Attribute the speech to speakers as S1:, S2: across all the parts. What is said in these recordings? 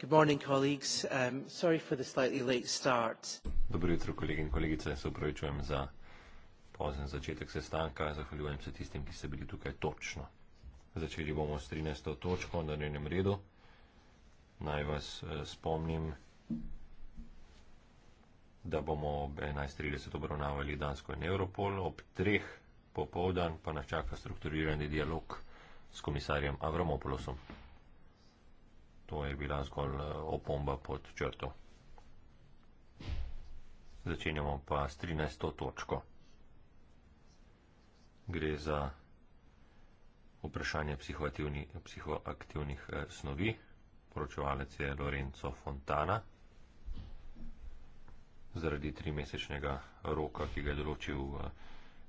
S1: Good morning, colleagues. Um, sorry for the slightly late start.
S2: Dobro jutro, kolegi in kolegice. Se upravičujem za pozen začetek sestanka. Zahvaljujem se tistim, ki ste bili tukaj točno. Začeli bomo s 13. točko na dnevnem redu. Naj vas eh, spomnim, da bomo ob 11.30 obravnavali Dansko in Europol, ob 3. popovdan pa nas čaka strukturirani dialog s komisarjem Avramopolosom to je bila zgolj eh, opomba pod črto. Začenjamo pa s 13. točko. Gre za vprašanje psihoaktivni, psihoaktivnih eh, snovi. Poročevalec je Lorenzo Fontana. Zaradi trimesečnega roka, ki ga je določil eh,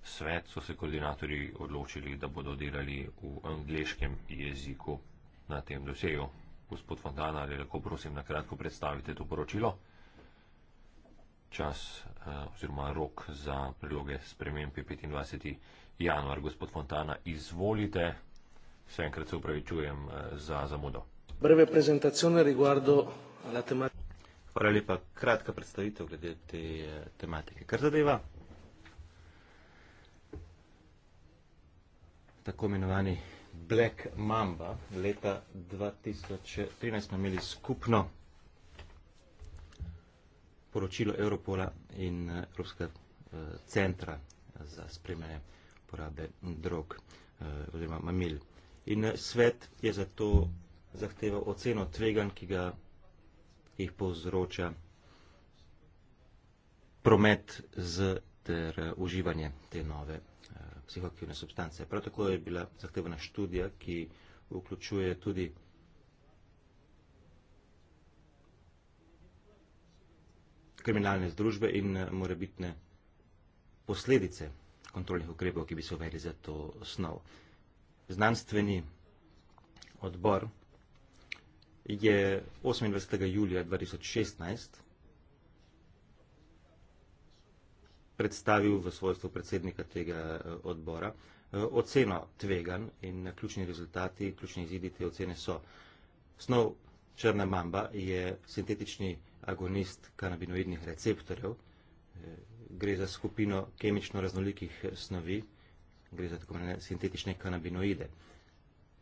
S2: svet, so se koordinatorji odločili, da bodo delali v angliškem jeziku na tem doseju. Gospod Fontana, ali lahko prosim na kratko predstavite to poročilo? Čas eh, oziroma rok za priloge sprememb je 25. januar. Gospod Fontana, izvolite.
S3: Vse enkrat se upravičujem eh, za zamudo.
S4: Breve prezentacijone riguardo
S3: la tematika. Hvala lepa. Kratka predstavitev glede te eh, tematike. Kar zadeva? Tako imenovani Black Mamba. Leta 2013 smo imeli skupno poročilo Europola in eh, Evropska eh, centra eh, za spremljanje porabe drog oziroma mamil. In svet je zato zahteval oceno tvegan, ki ga jih povzroča promet z ter uživanje te nove psihoaktivne substance. Prav tako je bila zahtevana študija, ki vključuje tudi kriminalne združbe in eh, morebitne posledice kontrolnih ukrepov, ki bi se uvedli za to snov. Znanstveni odbor je 28. julija 2016 predstavil v svojstvu predsednika tega eh, odbora. Eh, oceno tvegan in eh, ključni rezultati, ključni izidi te ocene so. Snov črna mamba je sintetični agonist kanabinoidnih receptorjev. Gre za skupino kemično raznolikih snovi, gre za tako mene sintetične kanabinoide.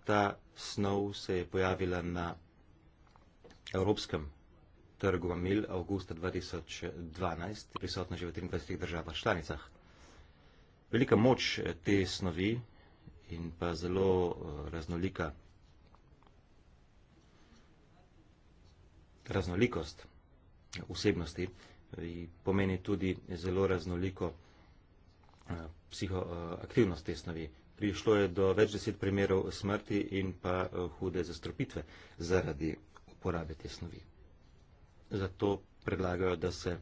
S3: Ta snov se je pojavila na evropskem trgu Mamil avgusta 2012 prisotna že v 23 državah članicah. Velika moč eh, te snovi in pa zelo eh, raznolika raznolikost vsebnosti eh, pomeni tudi zelo raznoliko psihoaktivnost te snovi. Prišlo je do več deset primerov smrti in pa hude zastropitve zaradi uporabe te snovi zato predlagajo, da se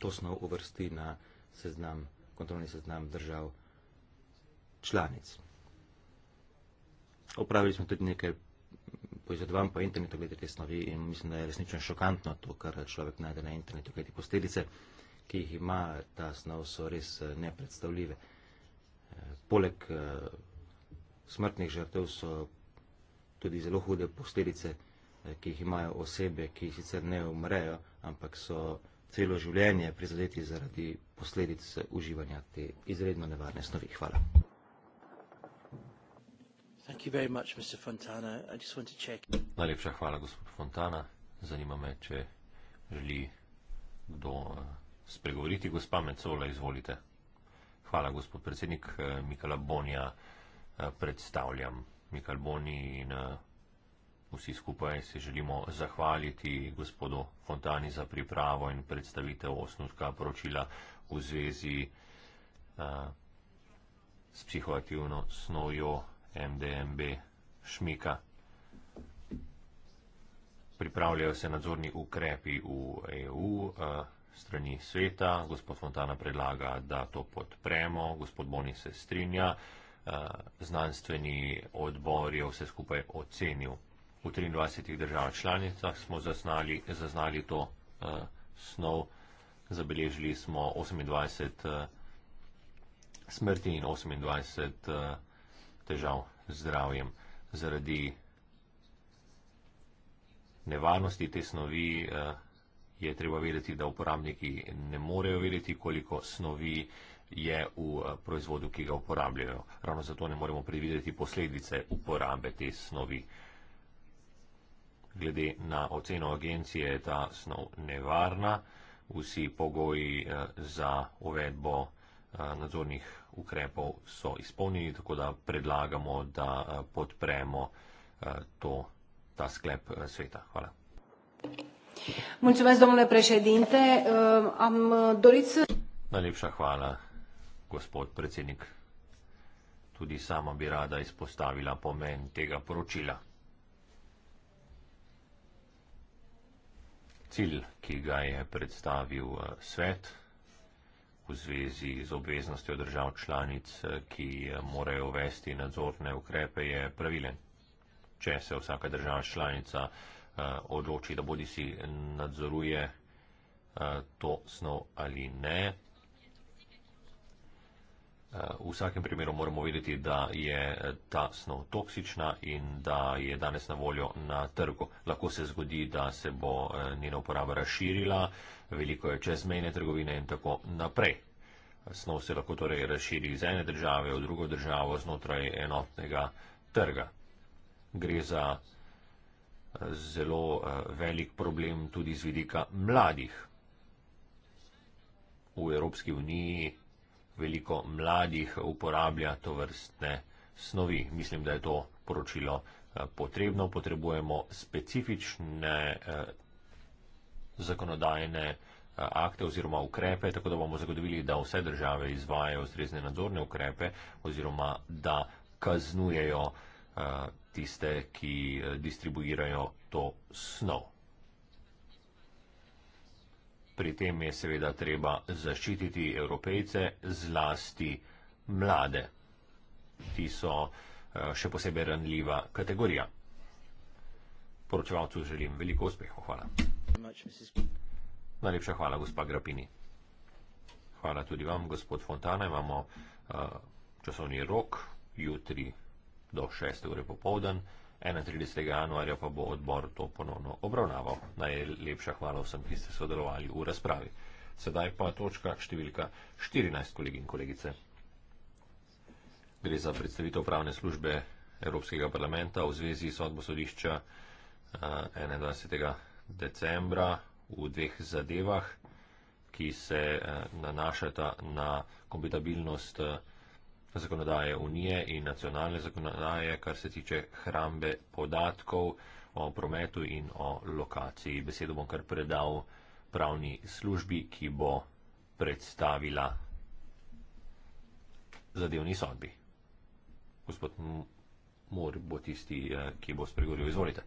S3: to snov uvrsti na seznam, kontrolni seznam držav članic. Opravili smo tudi nekaj poizvedovanj po internetu glede te snovi in mislim, da je resnično šokantno to, kar človek najde na internetu, kajti posledice, ki jih ima ta snov, so res eh, nepredstavljive. Eh, poleg eh, smrtnih žrtev so tudi zelo hude posledice, ki jih imajo osebe, ki sicer ne umrejo, ampak so celo življenje prizadeti zaradi posledic uživanja te izredno nevarne snovi. Hvala.
S1: Thank you very much, Mr. Fontana. I just want to check.
S3: Najlepša hvala, gospod Fontana. Zanima me,
S2: če želi kdo eh, spregovoriti. Gospa Mecola, izvolite. Hvala, gospod predsednik. Eh, Mikala Bonija eh, predstavljam. Mikal Boni in Vsi skupaj se želimo zahvaliti gospodu Fontani za pripravo in predstavitev osnutka poročila v zvezi uh, s psihoaktivno snovjo MDMB Šmika. Pripravljajo se nadzorni ukrepi v EU uh, eh, strani sveta. Gospod Fontana predlaga, da to podpremo. Gospod Boni se strinja. Uh, znanstveni odbor je vse skupaj ocenil v 23 državah članicah smo zaznali, zaznali to uh, snov, zabeležili smo 28 uh, eh, smrti in 28 uh, eh, težav z zdravjem. Zaradi nevarnosti te snovi uh, je treba vedeti, da uporabniki ne morejo vedeti, koliko snovi je v proizvodu, ki ga uporabljajo. Ravno zato ne moremo predvideti posledice uporabe te snovi. Uh, glede na oceno agencije je ta snov nevarna, vsi pogoji eh, za uvedbo eh, nadzornih ukrepov so izpolnjeni, tako da predlagamo, da eh, podpremo to, ta sklep sveta. Hvala.
S4: Mulțumesc, domnule președinte. Am dorit să...
S2: Najlepša hvala, gospod predsednik. Tudi sama bi rada izpostavila pomen tega poročila. cilj, ki ga je predstavil eh, svet v zvezi z obveznostjo držav članic, eh, ki eh, morajo uvesti nadzorne ukrepe, je pravilen. Če se vsaka država članica odloči, da bodi si nadzoruje to snov ali ne, Eh, v vsakem primeru moramo vedeti, da je eh, ta snov toksična in da je danes na voljo na trgu. Lahko se zgodi, da se bo eh, njena uporaba razširila, veliko je čezmejne trgovine in tako naprej. Snov se lahko torej razširi iz ene države v drugo državo znotraj enotnega trga. Gre za zelo velik problem tudi z vidika mladih. V Evropski uniji veliko mladih uporablja to vrstne snovi. Mislim, da je to poročilo eh, potrebno. Potrebujemo specifične eh, zakonodajne eh, akte oziroma ukrepe, tako da bomo zagotovili, da vse države izvajajo ustrezne nadzorne ukrepe oziroma da kaznujejo tiste, ki distribuirajo to snov. Pri tem je seveda treba zaščititi evropejce, zlasti mlade. Ti so eh, še posebej ranljiva kategorija. Poročevalcu želim veliko uspehov. Hvala. Najlepša hvala, gospa Grapini. Hvala tudi vam, gospod Fontana. Imamo uh, časovni rok jutri do 6. ure popovdne. 31. januarja pa bo odbor to ponovno obravnaval. Najlepša hvala vsem, ki ste sodelovali v razpravi. Sedaj pa točka številka 14, kolegi in kolegice. Gre za predstavitev pravne službe Evropskega parlamenta v zvezi s sodbo sodišča 21. Eh, decembra v dveh zadevah, ki se eh, nanašata na kompatibilnost eh, zakonodaje unije in nacionalne zakonodaje, kar se tiče hrambe podatkov o prometu in o lokaciji. Besedo bom kar predal pravni službi, ki bo predstavila zadevni sodbi. Gospod Mor bo tisti, eh, ki bo spregovoril. Izvolite.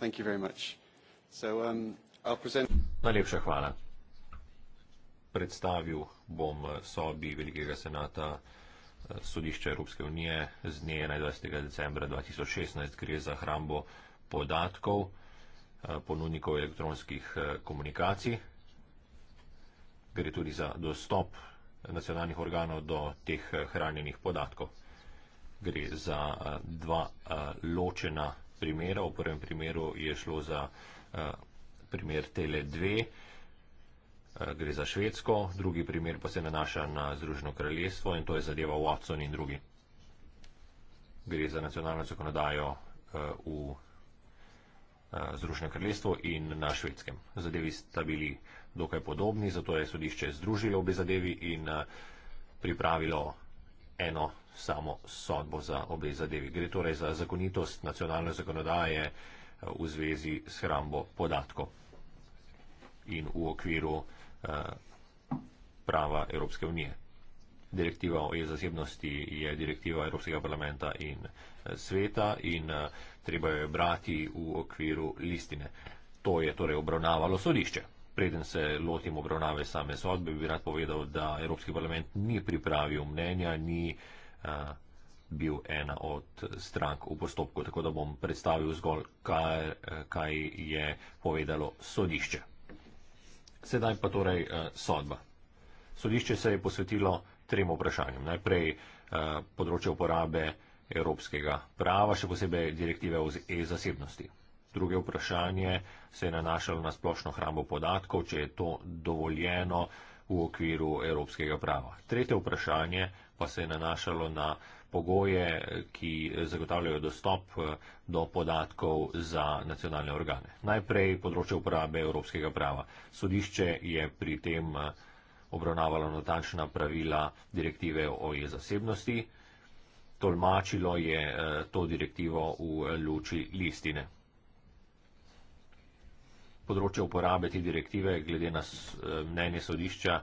S2: Um, Najlepša hvala. Predstavil bom eh, sobi Velikega senata sodišča Evropske unije z dne 21. decembra 2016 gre za hrambo podatkov eh, ponudnikov elektronskih eh, komunikacij. Gre tudi za dostop nacionalnih organov do teh eh, hranjenih podatkov. Gre za dva ločena primera. V prvem primeru je šlo za primer Tele 2. Eh, gre za Švedsko, drugi primer pa se nanaša na Združeno kraljestvo in to je zadeva Watson in drugi. Gre za nacionalno zakonodajo eh, v eh, Združeno kraljestvo in na Švedskem. Zadevi sta bili dokaj podobni, zato je sodišče združilo obe zadevi in pripravilo eno samo sodbo za obe zadevi. Gre torej za zakonitost nacionalne zakonodaje v zvezi s hrambo podatkov in v okviru Eh, prava Evropske unije. Direktiva o e-zasebnosti je direktiva Evropskega parlamenta in eh, sveta in eh, treba jo brati v okviru listine. To je torej obravnavalo sodišče. Preden se lotim obravnave same sodbe, bi rad povedal, da Evropski parlament ni pripravil mnenja, ni a, bil ena od strank v postopku, tako da bom predstavil zgolj, kaj, kaj je povedalo sodišče. Sedaj pa torej eh, sodba. Sodišče se je posvetilo trem vprašanjem. Najprej eh, področje uporabe evropskega prava, še posebej direktive o e-zasebnosti. Druge vprašanje se je nanašalo na splošno hrambo podatkov, če je to dovoljeno v okviru evropskega prava. Tretje vprašanje pa se je nanašalo na pogoje, ki zagotavljajo dostop eh, do podatkov za nacionalne organe. Najprej področje uporabe evropskega prava. Sodišče je pri tem eh, obravnavalo natančna pravila direktive o e-zasebnosti, tolmačilo je eh, to direktivo v luči listine. Področje uporabe te direktive, glede na mnenje sodišča,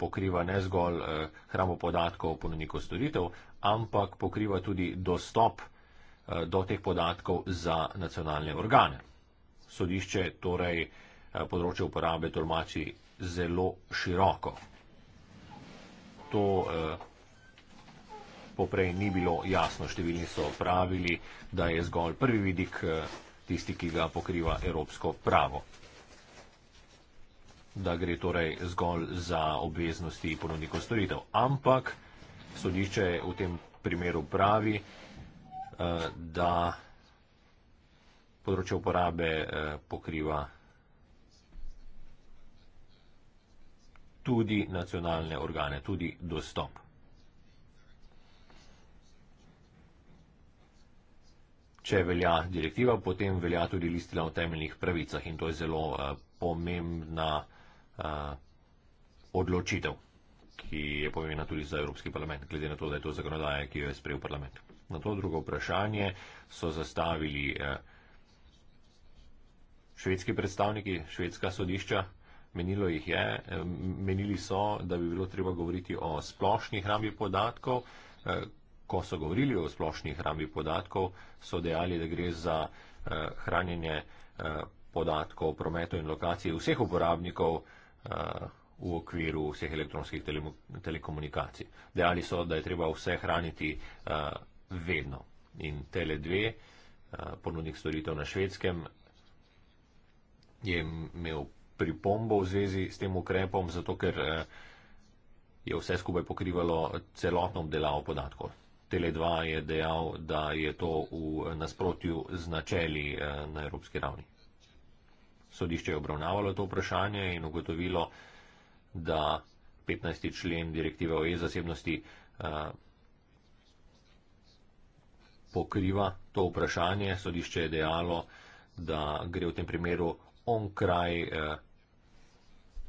S2: pokriva ne zgolj hramo podatkov o ponudniku storitev, ampak pokriva tudi dostop eh, do teh podatkov za nacionalne organe. Sodišče torej eh, področje uporabe tolmači zelo široko. To eh, poprej ni bilo jasno. Številni so pravili, da je zgolj prvi vidik tisti, ki ga pokriva evropsko pravo. Da gre torej zgolj za obveznosti ponudnikov storitev. Ampak sodišče v tem primeru pravi, eh, da področje uporabe eh, pokriva tudi nacionalne organe, tudi dostop. Če velja direktiva, potem velja tudi listila o temeljnih pravicah in to je zelo eh, pomembna odločitev ki je pomembna tudi za Evropski parlament, glede na to, da je to zakonodaja, ki jo je sprejel parlament. Na to drugo vprašanje so zastavili eh, švedski predstavniki, švedska sodišča. Menilo jih je, eh, menili so, da bi bilo treba govoriti o splošni hrambi podatkov. Eh, ko so govorili o splošni hrambi podatkov, so dejali, da gre za hranjenje podatkov o prometu in lokaciji vseh uporabnikov v okviru vseh elektronskih tele, telekomunikacij. Dejali so, da je treba vse hraniti uh, vedno. In Tele2, uh, eh, ponudnik storitev na švedskem, je imel pripombo v zvezi s tem ukrepom, zato ker uh, je vse skupaj pokrivalo celotno obdelavo podatkov. Tele2 je dejal, da je to v nasprotju z načeli uh, na evropski ravni. Sodišče je obravnavalo to vprašanje in ugotovilo, da 15. člen direktive o e-zasebnosti eh, pokriva to vprašanje. Sodišče je dejalo, da gre v tem primeru onkraj eh,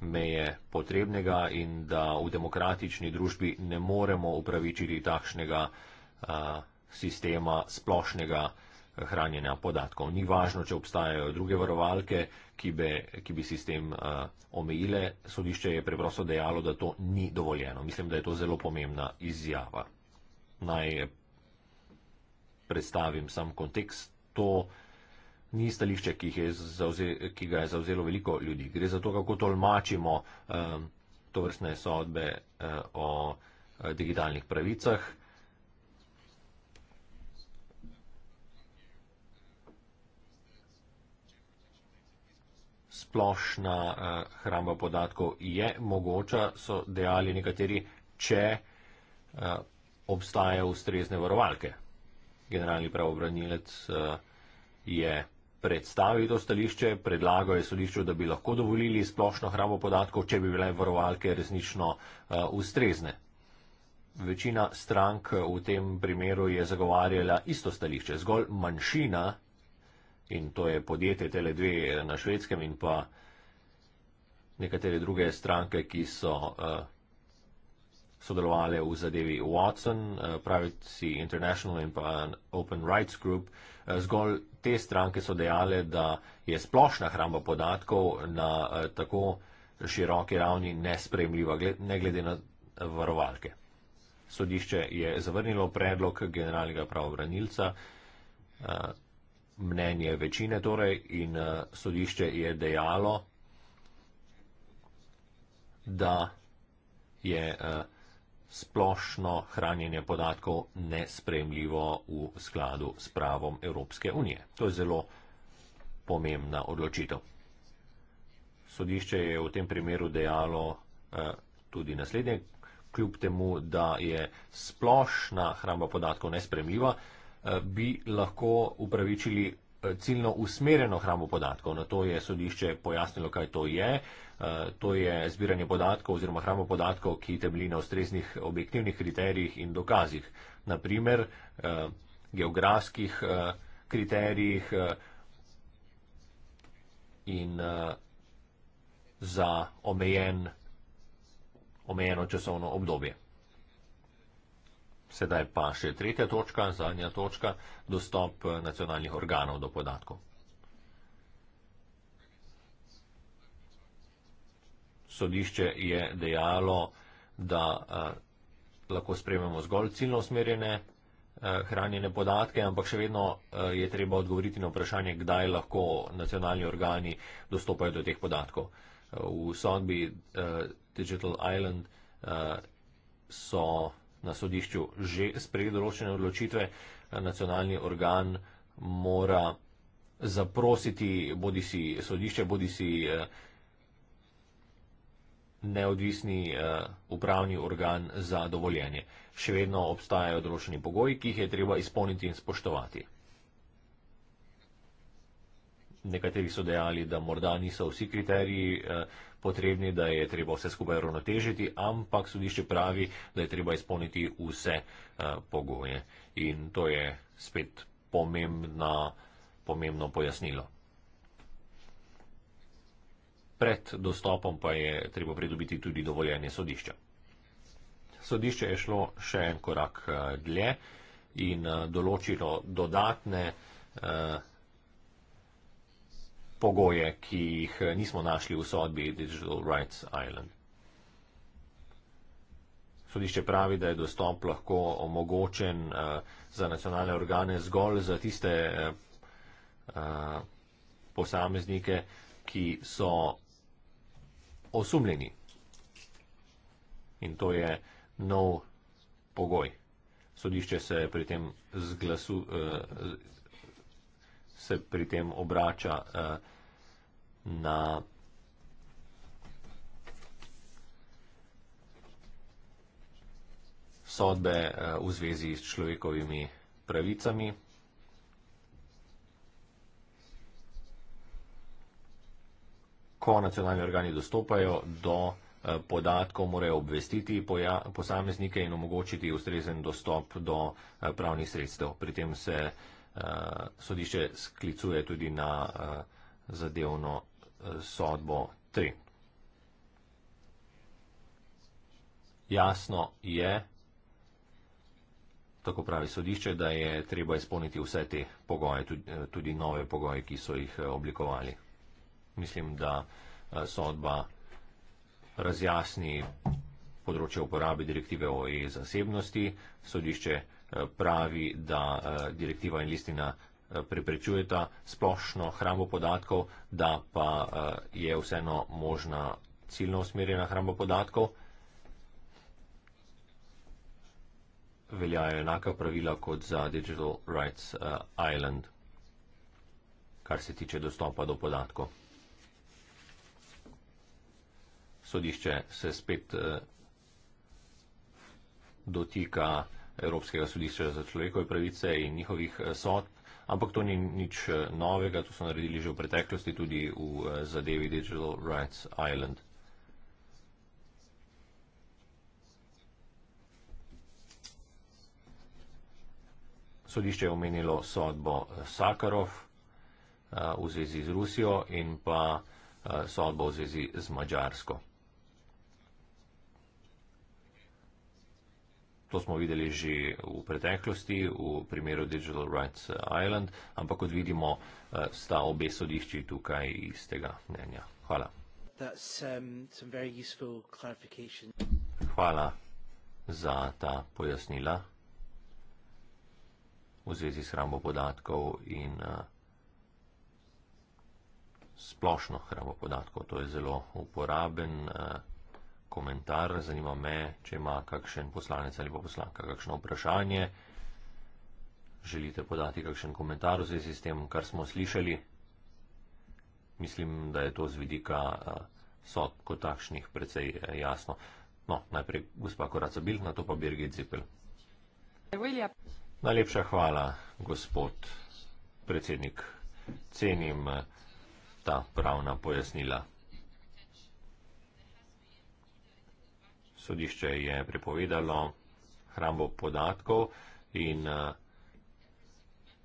S2: meje potrebnega in da v demokratični družbi ne moremo upravičiti takšnega eh, sistema splošnega hranjenja podatkov. Ni važno, če obstajajo druge varovalke, ki bi, ki bi sistem uh, omejile. Sodišče je preprosto dejalo, da to ni dovoljeno. Mislim, da je to zelo pomembna izjava. Naj eh, predstavim sam kontekst. To ni stališče, ki, je zauze, ki ga je zauzelo veliko ljudi. Gre za to, kako tolmačimo uh, eh, to vrstne sodbe uh, o digitalnih pravicah. splošna eh, hramba podatkov je mogoča, so dejali nekateri, če eh, obstajajo ustrezne varovalke. Generalni pravobranilec eh, je predstavil to stališče, predlagal je sodišču, da bi lahko dovolili splošno hrabo podatkov, če bi bile varovalke resnično ustrezne. Večina strank v tem primeru je zagovarjala isto stališče, zgolj manjšina in to je podjetje Tele2 na švedskem in pa nekatere druge stranke, ki so uh, eh, sodelovali v zadevi Watson, uh, Privacy International in pa Open Rights Group. Uh, zgolj te stranke so dejale, da je splošna hramba podatkov na uh, tako široki ravni nespremljiva, ne glede na varovalke. Sodišče je zavrnilo predlog generalnega pravobranilca. Uh, mnenje večine torej in eh, sodišče je dejalo, da je eh, splošno hranjenje podatkov nespremljivo v skladu s pravom Evropske unije. To je zelo pomembna odločitev. Sodišče je v tem primeru dejalo eh, tudi naslednje, kljub temu, da je splošna hramba podatkov nespremljiva, Eh, bi lahko upravičili eh, ciljno usmerjeno hrambo podatkov. Na to je sodišče pojasnilo, kaj to je. Eh, to je zbiranje podatkov oziroma hrambo podatkov, ki temelji na ustreznih objektivnih kriterijih in dokazih. Naprimer, geografskih kriterijih in za omejen, omejeno časovno obdobje. Sedaj pa še tretja točka, zadnja točka, dostop eh, nacionalnih organov do podatkov. Sodišče je dejalo, da eh, lahko sprememo zgolj ciljno usmerjene eh, hranjene podatke, ampak še vedno eh, je treba odgovoriti na vprašanje, kdaj lahko nacionalni organi dostopajo do teh podatkov. Eh, v sodbi eh, Digital Island eh, so na sodišču že sprejeli določene odločitve, eh, nacionalni organ mora zaprositi bodi si sodišče, bodi si eh, neodvisni eh, upravni organ za dovoljenje. Še vedno obstajajo določeni pogoji, ki jih je treba izpolniti in spoštovati. Nekateri so dejali, da morda niso vsi kriteriji eh, potrebni, da je treba vse skupaj ravnotežiti, ampak sodišče pravi, da je treba izpolniti vse uh, pogoje. In to je spet pomembna, pomembno pojasnilo. Pred dostopom pa je treba pridobiti tudi dovoljenje sodišča. Sodišče je šlo še en korak eh, dlje in eh, določilo dodatne uh, pogoje, ki jih eh, nismo našli v sodbi Digital Rights Island. Sodišče pravi, da je dostop lahko omogočen uh, za nacionalne organe zgolj za tiste uh, posameznike, ki so osumljeni. In to je nov pogoj. Sodišče se pri tem, zglasu, uh, se pri tem obrača. Uh, na sodbe eh, v zvezi s človekovimi pravicami. Ko nacionalni organi dostopajo do eh, podatkov, morajo obvestiti posameznike in omogočiti ustrezen dostop do eh, pravnih sredstev. Pri tem se sodišče sklicuje tudi na zadevno sodbo Trin. Jasno je, tako pravi sodišče, da je treba izpolniti vse te pogoje, tudi, eh, tudi nove pogoje, ki so jih eh, oblikovali. Mislim, da eh, sodba razjasni področje uporabe direktive o e-zasebnosti. Sodišče pravi, da direktiva in listina preprečujeta splošno hrambo podatkov, da pa eh, je vseeno možna ciljno usmerjena hrambo podatkov. Veljajo enaka pravila kot za Digital Rights eh, Island, kar se tiče dostopa do podatkov. Sodišče se spet eh, dotika Evropskega sodišča za človekove pravice in njihovih sodb ampak to ni nič eh, novega, to so naredili že v preteklosti tudi v eh, zadevi Digital Rights Island. Sodišče je omenilo sodbo eh, Sakarov v zvezi z Rusijo in pa sodbo v zvezi z Mačarsko. To smo videli že v preteklosti v primeru Digital Rights Island, ampak kot vidimo, eh, sta obe sodišči tukaj iz tega mnenja. Hvala.
S1: Um,
S2: Hvala za ta pojasnila v zvezi s hrambo podatkov in uh, splošno hrambo podatkov. To je zelo uporaben. Uh, komentar, zanima me, če ima kakšen poslanec ali pa poslanka kakšno vprašanje, želite podati kakšen komentar v zvezi s tem, kar smo slišali. Mislim, da je to z vidika eh, sod kot takšnih precej eh, jasno. No, najprej gospa Koraca Bilt, na to pa Birgit Zipel. Najlepša hvala, gospod predsednik. Cenim eh, ta pravna pojasnila. sodišče je prepovedalo hrambo podatkov in eh,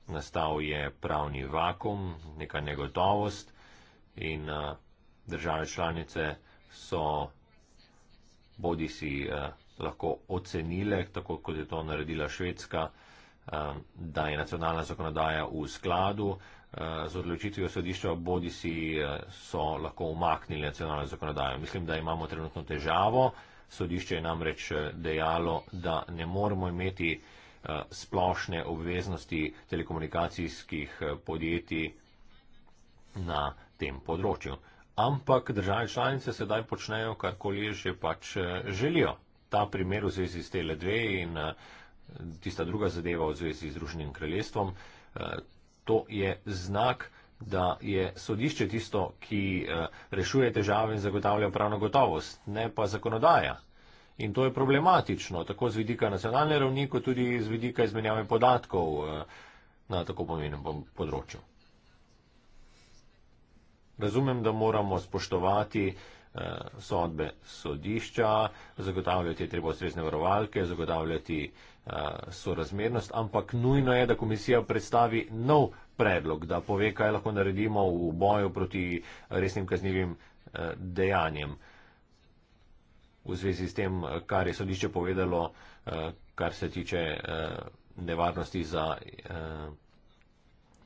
S2: nastal je pravni vakum, neka negotovost in eh, države članice so bodi si eh, lahko ocenile, tako kot je to naredila Švedska, da je nacionalna zakonodaja v skladu z odločitvijo sodišča, bodi si so lahko umaknili nacionalno zakonodajo. Mislim, da imamo trenutno težavo, Sodišče je namreč eh, dejalo, da ne moremo imeti eh, splošne obveznosti telekomunikacijskih eh, podjetij na tem področju. Ampak države članice sedaj počnejo, kar koli že pač želijo. Ta primer v zvezi s tele dve in tista druga zadeva v zvezi z Združenim kraljestvom, to je znak, da je sodišče tisto, ki eh, rešuje težave in zagotavlja pravno gotovost, ne pa zakonodaja. In to je problematično, tako z vidika nacionalne ravni, kot tudi z vidika izmenjave podatkov eh, na tako pomenem področju. Razumem, da moramo spoštovati eh, sodbe sodišča, zagotavljati je treba ustrezne varovalke, zagotavljati Eh, sorazmernost, ampak nujno je, da komisija predstavi nov predlog, da pove, kaj lahko naredimo v boju proti resnim kaznjivim eh, dejanjem. V zvezi s tem, kar je sodišče povedalo, eh, kar se tiče nevarnosti za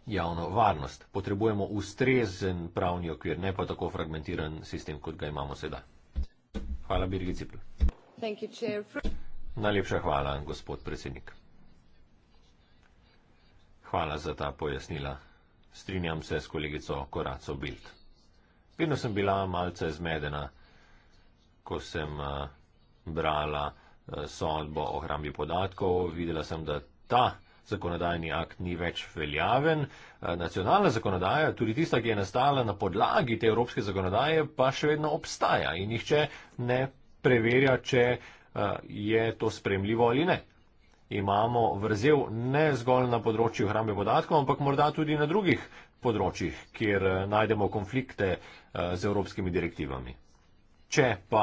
S2: javno varnost. Potrebujemo ustrezen pravni okvir, ne pa tako fragmentiran sistem, kot ga imamo sedaj. Hvala, Birgit Cipr.
S1: Thank you, Chair.
S2: Najlepša hvala, gospod predsednik. Hvala za ta pojasnila. Strinjam se s kolegico Koraco Bild. Vedno sem bila malce zmedena, ko sem eh, brala eh, sodbo o hrambi podatkov. Videla sem, da ta zakonodajni akt ni več veljaven. Eh, nacionalna zakonodaja, tudi tista, ki je nastala na podlagi te evropske zakonodaje, pa še vedno obstaja in nihče ne preverja, če Eh, je to spremljivo ali ne. Imamo vrzel ne zgolj na področju hrambe podatkov, ampak morda tudi na drugih področjih, kjer eh, najdemo konflikte eh, z evropskimi direktivami. Če pa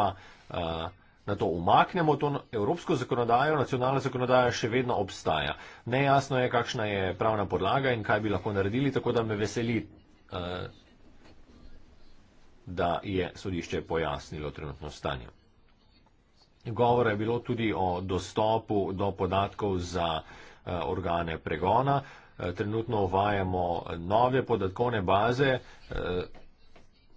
S2: na to umaknemo, to evropsko zakonodajo, nacionalna zakonodaja še vedno obstaja. Nejasno je, kakšna je pravna podlaga in kaj bi lahko naredili, tako da me veseli, da je sodišče pojasnilo trenutno stanje. Govora je bilo tudi o dostopu do podatkov za eh, organe pregona. Eh, trenutno uvajamo nove podatkovne baze eh,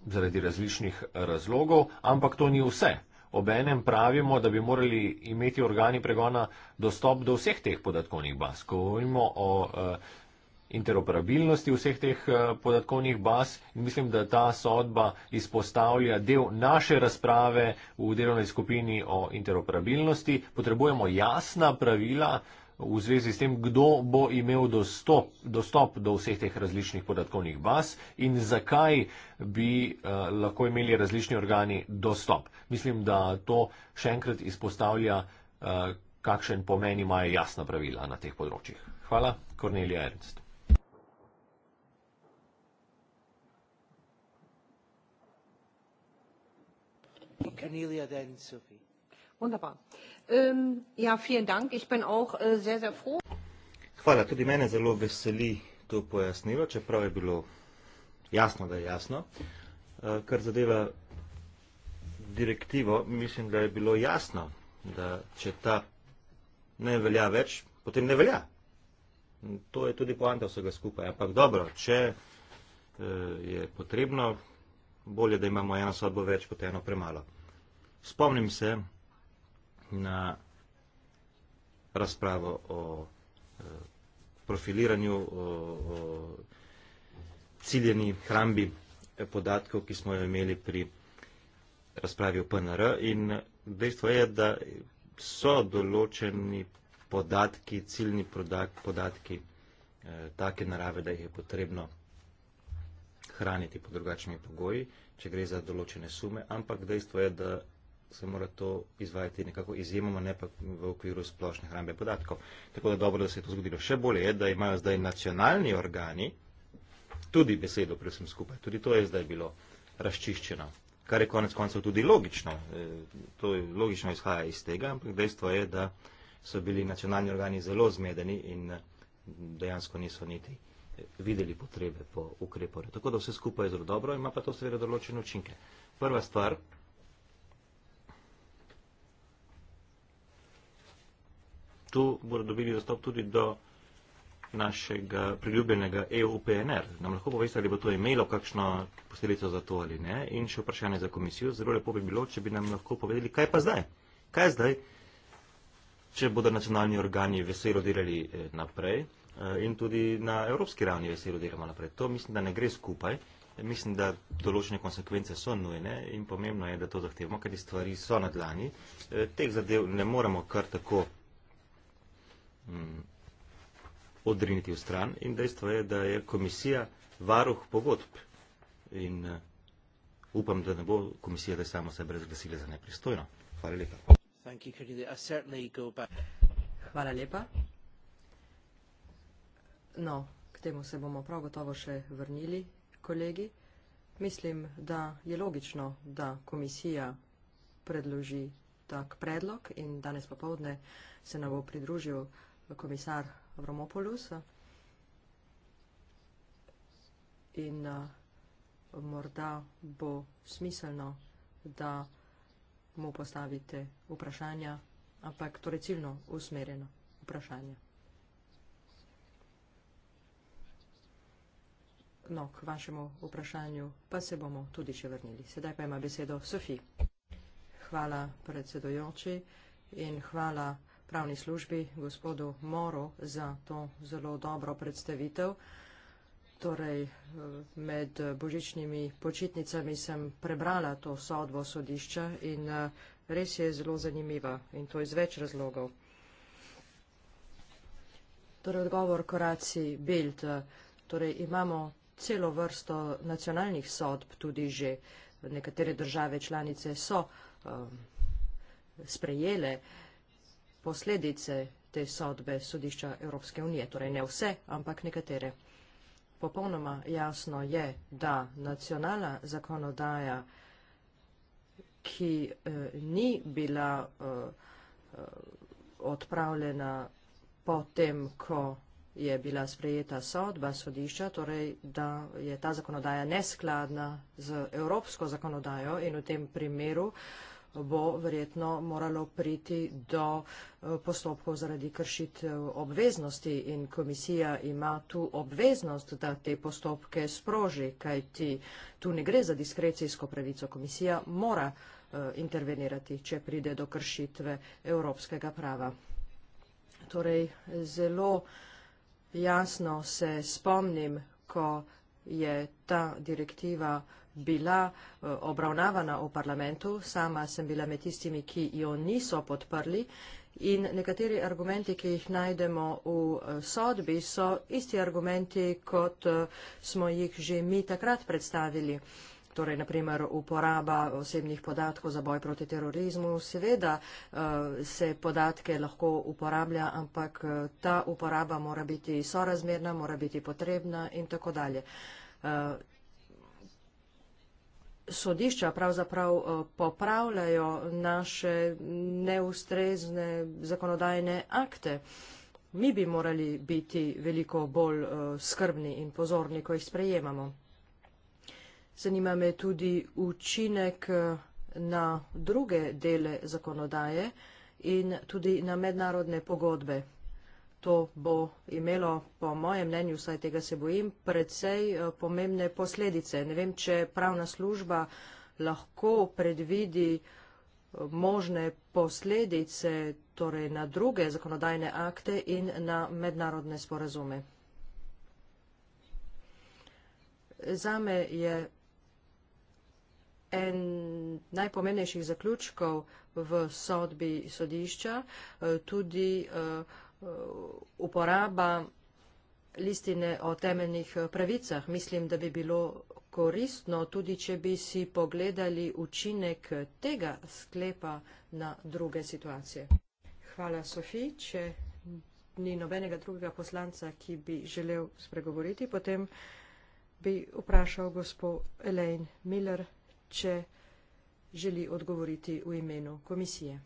S2: zaradi različnih razlogov, ampak to ni vse. Obenem pravimo, da bi morali imeti organi pregona dostop do vseh teh podatkovnih baz. Ko govorimo o interoperabilnosti vseh teh eh, podatkovnih baz. Mislim, da ta sodba izpostavlja del naše razprave v delovni skupini o interoperabilnosti. Potrebujemo jasna pravila v zvezi s tem, kdo bo imel dostop, dostop do vseh teh različnih podatkovnih baz in zakaj bi uh, lahko imeli različni organi dostop. Mislim, da to še enkrat izpostavlja, uh, kakšen pomen imajo jasna pravila na teh področjih. Hvala, Kornelija Ernst.
S4: Ähm, ja, äh,
S3: Hvala. Tudi mene zelo veseli to pojasnilo, čeprav je bilo jasno, da je jasno. Eh, kar zadeva direktivo, mislim, da je bilo jasno, da če ta ne velja več, potem ne velja. To je tudi poanta vsega skupaj. Ampak dobro, če eh, je potrebno, bolje, da imamo eno sodbo več kot eno premalo. Spomnim se na razpravo o eh, profiliranju, o, o ciljeni hrambi eh, podatkov, ki smo jo imeli pri razpravi o PNR in dejstvo je, da so določeni podatki, ciljni podatki, eh, take narave, da jih je potrebno hraniti pod drugačnimi pogoji, če gre za določene sume, ampak dejstvo je, da se mora to izvajati nekako izjemoma, ne pa v okviru splošne hrambe podatkov. Tako da dobro, da se je to zgodilo. Še bolje je, da imajo zdaj nacionalni organi tudi besedo pri vsem skupaj. Tudi to je zdaj bilo razčiščeno, kar je konec koncev tudi logično. E, to je, logično izhaja iz tega, ampak dejstvo je, da so bili nacionalni organi zelo zmedeni in dejansko niso niti videli potrebe po ukreporu. Tako da vse skupaj je zelo dobro, ima pa to seveda določene učinke. Prva stvar, tu bodo dobili dostop tudi do našega priljubljenega EUPNR. Nam lahko poveste, ali bo to imelo kakšno posledico za to ali ne. In še vprašanje za komisijo. Zelo lepo bi bilo, če bi nam lahko povedali, kaj pa zdaj. Kaj zdaj, če bodo nacionalni organi veselo delali eh, naprej. Eh, in tudi na evropski ravni veselo delamo naprej. To mislim, da ne gre skupaj. Mislim, da določene konsekvence so nujne in pomembno je, da to zahtevamo, kajti stvari so na dlani. Eh, teh zadev ne moremo kar tako mm, odriniti v stran in dejstvo je, da je komisija varuh pogodb in uh, upam, da ne bo komisija, da je samo sebe razglasila za nepristojno. Hvala lepa.
S4: Hvala lepa. No, k temu se bomo prav gotovo še vrnili, kolegi. Mislim, da je logično, da komisija predloži tak predlog in danes popovdne se nam bo pridružil komisar Avromopolus. In uh, morda bo smiselno, da mu postavite vprašanja, ampak torej ciljno usmerjeno vprašanje. no, k vašemu vprašanju, pa se bomo tudi še vrnili. Sedaj pa ima besedo Sofi. Hvala predsedojoči in hvala pravni službi gospodu Moro za to zelo dobro predstavitev. Torej, med božičnimi počitnicami sem prebrala to sodbo sodišča in res je zelo zanimiva in to iz več razlogov. Torej, odgovor Koraci Bild. Torej, imamo celo vrsto nacionalnih sodb, tudi že nekatere države članice so um, sprejele posledice te sodbe sodišča Evropske unije. Torej ne vse, ampak nekatere. Popolnoma jasno je, da nacionalna zakonodaja, ki eh, ni bila eh, eh odpravljena potem, ko je bila sprejeta sodba sodišča, torej da je ta zakonodaja neskladna z evropsko zakonodajo in v tem primeru bo verjetno moralo priti do eh, postopkov zaradi kršitev obveznosti in komisija ima tu obveznost, da te postopke sproži, kajti tu ne gre za diskrecijsko pravico. Komisija mora eh, intervenirati, če pride do kršitve evropskega prava. Torej, zelo uh, Jasno se spomnim, ko je ta direktiva bila eh, obravnavana v parlamentu, sama sem bila med tistimi, ki jo niso podprli in nekateri argumenti, ki jih najdemo v eh, sodbi, so isti argumenti, kot eh, smo jih že mi takrat predstavili torej naprimer uporaba osebnih podatkov za boj proti terorizmu. Seveda eh, se podatke lahko uporablja, ampak eh, ta uporaba mora biti sorazmerna, mora biti potrebna in tako dalje. Eh, sodišča pravzaprav popravljajo naše neustrezne zakonodajne akte. Mi bi morali biti veliko bolj skrbni in pozorni, ko jih sprejemamo. Zanima me tudi učinek eh, na druge dele zakonodaje in tudi na mednarodne pogodbe. To bo imelo, po mojem mnenju, vsaj tega se bojim, predvsej eh, pomembne posledice. Ne vem, če pravna služba lahko predvidi eh, možne posledice torej na druge zakonodajne akte in na mednarodne sporazume. Zame je en najpomenejših zaključkov v sodbi sodišča, eh, tudi eh, uporaba listine o temeljnih eh, pravicah. Mislim, da bi bilo koristno, tudi če bi si pogledali učinek tega sklepa na druge situacije. Hvala, Sofi. Če ni nobenega drugega poslanca, ki bi želel spregovoriti, potem bi vprašal gospod Elaine Miller če želi odgovoriti v imenu komisije.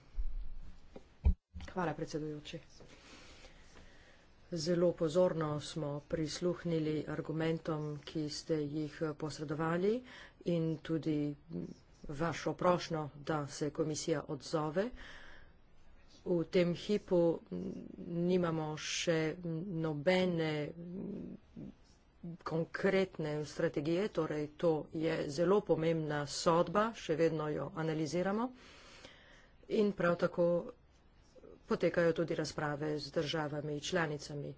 S4: Hvala, predsedujoči. Zelo pozorno smo prisluhnili argumentom, ki ste jih posredovali in tudi vašo prošno, da se komisija odzove. V tem hipu nimamo še nobene konkretne strategije, torej to je zelo pomembna sodba, še vedno jo analiziramo in prav tako potekajo tudi razprave z državami in članicami.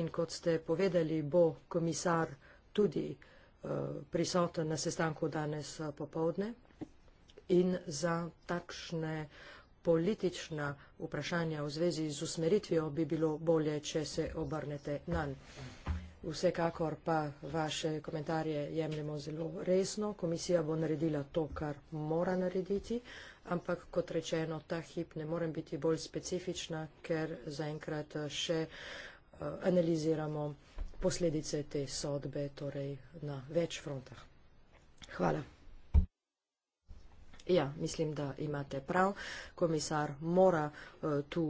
S4: In kot ste povedali, bo komisar tudi eh, prisoten na sestanku danes eh, popovdne in za takšne politična vprašanja v zvezi z usmeritvijo bi bilo bolje, če se obrnete na nj. Vsekakor pa vaše komentarje jemljemo zelo resno. Komisija bo naredila to, kar mora narediti, ampak kot rečeno, ta hip ne morem biti bolj specifična, ker zaenkrat eh, še eh, analiziramo posledice te sodbe torej na več frontah. Hvala. Ja, mislim, da imate prav. Komisar mora uh, tu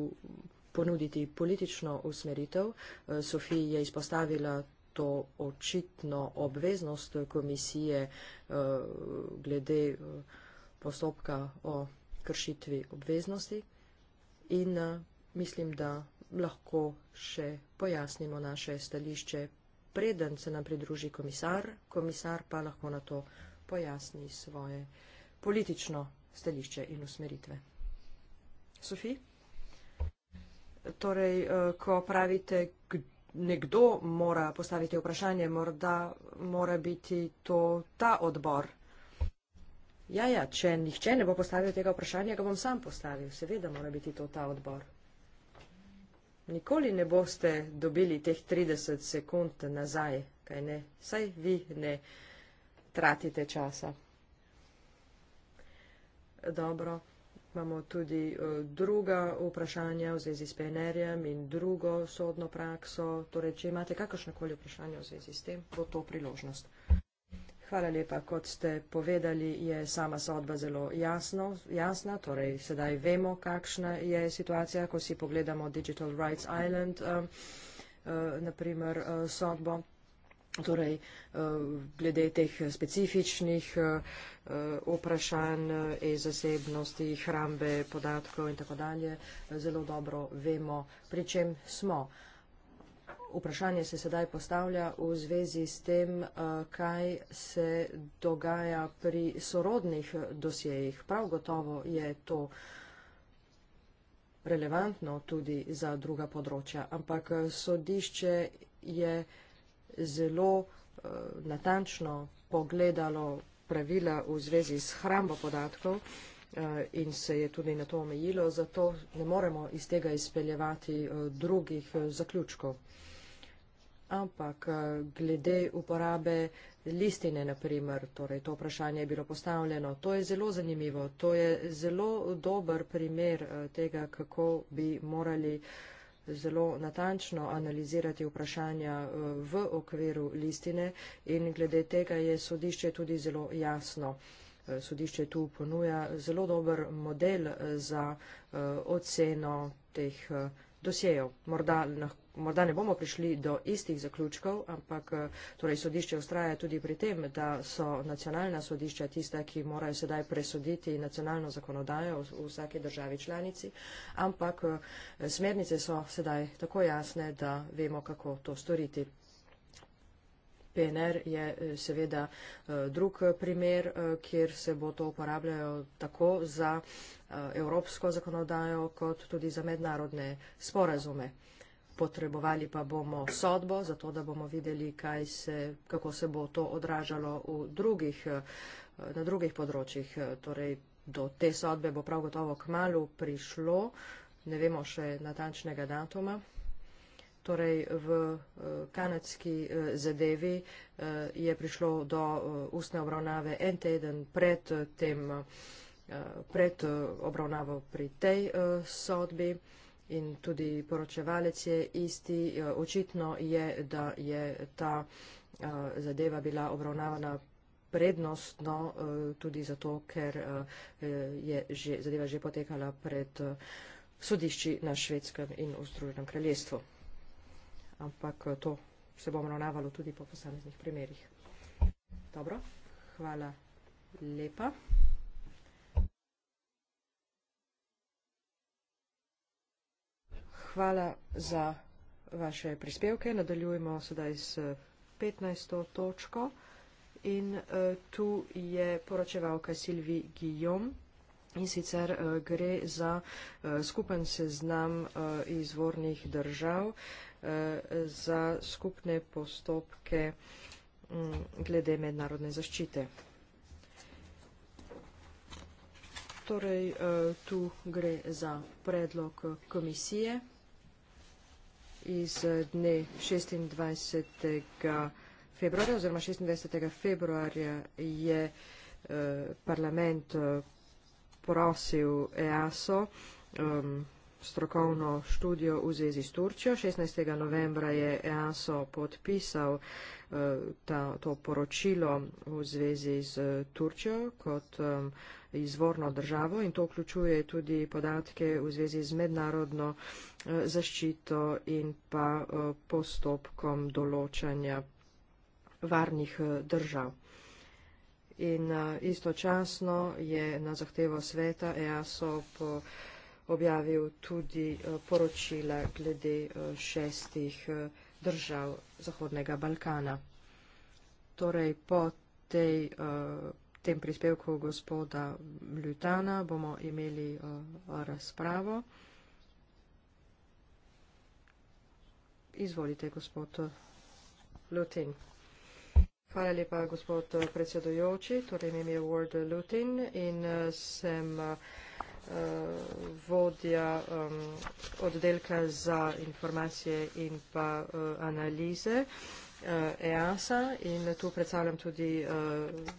S4: ponuditi politično usmeritev. Eh, Sofija je izpostavila to očitno obveznost komisije eh, glede eh, postopka o kršitvi obveznosti in mislim, da lahko še pojasnimo naše stališče, preden se nam pridruži komisar, komisar pa lahko na to pojasni svoje politično stališče in usmeritve. Sofija? Torej, eh, ko pravite, nekdo mora postaviti vprašanje, morda mora biti to ta odbor. Ja, ja, če nihče ne bo postavil tega vprašanja, ga bom sam postavil. Seveda mora biti to ta odbor. Nikoli ne boste dobili teh 30 sekund nazaj, kaj ne? Saj vi ne tratite časa. Dobro imamo tudi eh, druga vprašanja v zvezi s PNR-jem in drugo sodno prakso. Torej, če imate kakršnekoli vprašanje v zvezi s tem, bo to priložnost. Hvala lepa. Kot ste povedali, je sama sodba zelo jasno, jasna. Torej, sedaj vemo, kakšna je situacija, ko si pogledamo Digital Rights Island, um, eh, uh, eh, naprimer, uh, sodbo torej eh, glede teh specifičnih eh, eh, vprašanj e zasebnosti, hrambe, podatkov in tako dalje, zelo dobro vemo, pri čem smo. Vprašanje se sedaj postavlja v zvezi s tem, kaj se dogaja pri sorodnih dosjejih. Prav gotovo je to relevantno tudi za druga področja, ampak sodišče je zelo uh, natančno pogledalo pravila v zvezi s hrambo podatkov uh, in se je tudi na to omejilo, zato ne moremo iz tega izpeljevati uh, drugih uh, zaključkov. Ampak uh, glede uporabe listine, naprimer, torej to vprašanje je bilo postavljeno, to je zelo zanimivo, to je zelo dober primer uh, tega, kako bi morali uh, zelo natančno analizirati vprašanja eh, v okviru listine in glede tega je sodišče tudi zelo jasno. Eh, sodišče tu ponuja zelo dober model eh, za oceno teh dosjejev. Morda lahko morda ne bomo prišli do istih zaključkov, ampak eh, torej sodišče ustraja tudi pri tem, da so nacionalna sodišča tista, ki morajo sedaj presoditi nacionalno zakonodajo v vsaki državi članici, ampak eh, smernice so sedaj tako jasne, da vemo, kako to storiti. PNR je eh, seveda drug primer, kjer se bo to uporabljalo tako za evropsko zakonodajo, kot tudi za mednarodne sporazume potrebovali pa bomo sodbo, zato da bomo videli, se, kako se bo to odražalo drugih, eh, na drugih področjih. Eh, torej, do te sodbe bo prav gotovo k malu prišlo, ne vemo še natančnega datuma. Torej, v eh, kanadski zadevi je prišlo do ustne obravnave en teden pred, tem, pred obravnavo pri tej sodbi in tudi poročevalec je isti. E, očitno je, da je ta e, zadeva bila obravnavana prednostno, e, tudi zato, ker je že, zadeva že potekala pred sodišči na Švedskem in v Združenem kraljestvu. Ampak to se bo obravnavalo tudi po posameznih primerjih. Dobro, hvala lepa. hvala za vaše prispevke. Nadaljujemo sedaj s 15. točko in uh, tu je poročevalka Silvi Gijom. In sicer eh, gre za eh, skupen seznam izvornih držav za skupne postopke mm, glede mednarodne zaščite. Torej, tu gre za predlog komisije iz eh, dne 26. februarja oziroma 26. februarja je eh, parlament eh, prosil EASO ehm, strokovno študijo v zvezi s Turčjo. 16. novembra je EASO podpisal uh, Eh, ta, to poročilo v zvezi z eh, Turčjo kot eh, izvorno državo in to vključuje tudi podatke v zvezi z mednarodno zaščito in pa postopkom določanja varnih držav. In istočasno je na zahtevo sveta EASO objavil tudi poročila glede šestih držav držav Zahodnega Balkana. Torej, po tej, eh, tem prispevku gospoda Ljutana bomo imeli eh, razpravo. Izvolite, gospod Lutin. Hvala lepa, gospod predsedojoči. Torej, imem je Ward Lutin in eh, sem Eh, vodja um, oddelka za informacije in pa uh, analize uh, eh, EASA in tu predstavljam tudi uh,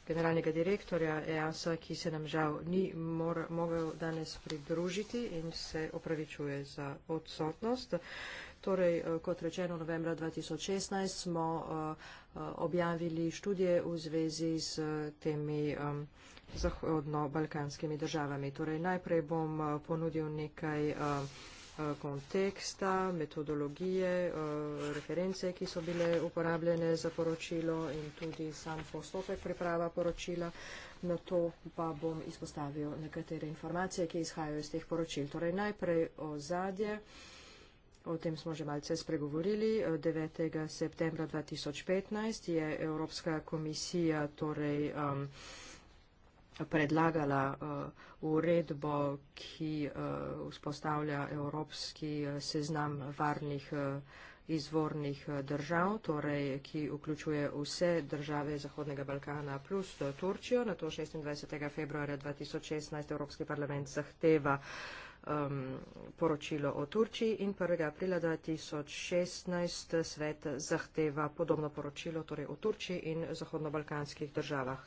S4: generalnega direktorja EASA, ki se nam žal ni mor mogel danes pridružiti in se opravičuje za odsotnost. Torej, kot rečeno, novembra 2016 smo uh, objavili študije v zvezi z temi um, zahodno-balkanskimi državami. Torej, najprej bom eh, ponudil nekaj eh, eh, konteksta, metodologije, reference, ki so bile uporabljene za poročilo in tudi sam postopek priprava poročila. Na to pa bom izpostavil nekatere informacije, ki izhajajo iz teh poročil. Torej, najprej o zadje. O tem smo že malce spregovorili. 9. septembra 2015 je Evropska komisija torej, um, predlagala uh, uredbo, ki uh, vzpostavlja evropski eh, seznam varnih uh, izvornih držav, torej ki vključuje vse države Zahodnega Balkana plus Turčijo. Na to 26. februarja 2016 Evropski parlament zahteva um, poročilo o Turčiji in 1. aprila 2016 svet zahteva podobno poročilo torej o Turčiji in Zahodno-Balkanskih državah.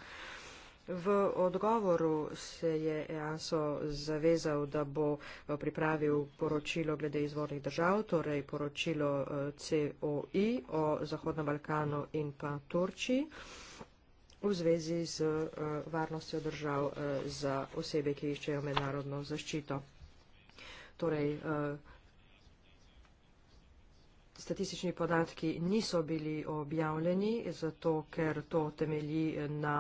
S4: V odgovoru se je EASO zavezal, da bo eh, pripravil poročilo glede izvornih držav, torej poročilo eh, COI o Zahodnem Balkanu in pa Turčiji v zvezi z eh, varnostjo držav za osebe, ki iščejo mednarodno zaščito. Torej, statistični podatki niso bili objavljeni, zato ker to temelji na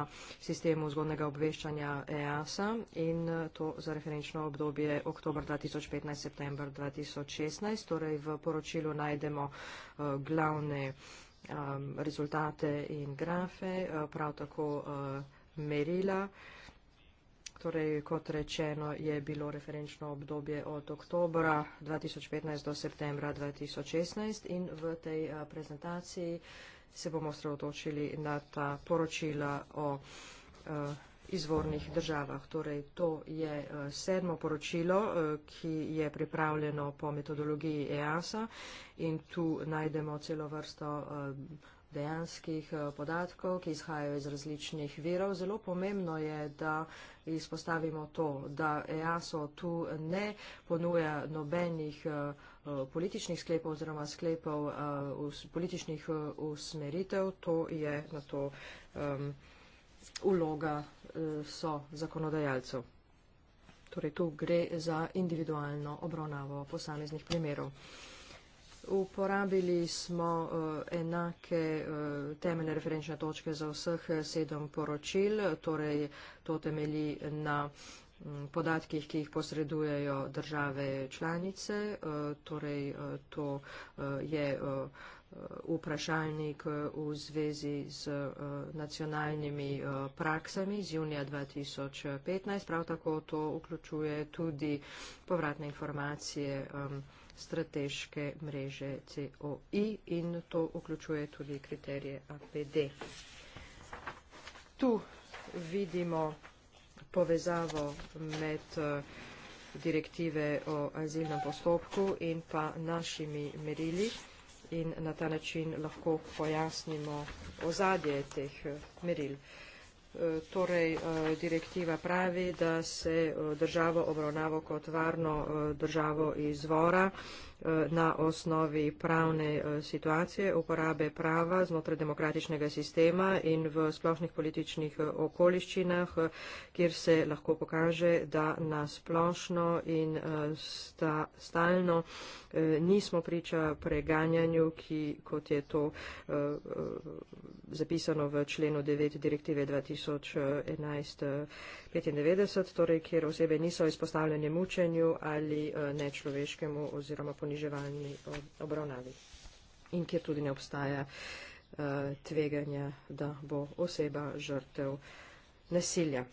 S4: sistemu zgodnega obveščanja EASA in to za referenčno obdobje oktober 2015, september 2016. Torej v poročilu najdemo eh, glavne eh, rezultate in grafe, eh, prav tako merila Torej, kot rečeno, je bilo referenčno obdobje od oktobra 2015 do septembra 2016 in v tej eh, prezentaciji se bomo sredotočili na ta poročila o eh, izvornih državah. Torej, to je eh, sedmo poročilo, ki je pripravljeno po metodologiji EASA in tu najdemo celo vrsto dejanskih eh, podatkov, ki izhajajo iz različnih virov. Zelo pomembno je, da izpostavimo to, da EASO tu ne ponuja nobenih eh, eh, političnih sklepov oziroma sklepov političnih usmeritev. To je na to um, uloga so zakonodajalcev. Torej tu gre za individualno obravnavo posameznih primerov uporabili smo uh, enake uh, temeljne referenčne točke za vseh eh, sedem poročil, torej to temeli na mm, podatkih, ki jih posredujejo države članice, torej to je vprašalnik v zvezi z nacionalnimi praksami z junija 2015, prav tako to vključuje tudi povratne informacije strateške mreže COI in to vključuje tudi kriterije APD. Tu vidimo povezavo med eh, direktive o azilnem postopku in pa našimi merili in na ta način lahko pojasnimo ozadje teh eh, meril. E, torej, e, direktiva pravi, da se e, državo obravnava kot varno državo izvora. Eh, na osnovi pravne eh, situacije, uporabe prava znotraj demokratičnega sistema in v splošnih političnih eh, okoliščinah, kjer se lahko pokaže, da na splošno in sta, stalno nismo priča preganjanju, ki, kot je to zapisano v členu 9 direktive 2011. 95, torej kjer osebe niso izpostavljene mučenju ali eh, nečloveškemu oziroma poniževalni obravnavi in kjer tudi ne obstaja eh, tveganja, da bo oseba žrtev nasilja.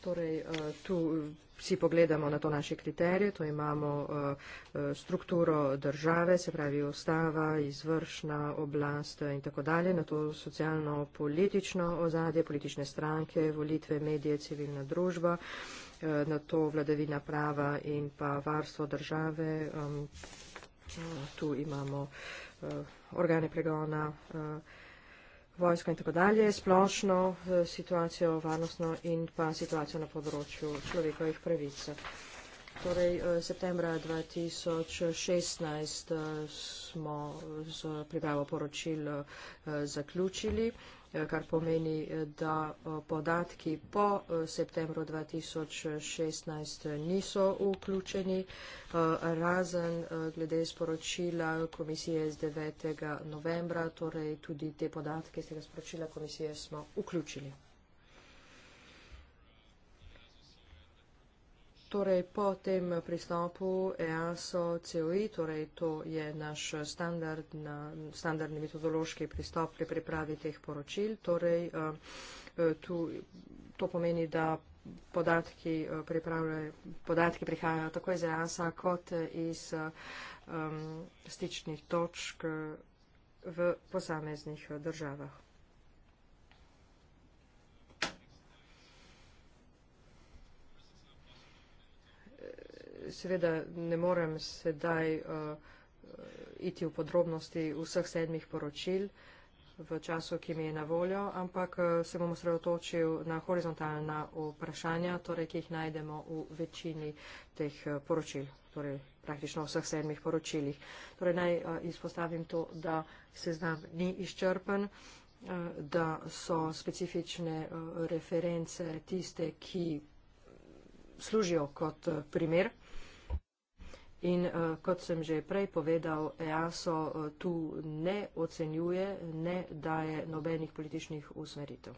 S4: Torej, eh, tu vsi pogledamo na to naše kriterije, to imamo eh, eh, strukturo države, se pravi ustava, izvršna oblast eh, in tako dalje, na to socialno-politično ozadje, politične stranke, volitve, medije, civilna družba, na to vladavina prava in pa varstvo države. Tu imamo organe pregona, vojsko in tako dalje, splošno eh, situacijo varnostno in pa situacijo na področju človekovih pravic. Torej, eh, septembra 2016 smo z pripravo poročil zaključili kar pomeni, eh, da eh, podatki po eh, septembru 2016 niso vključeni, razen glede sporočila komisije z 9. novembra, torej tudi te podatke iz tega sporočila komisije smo vključili. Torej, po tem pristopu EASO COI, torej to je naš standard, na, standardni metodološki pristop pri pripravi teh poročil, torej eh, eh, tu, to pomeni, da podatki, eh, podatki prihajajo tako iz EASA kot iz um, stičnih točk v posameznih državah. seveda ne morem sedaj uh, iti v podrobnosti vseh sedmih poročil v času, ki mi je na voljo, ampak uh, se bom osredotočil na horizontalna vprašanja, torej, ki jih najdemo v večini teh uh, poročil, torej praktično vseh sedmih poročilih. Torej, naj uh, izpostavim to, da seznam ni izčrpen uh, da so specifične uh, reference tiste, ki služijo kot uh, primer In uh, kot sem že prej povedal, EASO uh, tu ne ocenjuje, ne daje nobenih političnih usmeritev.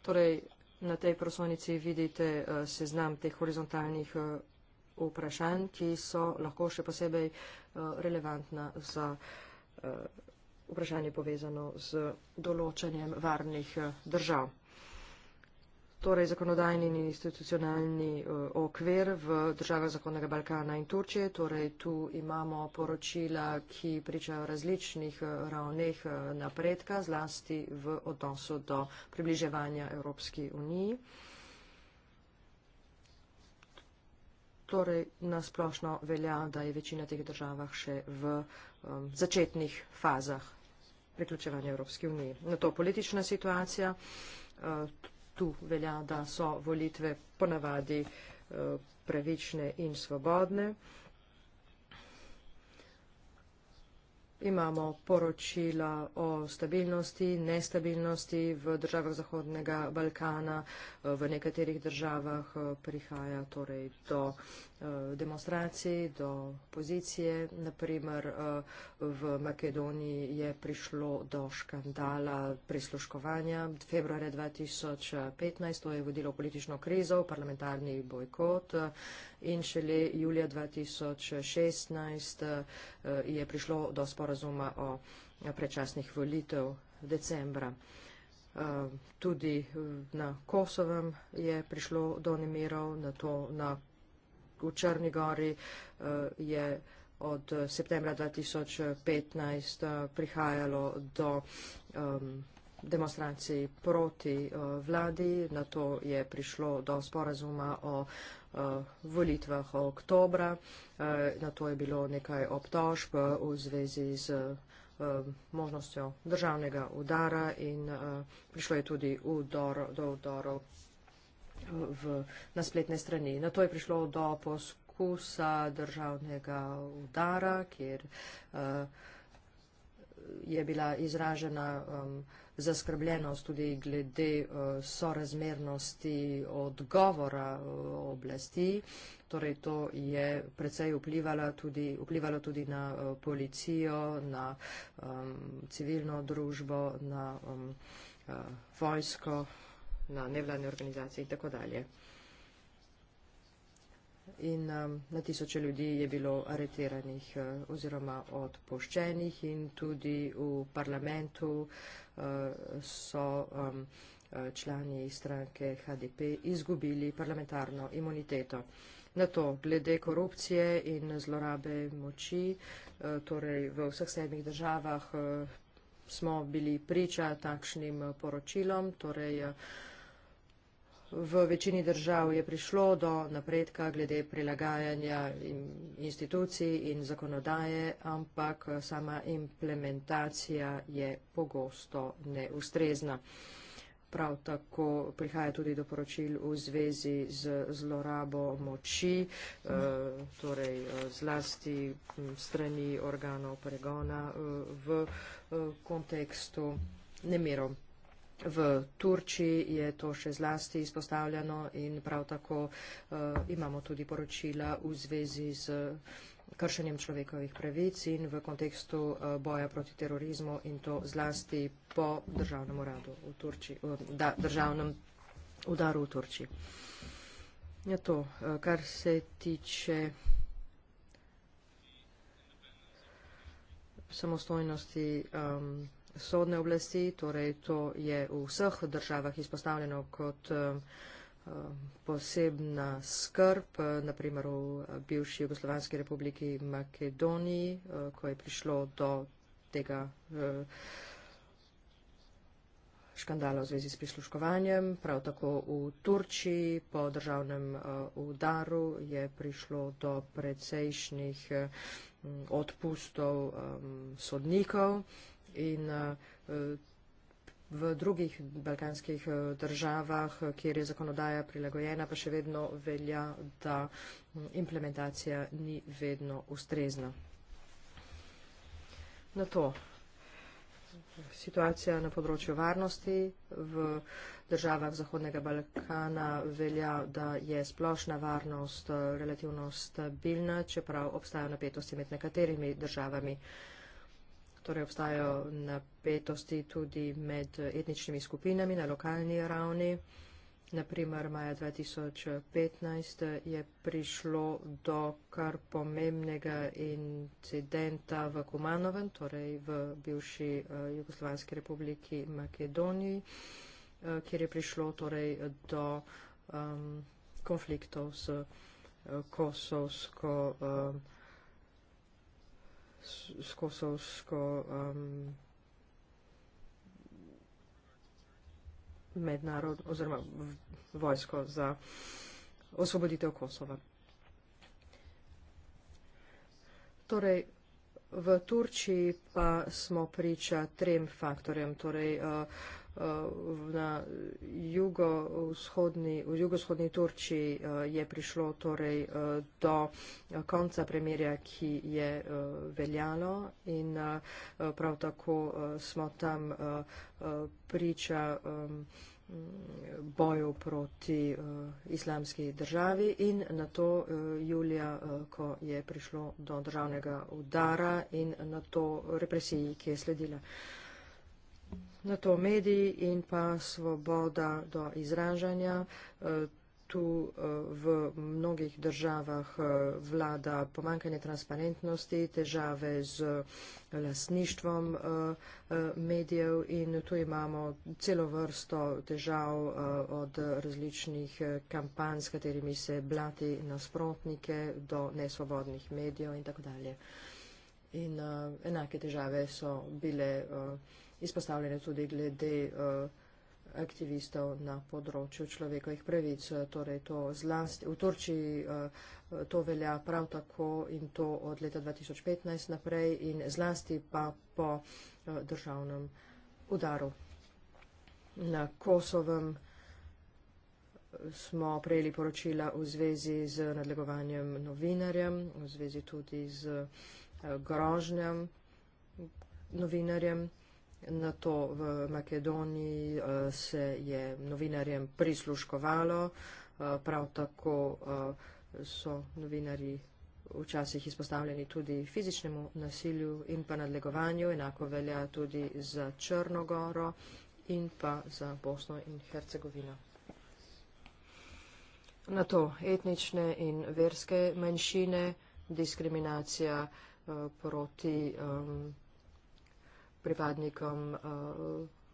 S4: Torej, na tej prosonici vidite uh, seznam teh horizontalnih uh, vprašanj, ki so lahko še posebej uh, relevantna za uh, vprašanje povezano z določanjem varnih uh, držav torej zakonodajni in institucionalni uh, okvir v državah Zahodnega Balkana in Turčije. Torej, tu imamo poročila, ki pričajo različnih uh, ravneh uh, napredka, zlasti v odnosu do približevanja Evropski uniji. Torej, nasplošno velja, da je večina teh državah še v um, začetnih fazah priključevanja Evropski uniji. Na to politična situacija. Uh, tu velja, da so volitve ponavadi eh, pravične in svobodne. Imamo poročila o stabilnosti, nestabilnosti v državah Zahodnega Balkana, V nekaterih državah eh, prihaja torej do eh, demonstracij, do pozicije. Naprimer eh, v Makedoniji je prišlo do škandala prisluškovanja februarja 2015, to je vodilo politično krizo, parlamentarni bojkot in šele julija 2016 je prišlo do sporazuma o predčasnih volitev decembra. Eh, tudi eh, na Kosovem je prišlo do nemirov, na to na, v Črni gori eh, je od septembra 2015 prihajalo do um, demonstracij proti uh, vladi, na to je prišlo do sporazuma o uh, volitvah oktobra, uh, na to je bilo nekaj obtožb v zvezi z Eh, možnostjo državnega udara in eh, prišlo je tudi udor, do udorov eh, v, na spletne strani. Na to je prišlo do poskusa državnega udara, kjer je bila izražena um, zaskrbljenost tudi glede uh, sorazmernosti odgovora uh, oblasti uh, Torej, to je precej tudi, vplivalo tudi na uh, policijo, na um, civilno družbo, na um, uh, vojsko, na nevladne organizacije in tako dalje. In um, na tisoče ljudi je bilo areteranih uh, eh, oziroma odpoščenih in tudi v parlamentu uh, so um, člani stranke HDP izgubili parlamentarno imuniteto na to, glede korupcije in zlorabe moči, eh, torej v vseh sedmih državah eh, smo bili priča takšnim poročilom, torej eh, v večini držav je prišlo do napredka glede prilagajanja institucij in zakonodaje, ampak sama implementacija je pogosto neustrezna. Prav tako prihaja tudi do poročil v zvezi z zlorabo moči, eh, torej eh, zlasti mm, strani organov pregona eh, v kontekstu nemirov. V Turčiji je to še zlasti izpostavljeno in prav tako uh, imamo tudi poročila v zvezi z uh, kršenjem človekovih pravic in v kontekstu eh, boja proti terorizmu in to zlasti po državnem uradu v Turčiji, da, državnem udaru v Turčiji. Ja, to, eh, kar se tiče samostojnosti um, sodne oblasti, torej to je v vseh državah izpostavljeno kot um, posebna skrb, naprimer v bivši Jugoslovanski republiki Makedoniji, eh, ko je prišlo do tega eh, škandala v zvezi s prisluškovanjem. Prav tako v Turčiji po državnem eh, udaru je prišlo do precejšnjih odpustov sodnikov in v drugih balkanskih eh, državah, eh, kjer je zakonodaja prilagojena, pa še vedno velja, da hm, implementacija ni vedno ustrezna. Na to. Situacija na področju varnosti v državah Zahodnega Balkana velja, da je splošna varnost eh, relativno stabilna, čeprav obstajajo napetosti med nekaterimi državami. Torej obstajajo napetosti tudi med etničnimi skupinami na lokalni ravni. Naprimer, maja 2015 je prišlo do kar pomembnega incidenta v Kumanovem, torej v bivši eh, Jugoslovanski republiki Makedoniji, eh, kjer je prišlo torej do um, konfliktov s eh, kosovsko um, s kosovsko um, mednarod oziroma vojsko za osvoboditev Kosova. Torej, v Turčiji pa smo priča trem faktorjem, torej uh, na jugoshodni jugo Turčiji eh, je prišlo torej eh, do eh, konca premirja, ki je veljalo in prav tako smo tam priča boju proti uh, islamski državi in na to uh, julija, uh, ko je prišlo do državnega udara in na to represiji, ki je sledila. Uh, Na to mediji in pa svoboda do izražanja. E, tu e, v mnogih državah e, vlada pomankanje transparentnosti, težave z lasništvom medijev in tu imamo celo vrsto težav od različnih kampanj, s katerimi se blati nasprotnike do nesvobodnih medijev in tako dalje. In enake težave so bile izpostavljene tudi glede eh, aktivistov na področju človekovih pravic. Torej to zlasti v Turčiji eh, to velja prav tako in to od leta 2015 naprej in zlasti pa po eh, državnem udaru. Na Kosovem smo prejeli poročila v zvezi z nadlegovanjem novinarjem, v zvezi tudi z grožnjem novinarjem. Na to v Makedoniji eh, se je novinarjem prisluškovalo, eh, prav tako eh, so novinari včasih izpostavljeni tudi fizičnemu nasilju in pa nadlegovanju, enako velja tudi za Črnogoro in pa za Bosno in Hercegovino. Na to etnične in verske manjšine, diskriminacija proti um, pripadnikom eh,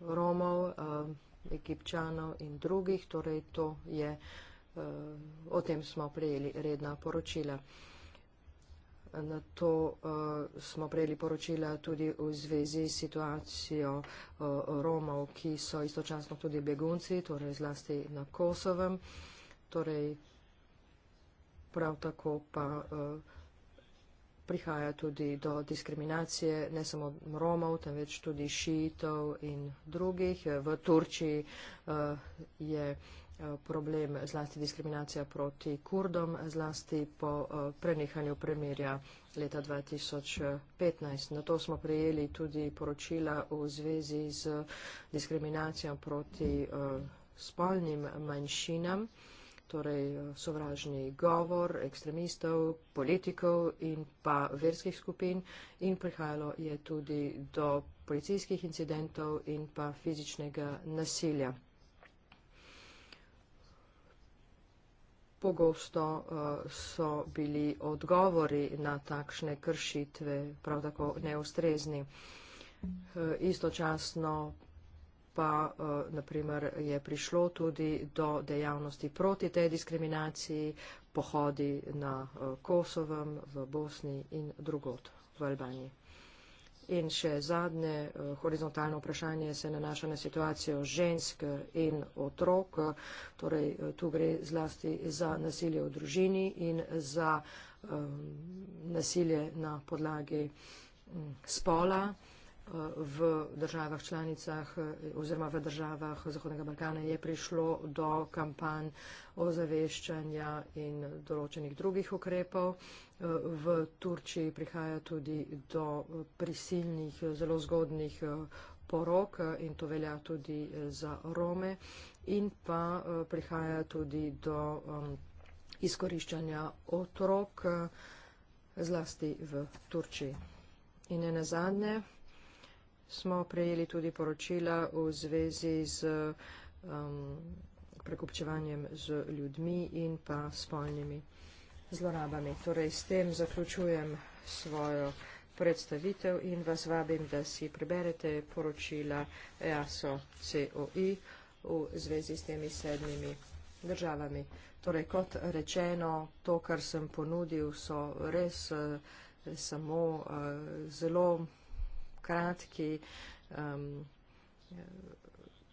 S4: Romov, eh, Egipčanov in drugih, torej to je, eh, o tem smo prejeli redna poročila. Na to uh, smo prejeli poročila tudi v zvezi s situacijo uh, Romov, ki so istočasno tudi begunci, torej zlasti na Kosovem, torej prav tako pa uh, prihaja tudi do diskriminacije ne samo Romov, temveč tudi šitov in drugih. V Turčiji eh, je eh, problem zlasti diskriminacija proti kurdom, zlasti po eh, prenehanju premirja leta 2015. Na to smo prejeli tudi poročila v zvezi z diskriminacijo proti spolnim manjšinam torej eh, sovražni govor ekstremistov, politikov in pa verskih skupin in prihajalo je tudi do policijskih incidentov in pa fizičnega nasilja. Pogosto eh, so bili odgovori na takšne kršitve prav tako neustrezni. Eh, istočasno pa eh, naprimer je prišlo tudi do dejavnosti proti tej diskriminaciji, pohodi na eh, Kosovem, v Bosni in drugot v Albaniji. In še zadnje eh, horizontalno vprašanje se nanaša na situacijo žensk in otrok. Torej, tu gre zlasti za nasilje v družini in za um, nasilje na podlagi um, spola. Eh, v državah članicah eh, oziroma v državah Zahodnega Balkana je prišlo do kampanj ozaveščanja in določenih drugih ukrepov. Eh, v Turčiji prihaja tudi do prisilnih, zelo zgodnih porok in to velja tudi za Rome in pa prihaja tudi do um, izkoriščanja otrok zlasti v Turčiji. In ne nazadnje, smo prejeli tudi poročila v zvezi z um, prekupčevanjem z ljudmi in pa spolnimi zlorabami. Torej, s tem zaključujem svojo predstavitev in vas vabim, da si preberete poročila EASO COI v zvezi s temi sedmimi državami. Torej, kot rečeno, to, kar sem ponudil, so res eh, samo eh, zelo kratki, um,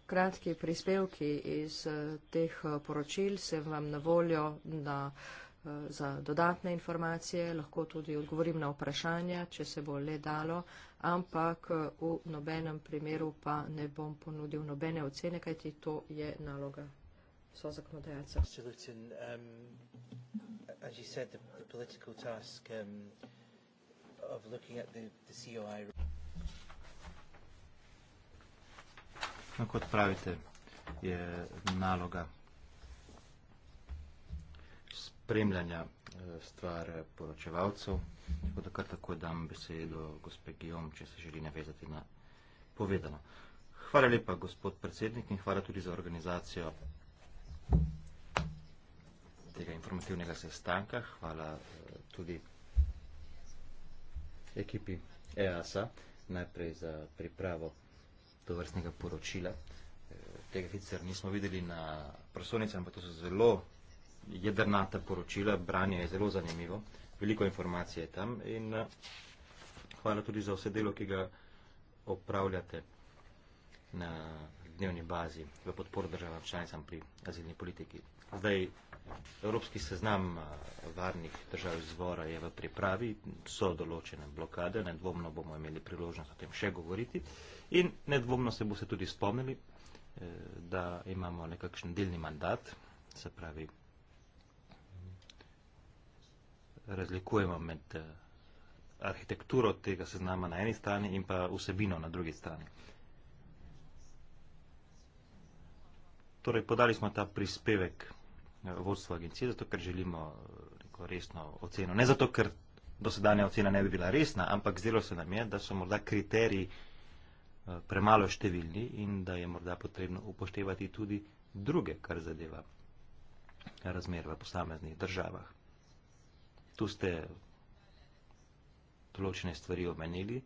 S4: kratki prispevki iz uh, teh eh, poročil, sem vam na voljo na, uh, za dodatne informacije, lahko tudi odgovorim na vprašanja, če se bo le dalo, ampak v nobenem primeru pa ne bom ponudil nobene ocene, kajti to je naloga. So zakonodajalca. As you said, the, the political task um, of looking at the, the COI.
S3: no, kot pravite, je naloga spremljanja eh, stvar poročevalcev. Tako da kar tako dam besedo gospe Gijom, če se želi navezati na povedano. Hvala lepa, gospod predsednik, in hvala tudi za organizacijo tega informativnega sestanka. Hvala eh, tudi ekipi EASA najprej za pripravo to vrstnega poročila. E, tega sicer nismo videli na prosonicah, ampak to so zelo jedrnata poročila, branje je zelo zanimivo, veliko informacije je tam in e, hvala tudi za vse delo, ki ga opravljate na dnevni bazi v podporu državam članicam pri azilni politiki. Zdaj, Evropski seznam eh, varnih držav izvora je v pripravi, so določene blokade, nedvomno bomo imeli priložnost o tem še govoriti in nedvomno se bo se tudi spomnili, eh, da imamo nekakšen delni mandat, se pravi, razlikujemo med eh, arhitekturo tega seznama na eni strani in pa vsebino na drugi strani. Torej, podali smo ta prispevek vsebino, vodstvo agencije, zato ker želimo eh, neko resno oceno. Ne zato, ker dosedanja ocena ne bi bila resna, ampak zdelo se nam je, da so morda kriteriji eh, premalo številni in da je morda potrebno upoštevati tudi druge, kar zadeva razmer v posameznih državah. Tu ste določene stvari omenili,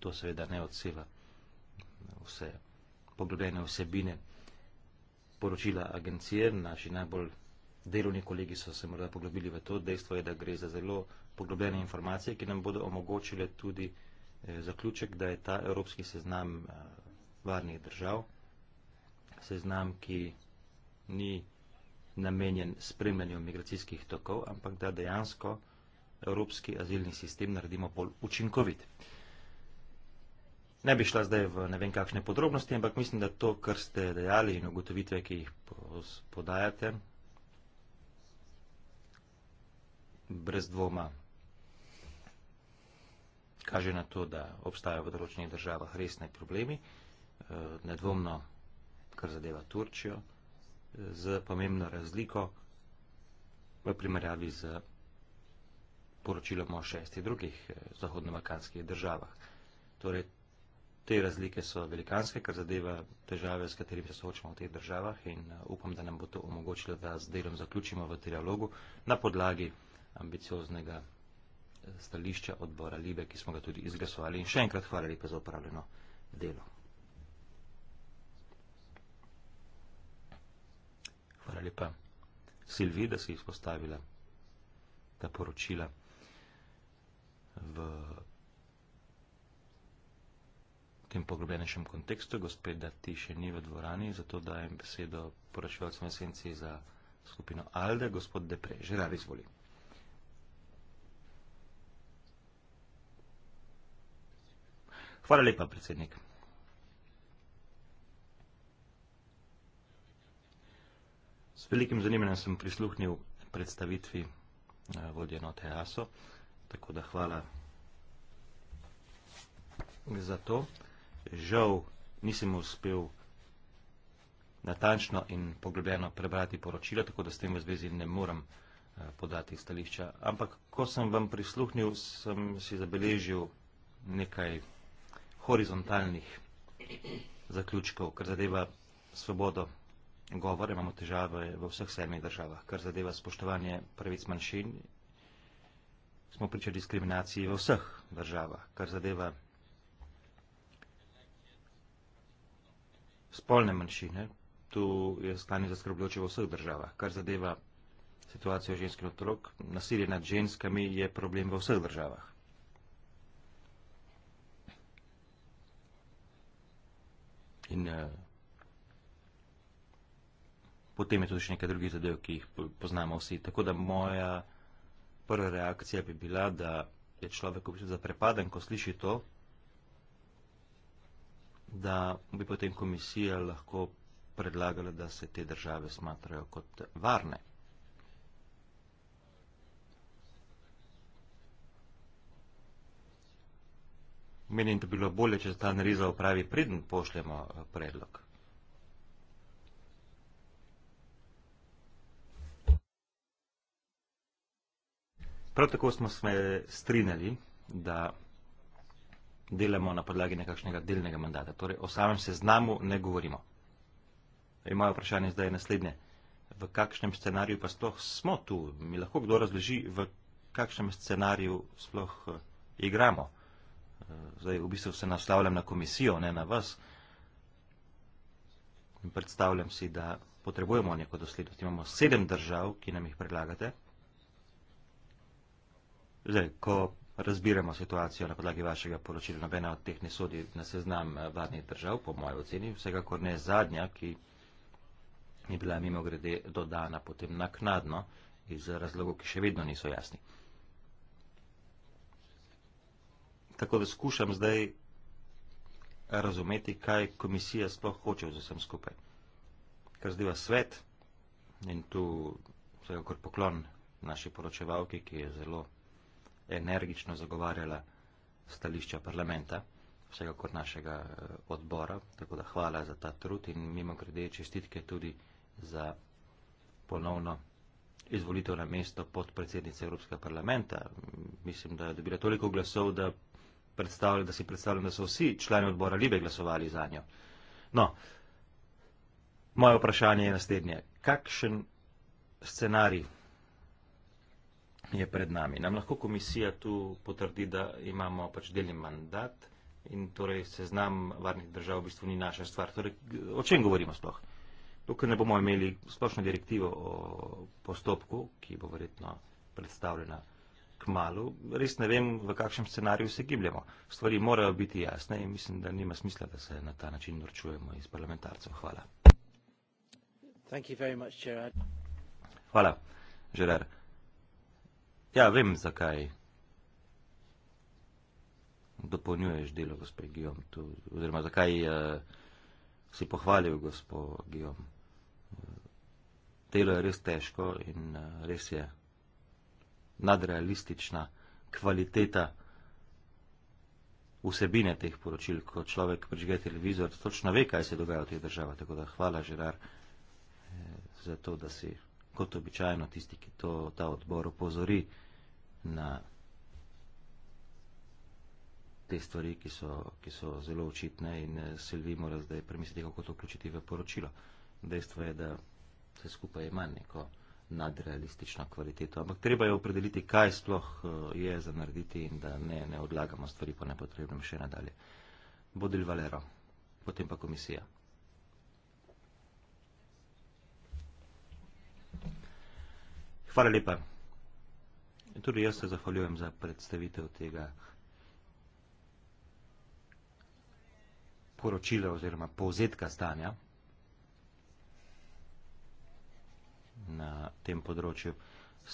S3: to seveda ne odseva vse poglobljene vsebine sporočila agencije, naši najbolj delovni kolegi so se morda poglobili v to. Dejstvo je, da gre za zelo poglobljene informacije, ki nam bodo omogočile tudi eh, zaključek, da je ta evropski seznam eh, varnih držav, seznam, ki ni namenjen spremljanju migracijskih tokov, ampak da dejansko evropski azilni sistem naredimo bolj učinkovit. Ne bi šla zdaj v ne vem kakšne podrobnosti, ampak mislim, da to, kar ste dejali in ugotovitve, ki jih podajate, brez dvoma kaže na to, da obstajajo v določenih državah resni problemi, eh, nedvomno, kar zadeva Turčijo, z pomembno razliko v primerjavi z poročilom o šestih drugih eh, zahodno-balkanskih državah. Torej, Te razlike so velikanske, kar zadeva težave, s katerimi se soočamo v teh državah in eh, upam, da nam bo to omogočilo, da z delom zaključimo v trialogu na podlagi ambicioznega eh, stališča odbora Libe, ki smo ga tudi izglasovali. In še enkrat hvala lepa za opravljeno delo. Hvala lepa Silvi, da si izpostavila ta poročila v tem pogrobenejšem kontekstu, gospod, da ti še ni v dvorani, zato dajem besedo poročevalcem esenci za skupino Alde, gospod Depre. Žerar, izvoli. Hvala lepa, predsednik. S velikim zanimanjem sem prisluhnil predstavitvi eh, vodje note ASO, tako da hvala za to žal nisem uspel natančno in poglobljeno prebrati poročila, tako da s tem v zvezi ne morem eh, podati stališča. Ampak, ko sem vam prisluhnil, sem si zabeležil nekaj horizontalnih zaključkov, kar zadeva svobodo govora, imamo težave v vseh sedmih državah, kar zadeva spoštovanje pravic manjšin, smo priča diskriminaciji v vseh državah, kar zadeva spolne manjšine, tu je stanje zaskrbljujoče v vseh državah. Kar zadeva situacijo žensk in otrok, nasilje nad ženskami je problem v vseh državah. In eh, Potem je tudi še nekaj drugih zadev, ki jih poznamo vsi. Tako da moja prva reakcija bi bila, da je človek v bistvu zaprepaden, ko sliši to, da bi potem komisija lahko predlagala, da se te države smatrajo kot varne. Menim, da bi bilo bolje, če se ta analiza upravi preden pošljemo eh, predlog. Prav tako smo se strinjali, da delamo na podlagi nekakšnega delnega mandata. Torej o samem seznamu ne govorimo. In moje vprašanje zdaj je naslednje. V kakšnem scenariju pa sploh smo tu? Mi lahko kdo razloži, v kakšnem scenariju sploh eh, igramo? Eh, zdaj v bistvu se naslavljam na komisijo, ne na vas. In predstavljam si, da potrebujemo neko doslednost. Imamo sedem držav, ki nam jih predlagate. Zdaj, ko razbiramo situacijo na podlagi vašega poročila. Nobena od teh ne sodi na seznam eh, vladnih držav, po mojem oceni, vsekakor ne zadnja, ki je bila mimo grede dodana potem naknadno iz razlogov, ki še vedno niso jasni. Tako da skušam zdaj razumeti, kaj komisija sploh hoče z vsem skupaj. Kar zdaj svet in tu vsekakor poklon naši poročevalki, ki je zelo energično zagovarjala stališča parlamenta, vsega kot našega eh, odbora, tako da hvala za ta trud in mimo grede čestitke tudi za ponovno izvolitev na mesto podpredsednice Evropskega parlamenta. Mislim, da je dobila toliko glasov, da, predstavlja, da si predstavljam, da so vsi člani odbora Libe glasovali za njo. No, moje vprašanje je naslednje. Kakšen scenarij je pred nami. Nam lahko komisija tu potrdi, da imamo pač deljen mandat in torej seznam varnih držav v bistvu ni naša stvar. Torej, o čem govorimo sploh? Dokler ne bomo imeli splošno direktivo o postopku, ki bo verjetno predstavljena k malu, res ne vem, v kakšnem scenariju se gibljamo. Stvari morajo biti jasne in mislim, da nima smisla, da se na ta način norčujemo iz parlamentarcev. Hvala.
S1: Thank you very much, Gerard.
S3: Hvala, Gerard. Ja, vem, zakaj. Dopolnjuješ delo, gospod Gijom, tu, oziroma zakaj uh, si pohvalil, gospod Gijom. Telo je res težko in uh, res je nadrealistična kvaliteta vsebine teh poročil, ko človek prižge televizor, točno ve, kaj se dogaja v tej državi. Tako da hvala, Žerar, eh, za to, da si kot običajno tisti, ki to ta odbor upozori na te stvari, ki so, ki so zelo očitne in eh, Silvi mora zdaj premisliti, kako to vključiti v poročilo. Dejstvo je, da vse skupaj ima neko nadrealistično kvaliteto, ampak treba je opredeliti, kaj sploh eh, je za narediti in da ne, ne odlagamo stvari po nepotrebnem še nadalje. Bodil Valero, potem pa komisija. Hvala lepa. In tudi jaz se zahvaljujem za predstavitev tega poročila oziroma povzetka stanja na tem področju.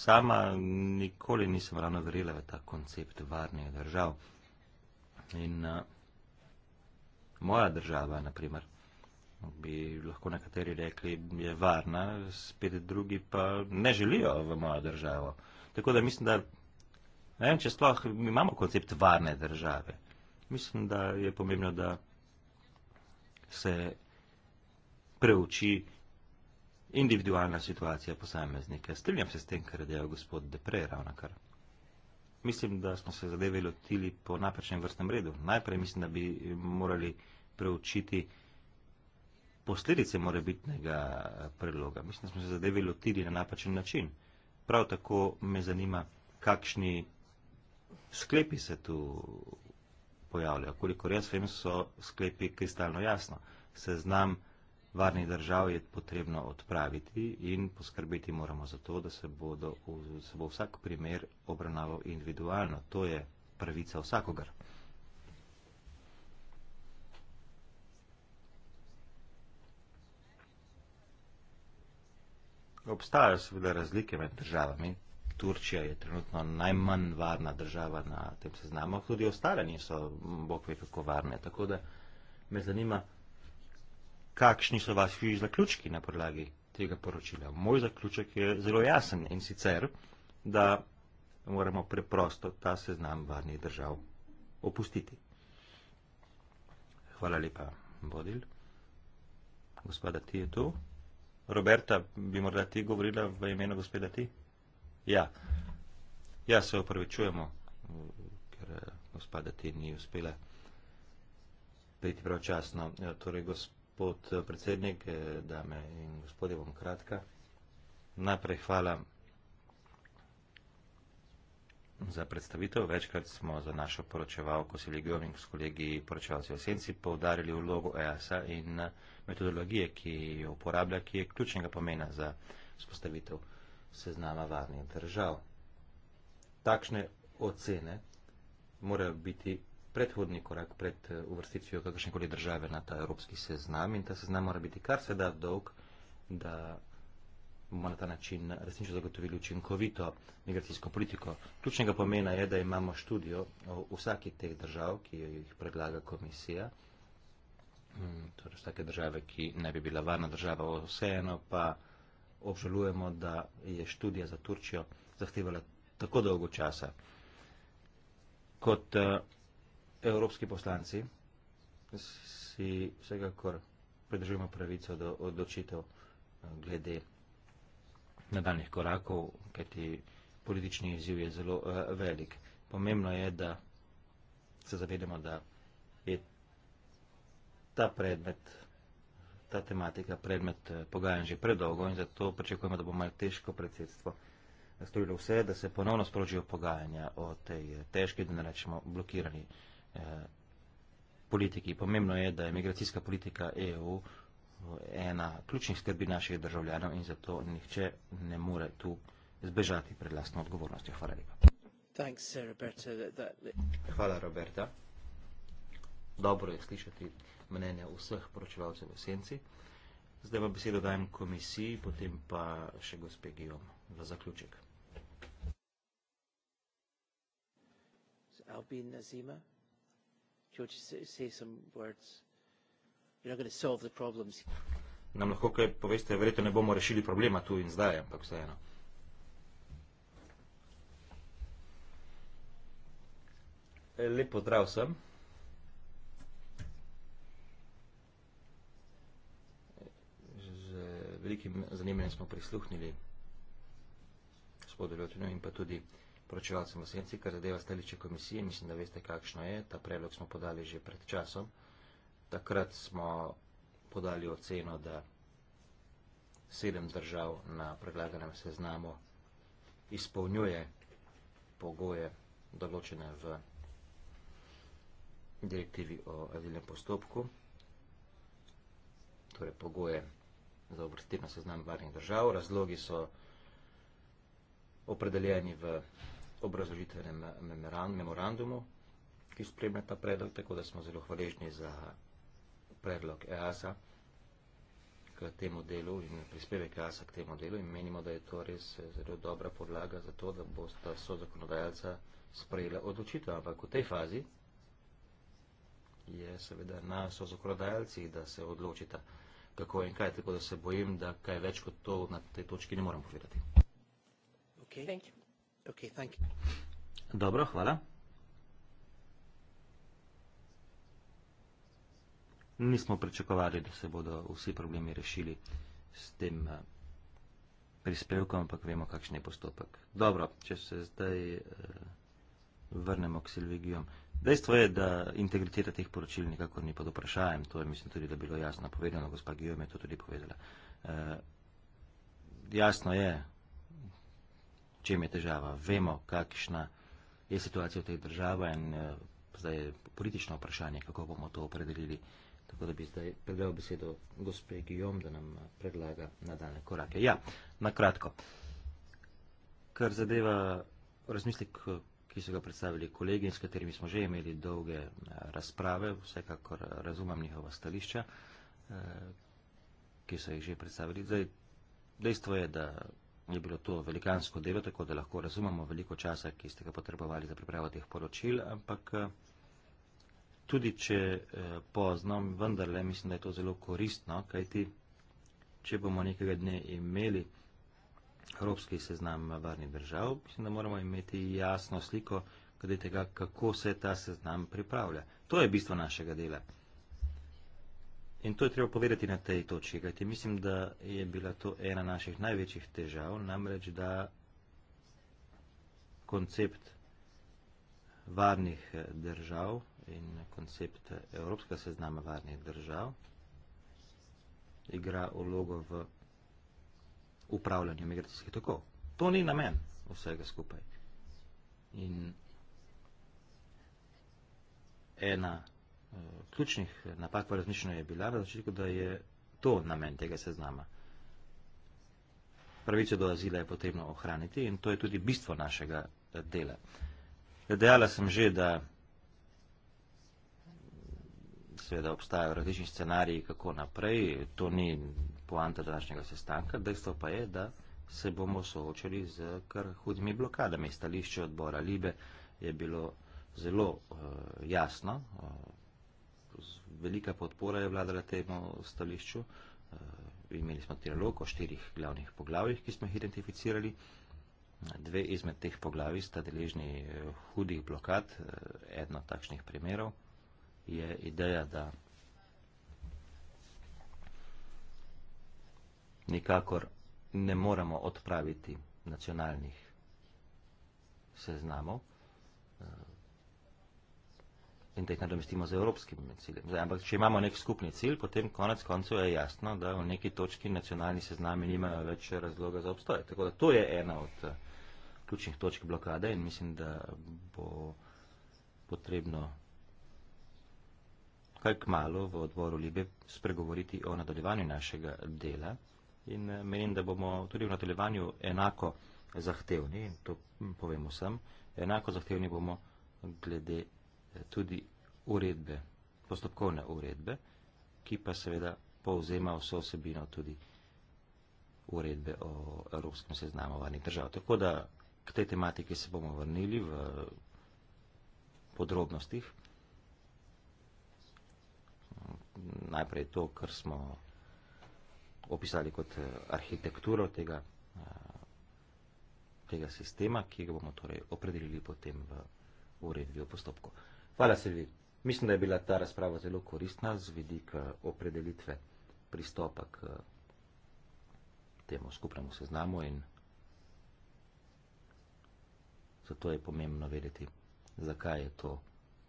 S3: Sama nikoli nisem ravno verjela v ta koncept varnih držav. In uh, moja država, naprimer, bi lahko nekateri rekli, je varna, spet drugi pa ne želijo v mojo državo. Uh, Tako da mislim, da ne vem, če sploh imamo koncept varne države. Mislim, da je pomembno, da se preuči individualna situacija posameznika. Strinjam se s tem, kar je dejal gospod Depre ravno kar. Mislim, da smo se zadeve lotili po napačnem vrstnem redu. Najprej mislim, da bi morali preučiti posledice morebitnega predloga. Mislim, da smo se zadeve lotili na napačen način. Prav tako me zanima, kakšni sklepi se tu pojavljajo. Kolikor jaz vem, so sklepi kristalno jasno. Seznam varnih držav je potrebno odpraviti in poskrbeti moramo za to, da se, bodo, se bo vsak primer obravnaval individualno. To je pravica vsakogar. Obstajajo seveda razlike med državami. Turčija je trenutno najmanj varna država na tem seznamu, tudi ostale niso, bog ve, kako varne. Tako da me zanima, kakšni so vaši zaključki na podlagi tega poročila. Moj zaključek je zelo jasen in sicer, da moramo preprosto ta seznam varnih držav opustiti. Hvala lepa, Bodil. Gospoda, ti je tu? Roberta, bi morda ti govorila v imenu gospoda ti? Ja. ja, se opravičujemo, ker eh, gospoda ti ni uspela priti pravčasno. Ja, torej, gospod eh, predsednik, eh, dame in gospodje, bom kratka. Najprej hvala za predstavitev. Večkrat smo za našo poročevalko Siligovnik s kolegi poročevalci v Senci poudarili vlogo EAS-a in metodologije, ki jo uporablja, ki je ključnega pomena za spostavitev seznama varnih držav. Takšne ocene morajo biti predhodni korak pred eh, uvrstitvijo kakršnekoli države na ta evropski seznam in ta seznam mora biti kar se da dolg, da bomo na ta način resnično zagotovili učinkovito migracijsko politiko. Ključnega pomena je, da imamo študijo o vsaki teh držav, ki jo jih predlaga komisija. Mm, torej take države, ki ne bi bila varna država, vseeno pa obžalujemo, da je študija za Turčijo zahtevala tako dolgo časa. Kot eh, evropski poslanci si vsekakor pridržujemo pravico do odločitev eh, glede nadaljnih korakov, kajti politični izziv je zelo eh, velik. Pomembno je, da se zavedemo, da je ta predmet, ta tematika, predmet eh, pogajanj že predolgo in zato pričakujemo, da bo malo težko predsedstvo storilo vse, da se ponovno sprožijo pogajanja o tej eh, težki, da ne rečemo, blokirani eh, politiki. Pomembno je, da je migracijska politika EU eh, ena ključnih skrbi naših državljanov in zato nihče ne more tu zbežati pred lastno odgovornostjo. Hvala
S1: lepa.
S3: Hvala, Roberta. Dobro je slišati mnenja vseh poročevalcev v senci. Zdaj pa besedo dajem komisiji, potem pa še gospe Gijom za zaključek.
S1: Albin Nazima. George, say, say some words. You're not going to solve the problems.
S3: Nam lahko kaj poveste, verjetno ne bomo rešili problema tu in zdaj, ampak vseeno. Lep pozdrav vsem. velikim zanimanjem smo prisluhnili gospodu Ljotinu in pa tudi poročevalcem v senci, kar zadeva stališče komisije, mislim, da veste, kakšno je. Ta predlog smo podali že pred časom. Takrat smo podali oceno, da sedem držav na predlaganem seznamu izpolnjuje pogoje določene v direktivi o azilnem postopku, torej pogoje za uvrstitev na seznam varnih držav. Razlogi so opredeljeni v obrazložitvenem memorandumu, ki spremlja ta predlog, tako da smo zelo hvaležni za predlog EASA k temu delu in prispevek EASA k temu delu in menimo, da je to res zelo dobra podlaga za to, da bo ta sozakonodajalca sprejela odločitev. Ampak v tej fazi je seveda na sozakonodajalcih, da se odločita kako in kaj, tako da se bojim, da kaj več kot to na tej točki ne morem povedati.
S1: Okay. Thank you. Okay, thank you.
S3: Dobro, hvala. Nismo pričakovali, da se bodo vsi problemi rešili s tem eh, prispevkom, ampak vemo, kakšen je postopek. Dobro, če se zdaj eh, vrnemo k Silvigijom. Dejstvo je, da integriteta teh poročil nekako ni pod vprašajem, to je mislim tudi, da bilo jasno povedano, gospa Gijom je to tudi povedala. E, jasno je, čem je težava, vemo, kakšna je situacija v tej državi in e, zdaj je politično vprašanje, kako bomo to opredelili. Tako da bi zdaj predal besedo gospe Gijom, da nam eh, predlaga nadaljne korake. Ja, nakratko. Kar zadeva razmislek ki so ga predstavili kolegi in s katerimi smo že imeli dolge eh, razprave, vsekakor eh, razumem njihova stališča, eh, ki so jih že predstavili. Zdaj, dejstvo je, da je bilo to velikansko delo, tako da lahko razumemo veliko časa, ki ste ga potrebovali za pripravo teh poročil, ampak tudi če pozno, vendarle mislim, da je to zelo koristno, kajti če bomo nekega dne imeli evropski seznam varnih držav, mislim, da moramo imeti jasno sliko glede tega, kako se ta seznam pripravlja. To je bistvo našega dela. In to je treba povedati na tej točki, kajti mislim, da je bila to ena naših največjih težav, namreč, da koncept varnih eh, držav in koncept eh, evropskega seznama varnih držav igra vlogo v upravljanje migracijskih tokov. To ni namen vsega skupaj. In ena uh, ključnih eh, napak v razmišljanju je bila, začetku, da je to namen tega seznama. Pravice do azila je potrebno ohraniti in to je tudi bistvo našega eh, dela. Dejala sem že, da seveda obstajajo različni scenariji, kako naprej. To ni poanta današnjega sestanka, dejstvo pa je, da se bomo soočali z kar hudimi blokadami. Stališče odbora Libe je bilo zelo uh, jasno, uh, velika podpora je vladala temu stališču. Uh, imeli smo dialog o štirih glavnih poglavjih, ki smo jih identificirali. Dve izmed teh poglavij sta deležni hudih blokad, eno takšnih primerov je ideja, da nikakor ne moremo odpraviti nacionalnih seznamov eh, in da jih nadomestimo z evropskimi ciljem. Zdaj, ampak, če imamo nek skupni cilj, potem konec koncev je jasno, da v neki točki nacionalni seznami nimajo več razloga za obstoj. Tako da to je ena od eh, ključnih točk blokade in mislim, da bo potrebno kaj k malo v odboru Libe spregovoriti o nadaljevanju našega dela in eh, menim, da bomo tudi v nadaljevanju enako zahtevni, in to povemo sem, enako zahtevni bomo glede eh, tudi uredbe, postopkovne uredbe, ki pa seveda povzema vso osebino tudi uredbe o evropskem seznamovanju držav. Tako da k tej tematiki se bomo vrnili v podrobnostih. Najprej to, kar smo opisali kot eh, arhitekturo tega, eh, tega sistema, ki ga bomo torej opredelili potem v uredbi o postopku. Hvala, Silvi. Mislim, da je bila ta razprava zelo koristna z vidika eh, opredelitve pristopa k temu skupnemu seznamu in zato je pomembno vedeti, zakaj je to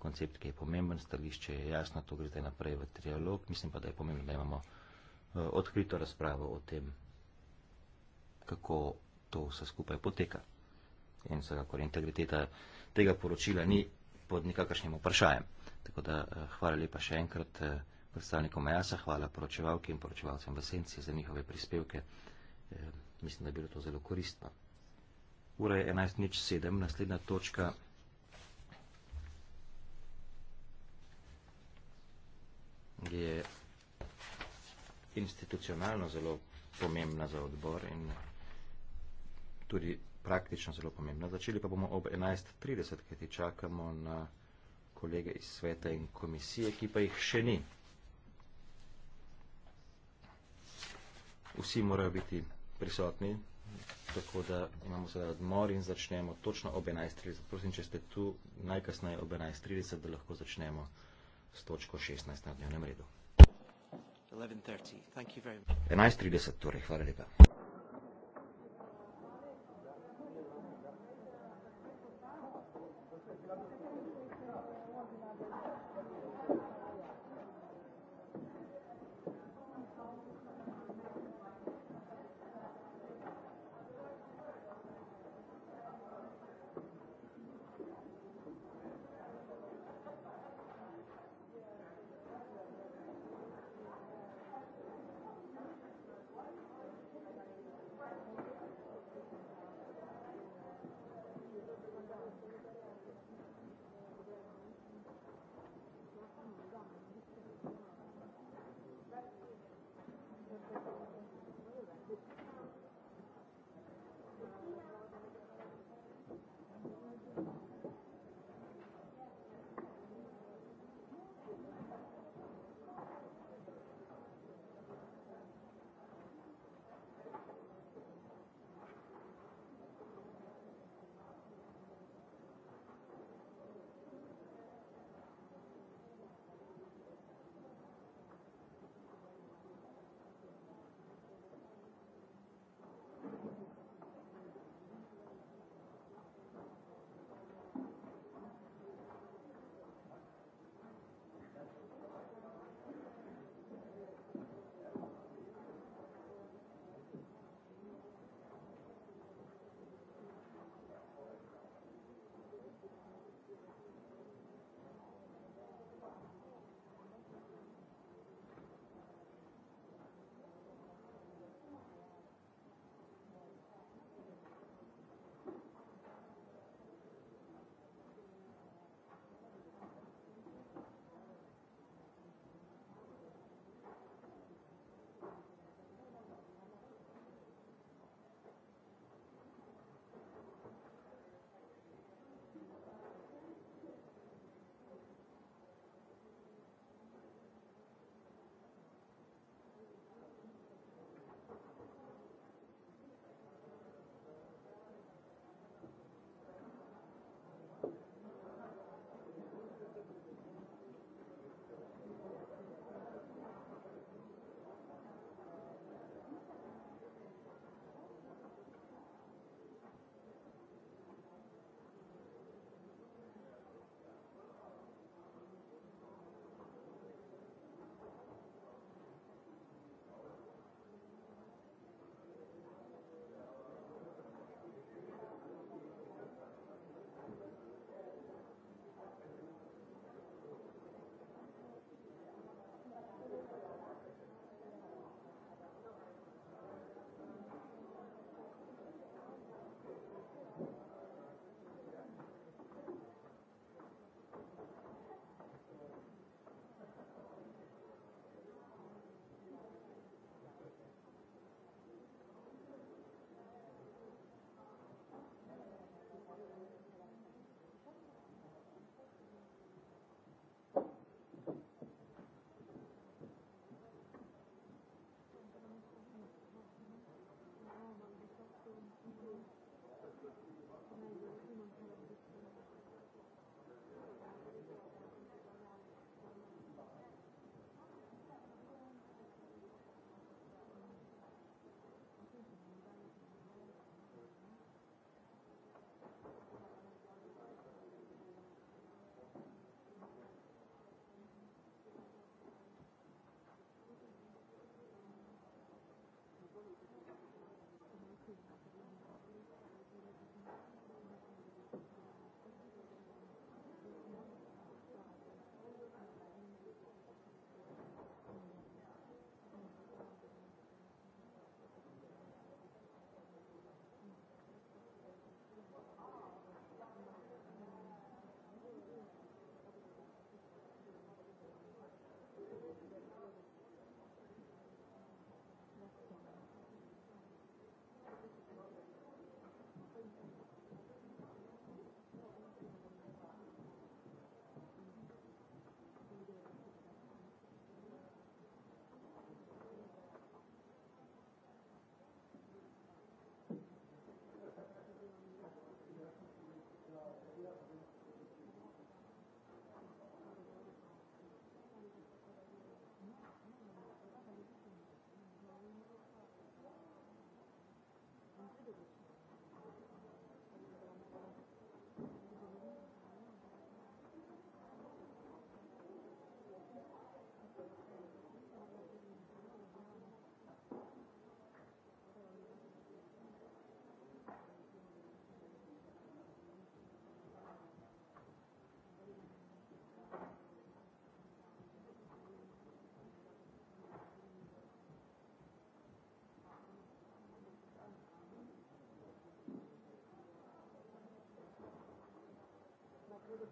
S3: koncept, ki je pomemben, stališče je jasno, to gre zdaj naprej v trialog, mislim pa, da je pomembno, da imamo Eh, odkrito razpravo o tem, kako to vse skupaj poteka. In vsekakor integriteta tega poročila ni pod nikakršnim vprašajem. Tako da eh, hvala lepa še enkrat eh, predstavnikom EASA, hvala poročevalki in poročevalcem v Senci za njihove prispevke. Mislim, da je bilo to zelo koristno. Ura je 11.07, naslednja točka. Je institucionalno zelo pomembna za odbor in tudi praktično zelo pomembna. Začeli pa bomo ob 11.30, kajti čakamo na kolege iz sveta in komisije, ki pa jih še ni. Vsi morajo biti prisotni, tako da imamo sedaj odmor in začnemo točno ob 11.30. Prosim, če ste tu najkasneje ob 11.30, da lahko začnemo s točko 16 na dnevnem redu.
S1: 11.30. Thank you very much.
S3: 11.30 torej, hvala lepa.
S1: bodo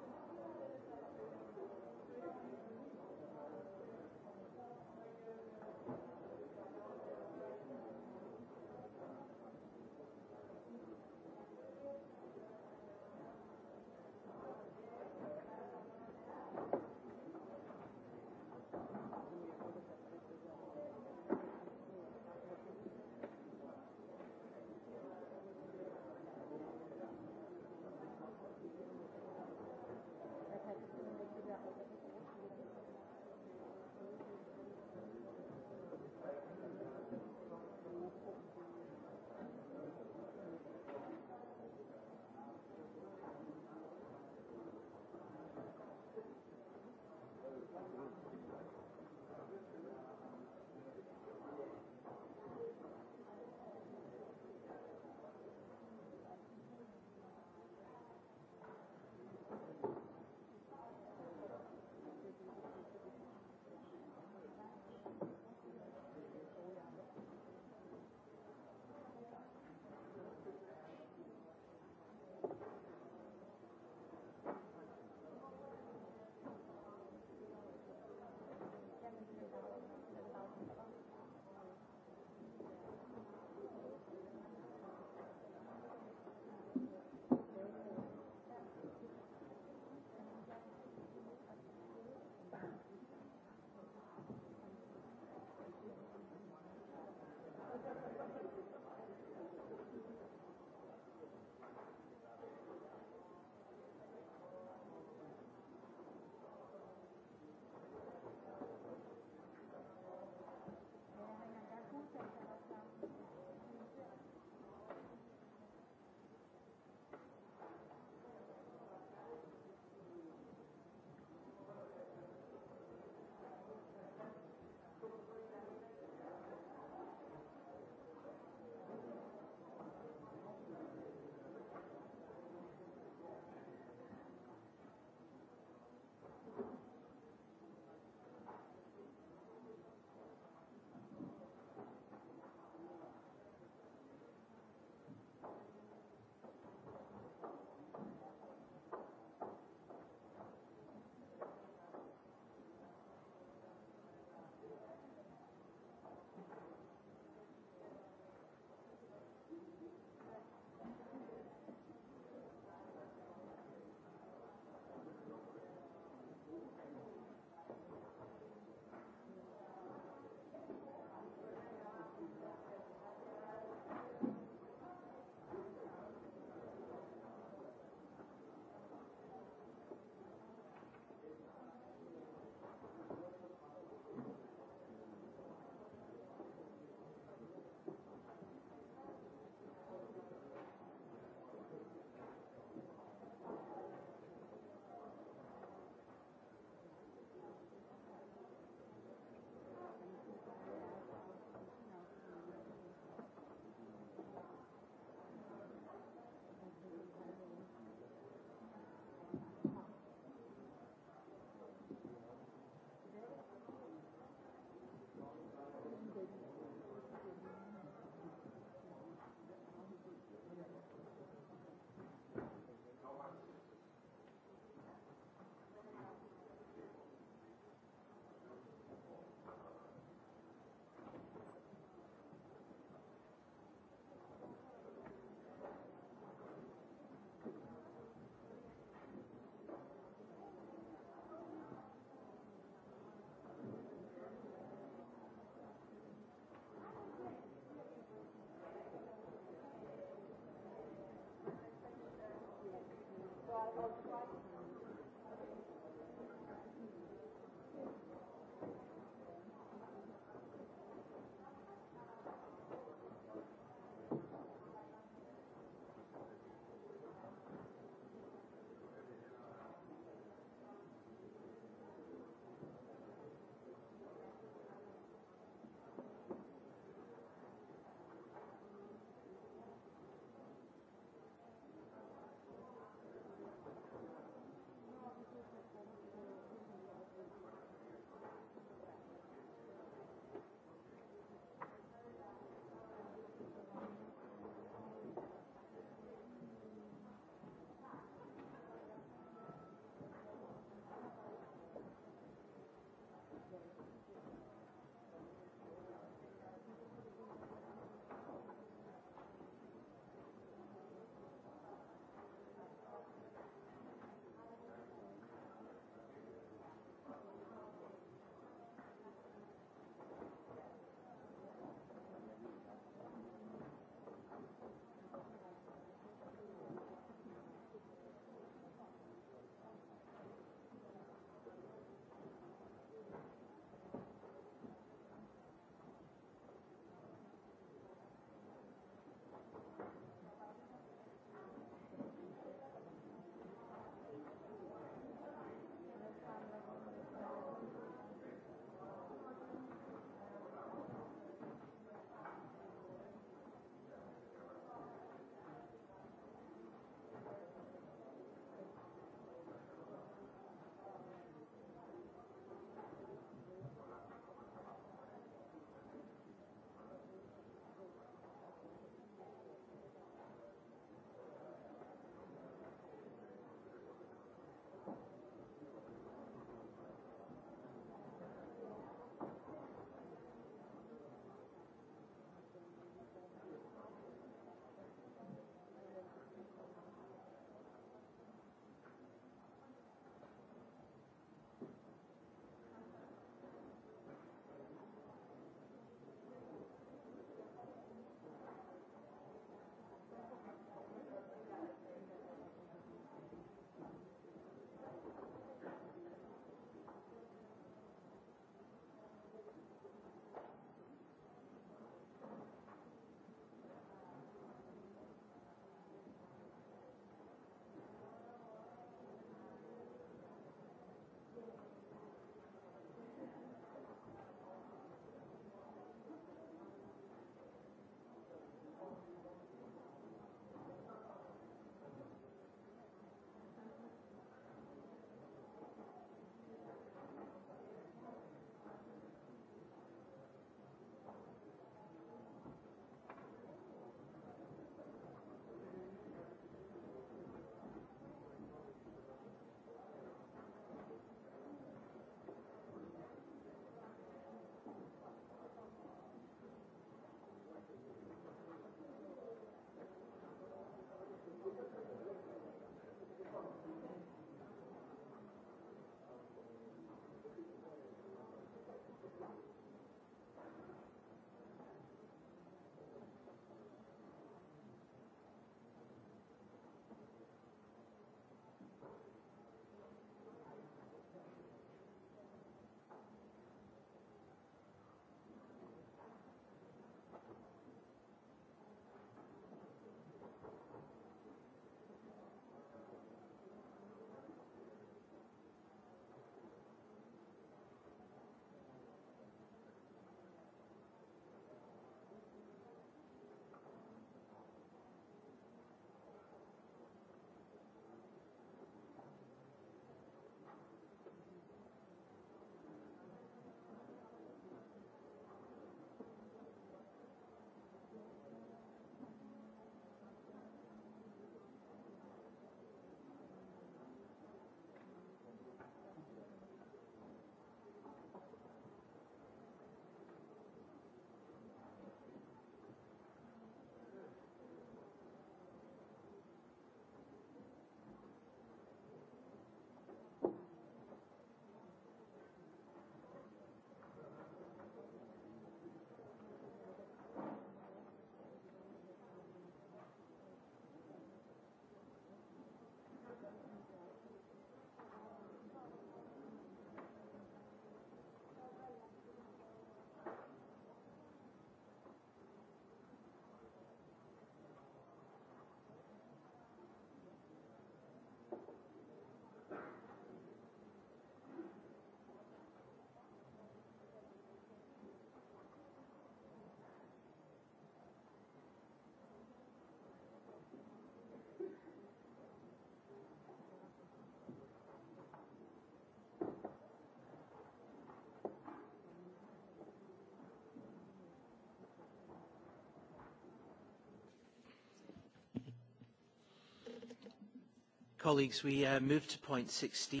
S1: colleagues, we uh, move to point 16.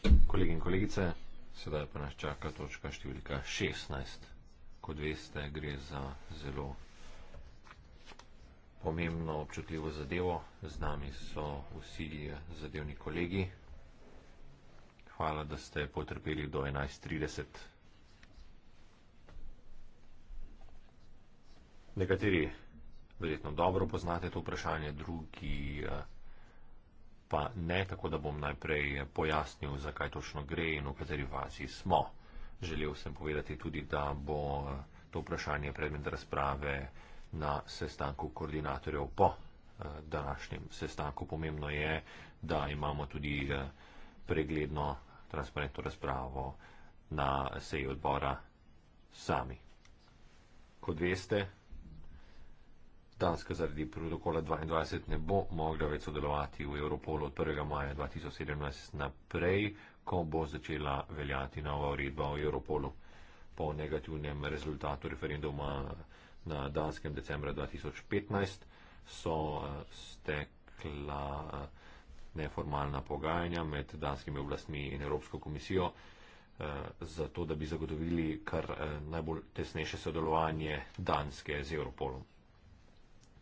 S2: Kot veste, gre za zelo pomembno občutljivo zadevo. Z nami so vsi eh, zadevni kolegi. Hvala, da ste potrpeli do 11.30. Nekateri verjetno dobro poznate to vprašanje, drugi. Uh, pa ne, tako da bom najprej pojasnil, zakaj točno gre in v kateri fazi smo. Želel sem povedati tudi, da bo to vprašanje predmet razprave na sestanku koordinatorjev po eh, današnjem sestanku. Pomembno je, da imamo tudi eh, pregledno, transparentno razpravo na seji odbora sami. Kot veste, Danska zaradi protokola 22 ne bo mogla več sodelovati v Europolu od 1. maja 2017 naprej, ko bo začela veljati nova uredba o Europolu. Po negativnem rezultatu referenduma na Danskem decembra 2015 so eh, stekla eh, neformalna pogajanja med danskimi oblastmi in Evropsko komisijo, eh, zato da bi zagotovili kar najbolj tesnejše sodelovanje Danske z Europolom.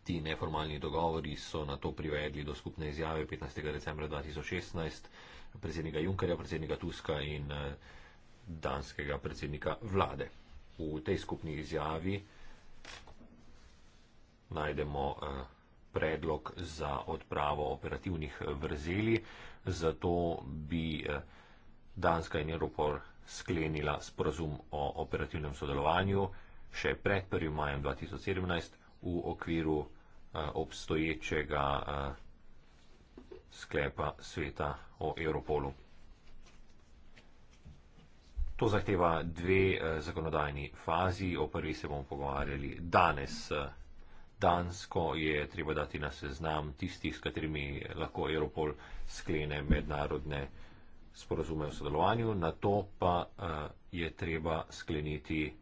S2: Ti neformalni dogovori so na to privedli do skupne izjave 15. decembra 2016 predsednika Junkerja, predsednika Tuska in eh, danskega predsednika vlade. V tej skupni izjavi najdemo eh, predlog za odpravo operativnih vrzeli, zato bi eh, Danska in Europol sklenila sporazum o operativnem sodelovanju še pred 1. majem 2017 v okviru obstoječega sklepa sveta o Europolu. To zahteva dve zakonodajni fazi, o prvi se bomo pogovarjali danes. Dansko je treba dati na seznam tistih, s katerimi lahko Europol sklene mednarodne sporozume o sodelovanju, na to pa je treba skleniti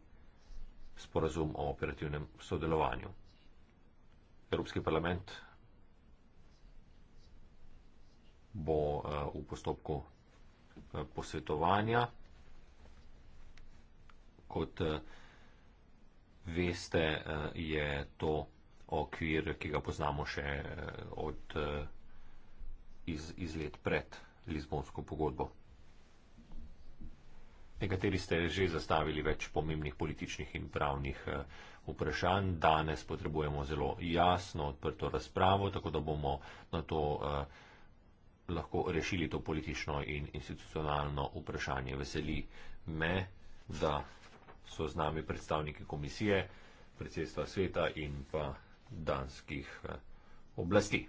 S2: sporozum o operativnem sodelovanju. Evropski parlament bo eh, v postopku eh, posvetovanja. Kot eh, veste, je to okvir, ki ga poznamo še od, iz, iz let pred Lizbonsko pogodbo. Nekateri ste že zastavili več pomembnih političnih in pravnih eh, vprašanj. Danes potrebujemo zelo jasno odprto razpravo, tako da bomo na to uh, lahko rešili to politično in institucionalno vprašanje. Veseli me, da so z nami predstavniki komisije, predsedstva sveta in pa danskih uh, oblasti.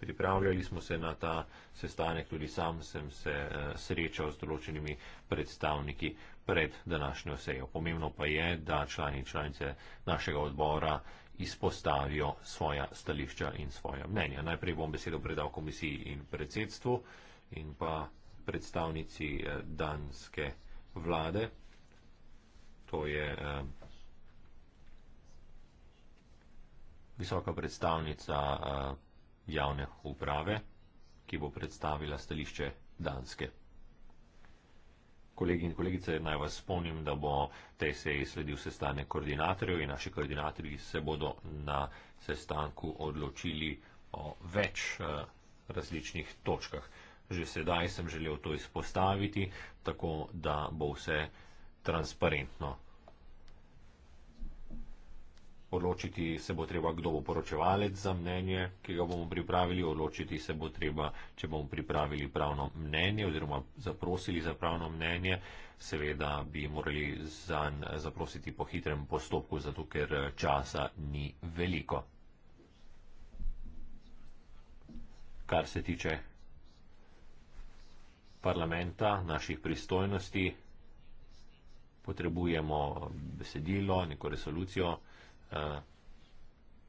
S2: Pripravljali smo se na ta sestanek, tudi sam sem se uh, srečal z določenimi predstavniki pred današnjo sejo. Pomembno pa je, da člani in članice našega odbora izpostavijo svoja stališča in svoja mnenja. Najprej bom besedo predal komisiji in predsedstvu in pa predstavnici eh, danske vlade. To je eh, visoka predstavnica eh, javne uprave, ki bo predstavila stališče danske kolegi in kolegice, naj vas spomnim, da bo tej seji sledil sestanek koordinatorjev in naši koordinatorji se bodo na sestanku odločili o več eh, različnih točkah. Že sedaj sem želel to izpostaviti, tako da bo vse transparentno odločiti se bo treba, kdo bo poročevalec za mnenje, ki ga bomo pripravili, odločiti se bo treba, če bomo pripravili pravno mnenje oziroma zaprosili za pravno mnenje. Seveda bi morali zanj zaprositi po hitrem postopku, zato ker časa ni veliko. Kar se tiče parlamenta, naših pristojnosti, potrebujemo besedilo, neko resolucijo, Eh,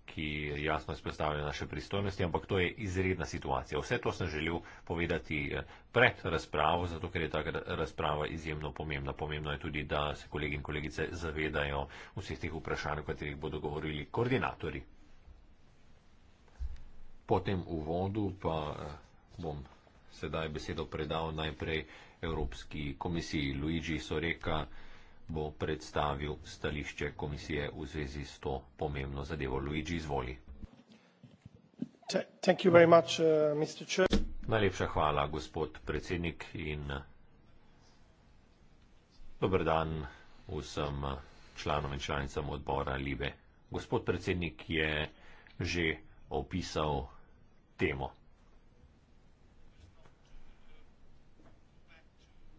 S2: ki jasno izpostavlja naše pristojnosti, ampak to je izredna situacija. Vse to sem želel povedati eh, pred razpravo, zato ker je ta razprava izjemno pomembna. Pomembno je tudi, da se kolegi in kolegice zavedajo vseh teh vprašanj, o katerih bodo govorili koordinatori. Po tem uvodu pa eh, bom sedaj besedo predal najprej Evropski komisiji Luigi Soreka bo predstavil stališče komisije v zvezi s to pomembno zadevo. Luigi, izvoli.
S3: Uh,
S2: Najlepša hvala, gospod predsednik in uh, dober dan vsem uh, članom in članicam odbora Libe. Gospod predsednik je že opisal temo.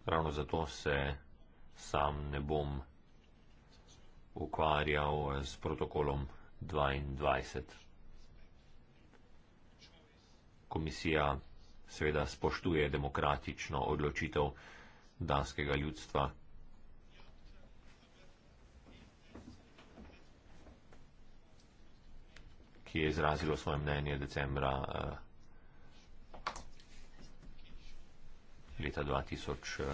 S2: Ravno zato se sam ne bom ukvarjal eh, s protokolom 22. Komisija seveda spoštuje demokratično odločitev danskega ljudstva. ki je izrazilo svoje mnenje decembra uh, leta 2015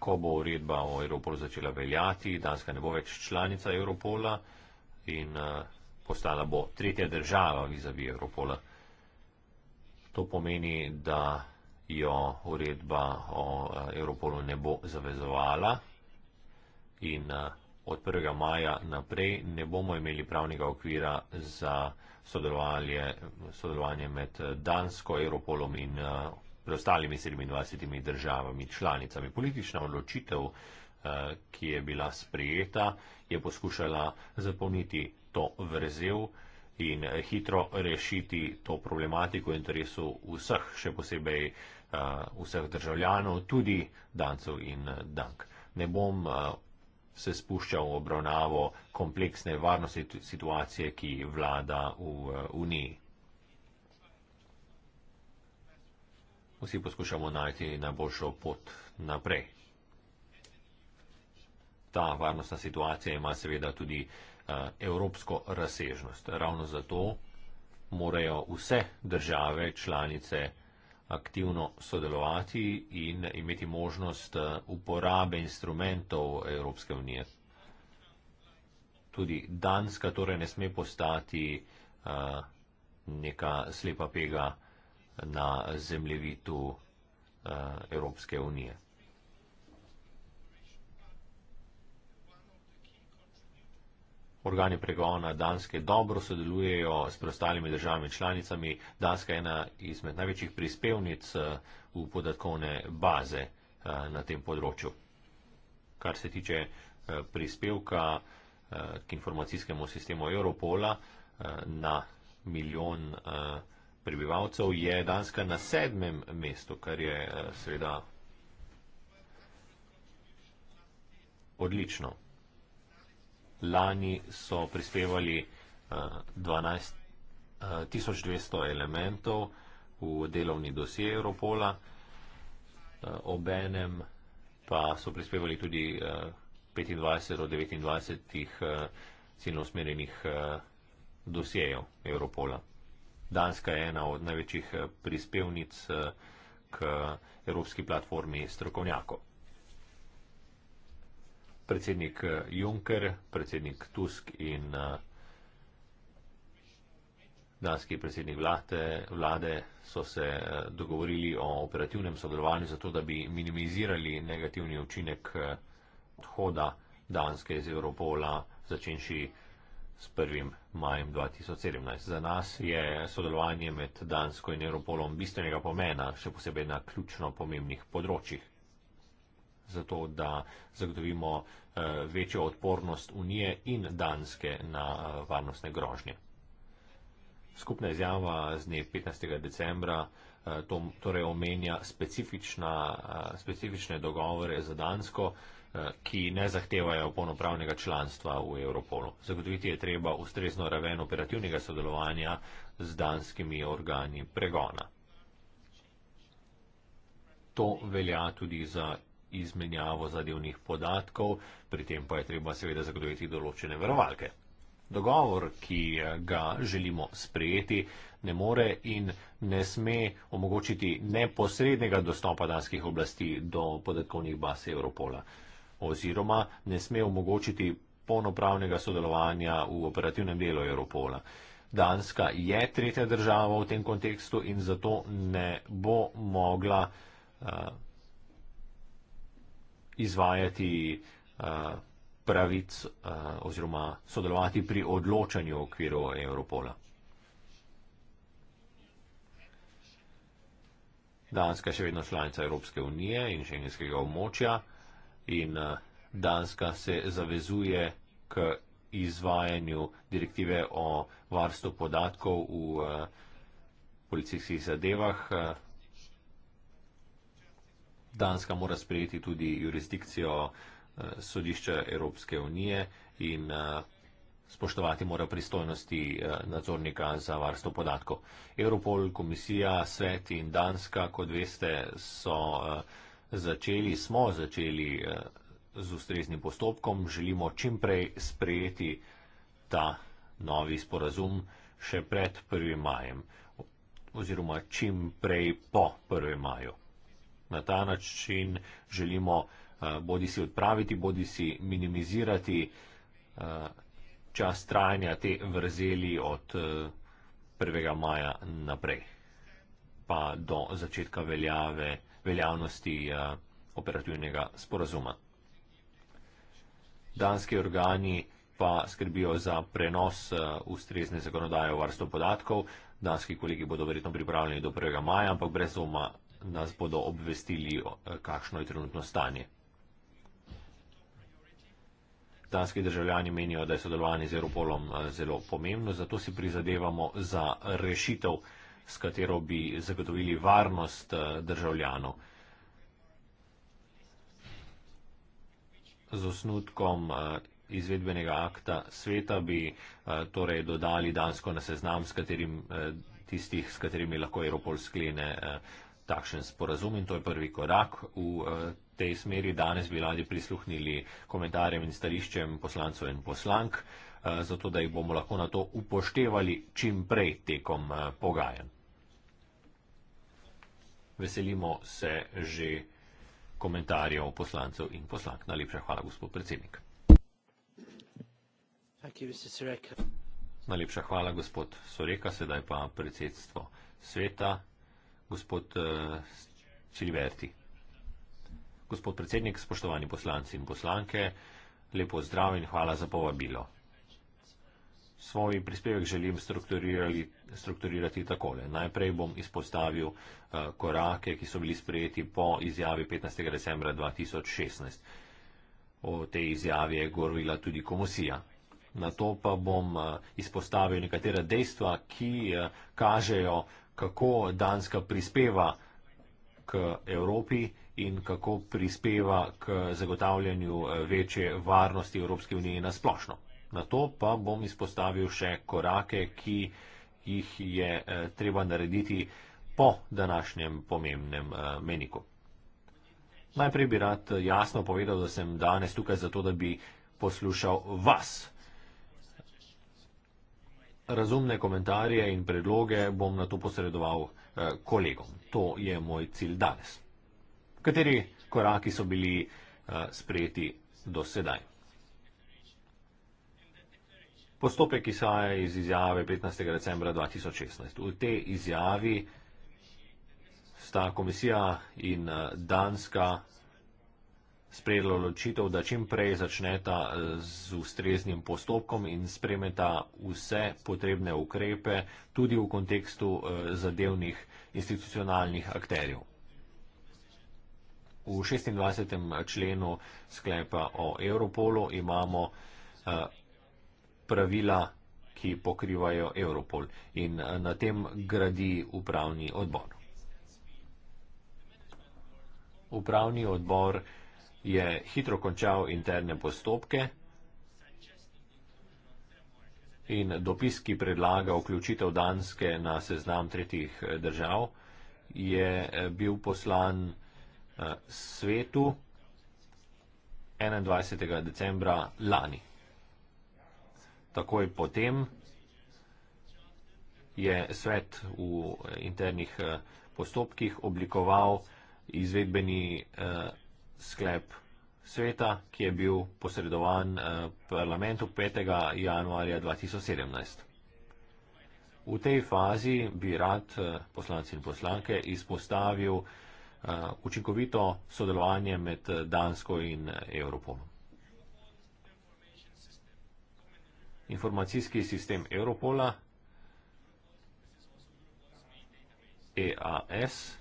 S2: ko bo uredba o Europolu začela veljati, Danska ne bo več članica Europola in uh, postala bo tretja država vizavi Europola. To pomeni, da jo uredba o uh, Europolu ne bo zavezovala in uh, od 1. maja naprej ne bomo imeli pravnega okvira za sodelovanje, sodelovanje med Dansko, Europolom in uh, preostalimi 27 državami članicami. Politična odločitev, eh, ki je bila sprejeta, je poskušala zapolniti to vrzel in hitro rešiti to problematiko v interesu vseh, še posebej eh, vseh državljanov, tudi dancev in dank. Ne bom eh, se spuščal v obravnavo kompleksne varnosti situacije, ki vlada v Uniji. vsi poskušamo najti najboljšo pot naprej. Ta varnostna situacija ima seveda tudi eh, evropsko razsežnost. Ravno zato morajo vse države članice aktivno sodelovati in imeti možnost eh, uporabe instrumentov Evropske unije. Tudi Danska torej ne sme postati uh, neka slepa pega uh, na zemljevitu eh, Evropske unije. Organi pregona Danske dobro sodelujejo s preostalimi državami članicami. Danska je ena izmed največjih prispevnic eh, v podatkovne baze eh, na tem področju. Kar se tiče prispevka k informacijskemu sistemu Europola na milijon prebivalcev, je Danska na sedmem mestu, kar je eh, seveda odlično. Lani so prispevali 12200 eh, eh, elementov v delovni dosje Europola, obenem pa so prispevali tudi 25 do 29 ciljno usmerjenih dosjejev Europola. Danska je ena od največjih eh, prispevnic eh, k Evropski platformi strokovnjakov. Predsednik eh, Juncker, predsednik Tusk in danski predsednik vlade, vlade so se dogovorili o operativnem sodelovanju zato, da bi minimizirali negativni učinek odhoda Danske iz Evropola, začenši s 1. majem 2017. Za nas je sodelovanje med Dansko in Europolom bistvenega pomena, še posebej na ključno pomembnih področjih. Zato, da zagotovimo uh, večjo odpornost Unije in Danske na uh, varnostne grožnje. Skupna izjava z dne 15. decembra uh, to, torej omenja specifična, uh, specifične dogovore za Dansko, uh, Eh, ki ne zahtevajo polnopravnega članstva v Europolu. Zagotoviti je treba ustrezno raven operativnega sodelovanja z danskimi organi pregona. To velja tudi za izmenjavo zadevnih podatkov, pri tem pa je treba seveda zagotoviti določene verovalke. Dogovor, ki eh, ga želimo sprejeti, ne more in ne sme omogočiti neposrednega dostopa danskih oblasti do podatkovnih baz Europola oziroma ne sme omogočiti ponopravnega sodelovanja v operativnem delu Europola. Danska je tretja država v tem kontekstu in zato ne bo mogla uh, izvajati uh, pravic uh, oziroma sodelovati pri odločanju v okviru Europola. Danska je še vedno članica Evropske unije in šengenskega območja in eh, Danska se zavezuje k izvajanju direktive o varstvu podatkov v uh, policijskih zadevah. Eh, Danska mora sprejeti tudi jurisdikcijo uh, sodišča Evropske unije in uh, spoštovati mora pristojnosti uh, nadzornika za varstvo podatkov. Europol, komisija, svet in Danska, kot veste, so uh, začeli, smo začeli eh, z ustreznim postopkom, želimo čim prej sprejeti ta novi sporazum še pred 1. majem oziroma čim prej po 1. maju. Na ta način želimo eh, bodi si odpraviti, bodi si minimizirati eh, čas trajanja te vrzeli od 1. maja naprej pa do začetka veljave veljavnosti eh, operativnega sporazuma. Danski organi pa skrbijo za prenos eh, ustrezne zakonodaje o varstvu podatkov. Danski kolegi bodo verjetno pripravljeni do 1. maja, ampak brez doma nas bodo obvestili, eh, kakšno je trenutno stanje. Danski državljani menijo, da je sodelovanje z Europolom zelo pomembno, zato si prizadevamo za rešitev s katero bi zagotovili varnost eh, državljanov. Z osnutkom eh, izvedbenega akta sveta bi eh, torej dodali Dansko na seznam, s katerim, tistih, s katerimi lahko Europol sklene takšen sporazum in to je prvi korak v tej smeri. Danes bi radi prisluhnili komentarjem in stališčem poslancov in poslank, zato da jih bomo lahko na to upoštevali čim prej tekom pogajanj veselimo se že komentarjev poslancev in poslank. Najlepša hvala, gospod predsednik. Najlepša hvala, gospod Soreka, sedaj pa predsedstvo sveta, gospod uh, eh, Ciliverti. Gospod predsednik, spoštovani poslanci in poslanke, lepo zdrav in hvala za povabilo svoj prispevek želim strukturirati takole. Najprej bom izpostavil uh, korake, ki so bili sprejeti po izjavi 15. decembra 2016. O tej izjavi je govorila tudi komisija. Na to pa bom eh, izpostavil nekatera dejstva, ki eh, kažejo, kako Danska prispeva k Evropi in kako prispeva k zagotavljanju večje varnosti Evropske unije nasplošno. Na to pa bom izpostavil še korake, ki jih je eh, treba narediti po današnjem pomembnem eh, meniku. Najprej bi rad jasno povedal, da sem danes tukaj zato, da bi poslušal vas. Razumne komentarje in predloge bom na to posredoval eh, kolegom. To je moj cilj danes. Kateri koraki so bili sprejeti do sedaj? Postopek izhaja iz izjave 15. decembra 2016. V tej izjavi sta komisija in eh, Danska sprejela odločitev, da čim prej začneta eh, z ustreznim postopkom in spremeta vse potrebne ukrepe, tudi v kontekstu eh, zadevnih institucionalnih akterjev. V 26. členu sklepa o Europolu imamo pravila, ki pokrivajo Europol in eh, na tem gradi upravni odbor. Upravni odbor je hitro končal interne postopke in dopis, ki predlaga vključitev Danske na seznam tretjih eh, držav, je eh, bil poslan svetu 21. decembra lani takoj potem je svet v internih eh, postopkih oblikoval izvedbeni eh, sklep sveta, ki je bil posredovan eh, parlamentu 5. januarja 2017. V tej fazi bi rad poslanci in poslanke izpostavil učinkovito sodelovanje med Dansko in Evropolom. informacijski sistem Europola, EAS,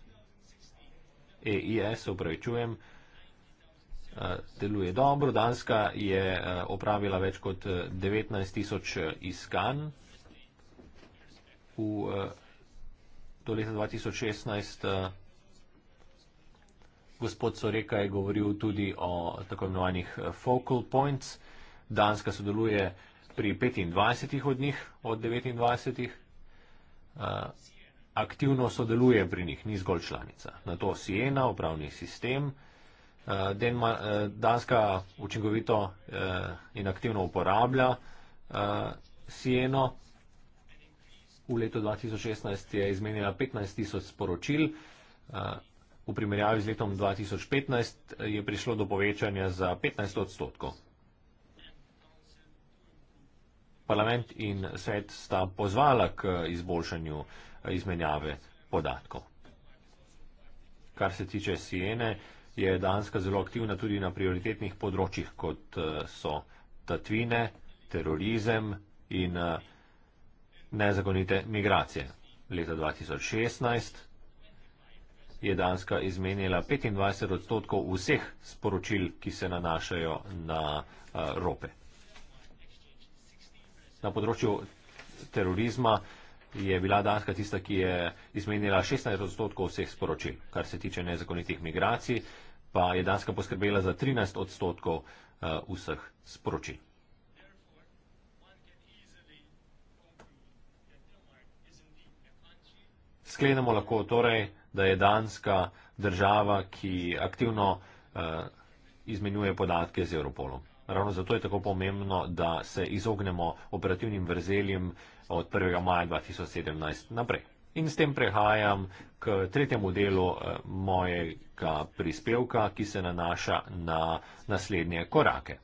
S2: EIS, opravičujem, eh, deluje dobro. Danska je eh, opravila več kot 19 eh, tisoč iskanj. V do leta 2016 gospod Soreka je govoril tudi o tako imenovanih focal points. Danska sodeluje pri 25 od njih, od 29, uh, aktivno sodeluje pri njih, ni zgolj članica. Na to Siena, upravni sistem, uh, Denma, uh, Danska učinkovito uh, in aktivno uporablja uh, Sieno. V letu 2016 je izmenila 15 tisoč sporočil. Uh, V primerjavi z letom 2015 je prišlo do povečanja za 15 odstotkov. Parlament in svet sta pozvala k izboljšanju izmenjave podatkov. Kar se tiče Siene, je Danska zelo aktivna tudi na prioritetnih področjih, kot eh, so tatvine, terorizem in eh, nezakonite migracije. Leta 2016 je Danska izmenjala 25 odstotkov vseh sporočil, ki se nanašajo na eh, rope na področju terorizma je bila Danska tista, ki je izmenila 16 odstotkov vseh sporočil, kar se tiče nezakonitih migracij, pa je Danska poskrbela za 13 odstotkov eh, vseh sporočil. Sklenemo lahko torej, da je Danska država, ki aktivno uh, izmenjuje podatke z Europolom. Ravno zato je tako pomembno, da se izognemo operativnim vrzeljem od 1. maja 2017 naprej. In s tem prehajam k tretjemu delu eh, mojega prispevka, ki se nanaša na naslednje korake.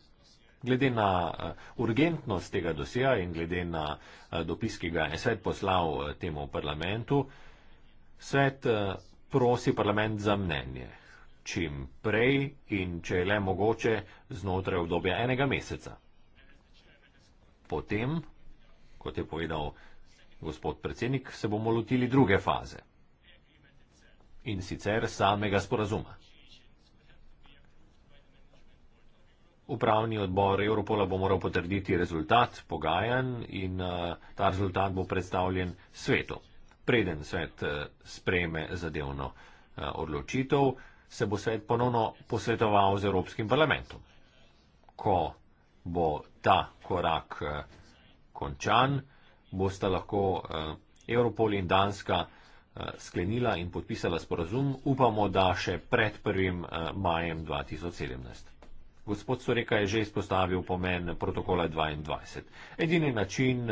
S2: Glede na eh, urgentnost tega dosija in glede na eh, dopis, ki ga je svet poslal temu parlamentu, svet prosi parlament za mnenje čim prej in če je le mogoče znotraj obdobja enega meseca. Potem, kot je povedal gospod predsednik, se bomo lotili druge faze in sicer samega sporazuma. Upravni odbor Europola bo moral potrditi rezultat pogajanj in eh, ta rezultat bo predstavljen svetu. Preden svet eh, sprejme zadevno eh, odločitev, se bo svet ponovno posvetoval z Evropskim parlamentom. Ko bo ta korak eh, končan, bosta lahko eh, Europol in Danska eh, sklenila in podpisala sporazum, upamo, da še pred 1. majem 2017. Gospod Soreka je že izpostavil pomen protokola 22. Edini način,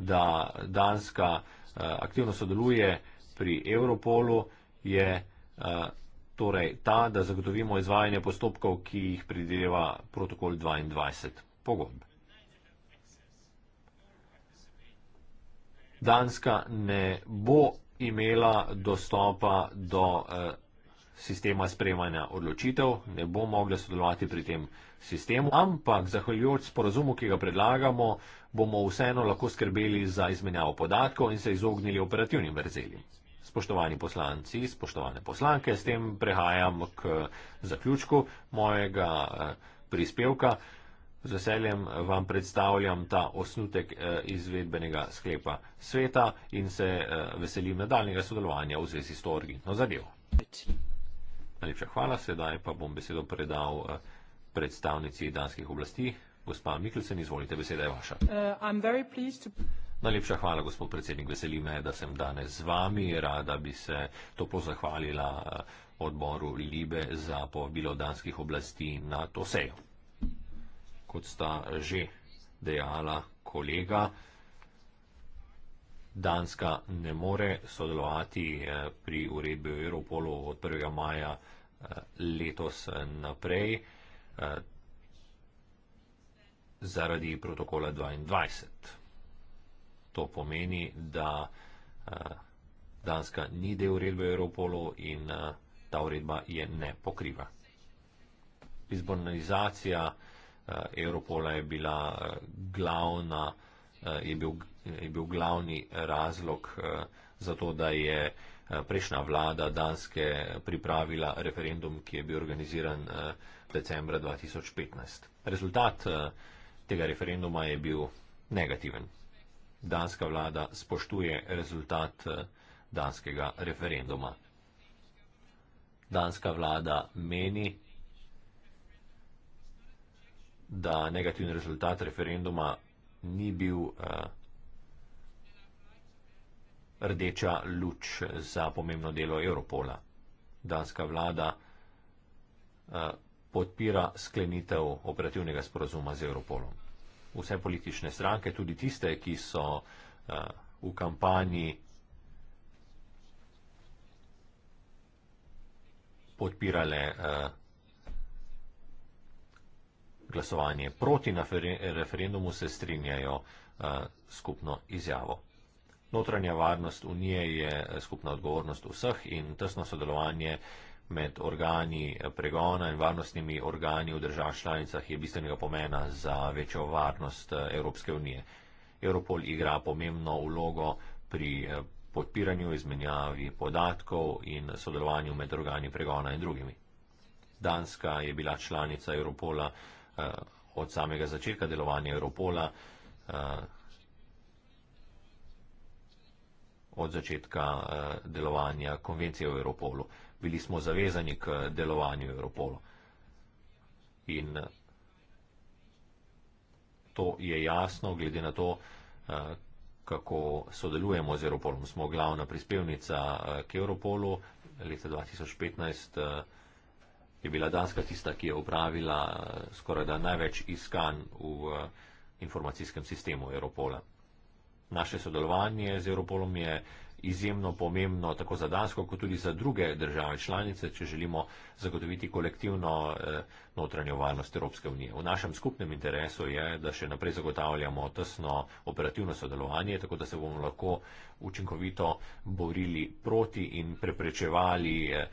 S2: da Danska aktivno sodeluje pri Europolu, je torej ta, da zagotovimo izvajanje postopkov, ki jih predvideva protokol 22 pogodbe. Danska ne bo imela dostopa do eh, sistema spremanja odločitev, ne bo mogla sodelovati pri tem sistemu, ampak zahvaljujoč sporazumu, ki ga predlagamo, bomo vseeno lahko skrbeli za izmenjavo podatkov in se izognili operativnim vrzeljem. Spoštovani poslanci, spoštovane poslanke, s tem prehajam k zaključku mojega eh, prispevka. Z veseljem vam predstavljam ta osnutek eh, izvedbenega sklepa sveta in se eh, veselim nadaljnega sodelovanja v zvezi s to originalno zadevo. Najlepša hvala, sedaj pa bom besedo predal predstavnici danskih oblasti. Gospa Mikkelsen, izvolite, beseda je vaša.
S1: Uh,
S2: Najlepša hvala, gospod predsednik. Veseli me, da sem danes z vami. Rada bi se to pozahvalila eh, odboru Libe za povabilo danskih oblasti na to sejo. Kot sta že dejala kolega, Danska ne more sodelovati eh, pri uredbi o Europolu od 1. maja eh, letos naprej zaradi protokola 22. To pomeni, da eh, Danska ni del uredbe Europolu in eh, ta uredba je ne pokriva. Izbornalizacija eh, Europola je bila glavna, je bil, je bil glavni razlog za to, da je prejšnja vlada Danske pripravila referendum, ki je bil organiziran decembra 2015. Rezultat tega referenduma je bil negativen danska vlada spoštuje rezultat eh, danskega referenduma. Danska vlada meni, da negativni rezultat referenduma ni bil uh, rdeča luč eh, za pomembno delo Europola. Danska vlada uh, podpira sklenitev operativnega sporozuma z Europolom vse politične stranke, tudi tiste, ki so uh, v kampanji podpirale uh, glasovanje proti na referendumu, se strinjajo uh, skupno izjavo. Notranja varnost unije je skupna odgovornost vseh in tesno sodelovanje uh, med organi eh, pregona in varnostnimi organi v državah članicah je bistvenega pomena za večjo varnost eh, Evropske unije. Europol igra pomembno vlogo pri eh, podpiranju, izmenjavi podatkov in sodelovanju med organi pregona in drugimi. Danska je bila članica Europola od samega začetka delovanja Europola, od začetka delovanja konvencije o Europolu bili smo zavezani k delovanju Europola. In eh, to je jasno, glede na to, eh, kako sodelujemo z Europolom. Smo glavna prispevnica eh, k Europolu. Leta 2015 je bila Danska tista, ki je upravila skoraj da največ iskan v informacijskem sistemu Europola. Naše sodelovanje z Europolom je izjemno pomembno tako za Dansko, kot tudi za druge države članice, če želimo zagotoviti kolektivno eh, notranjo varnost Evropske unije. V našem skupnem interesu je, da še naprej zagotavljamo tesno operativno sodelovanje, tako da se bomo lahko učinkovito borili proti in preprečevali eh,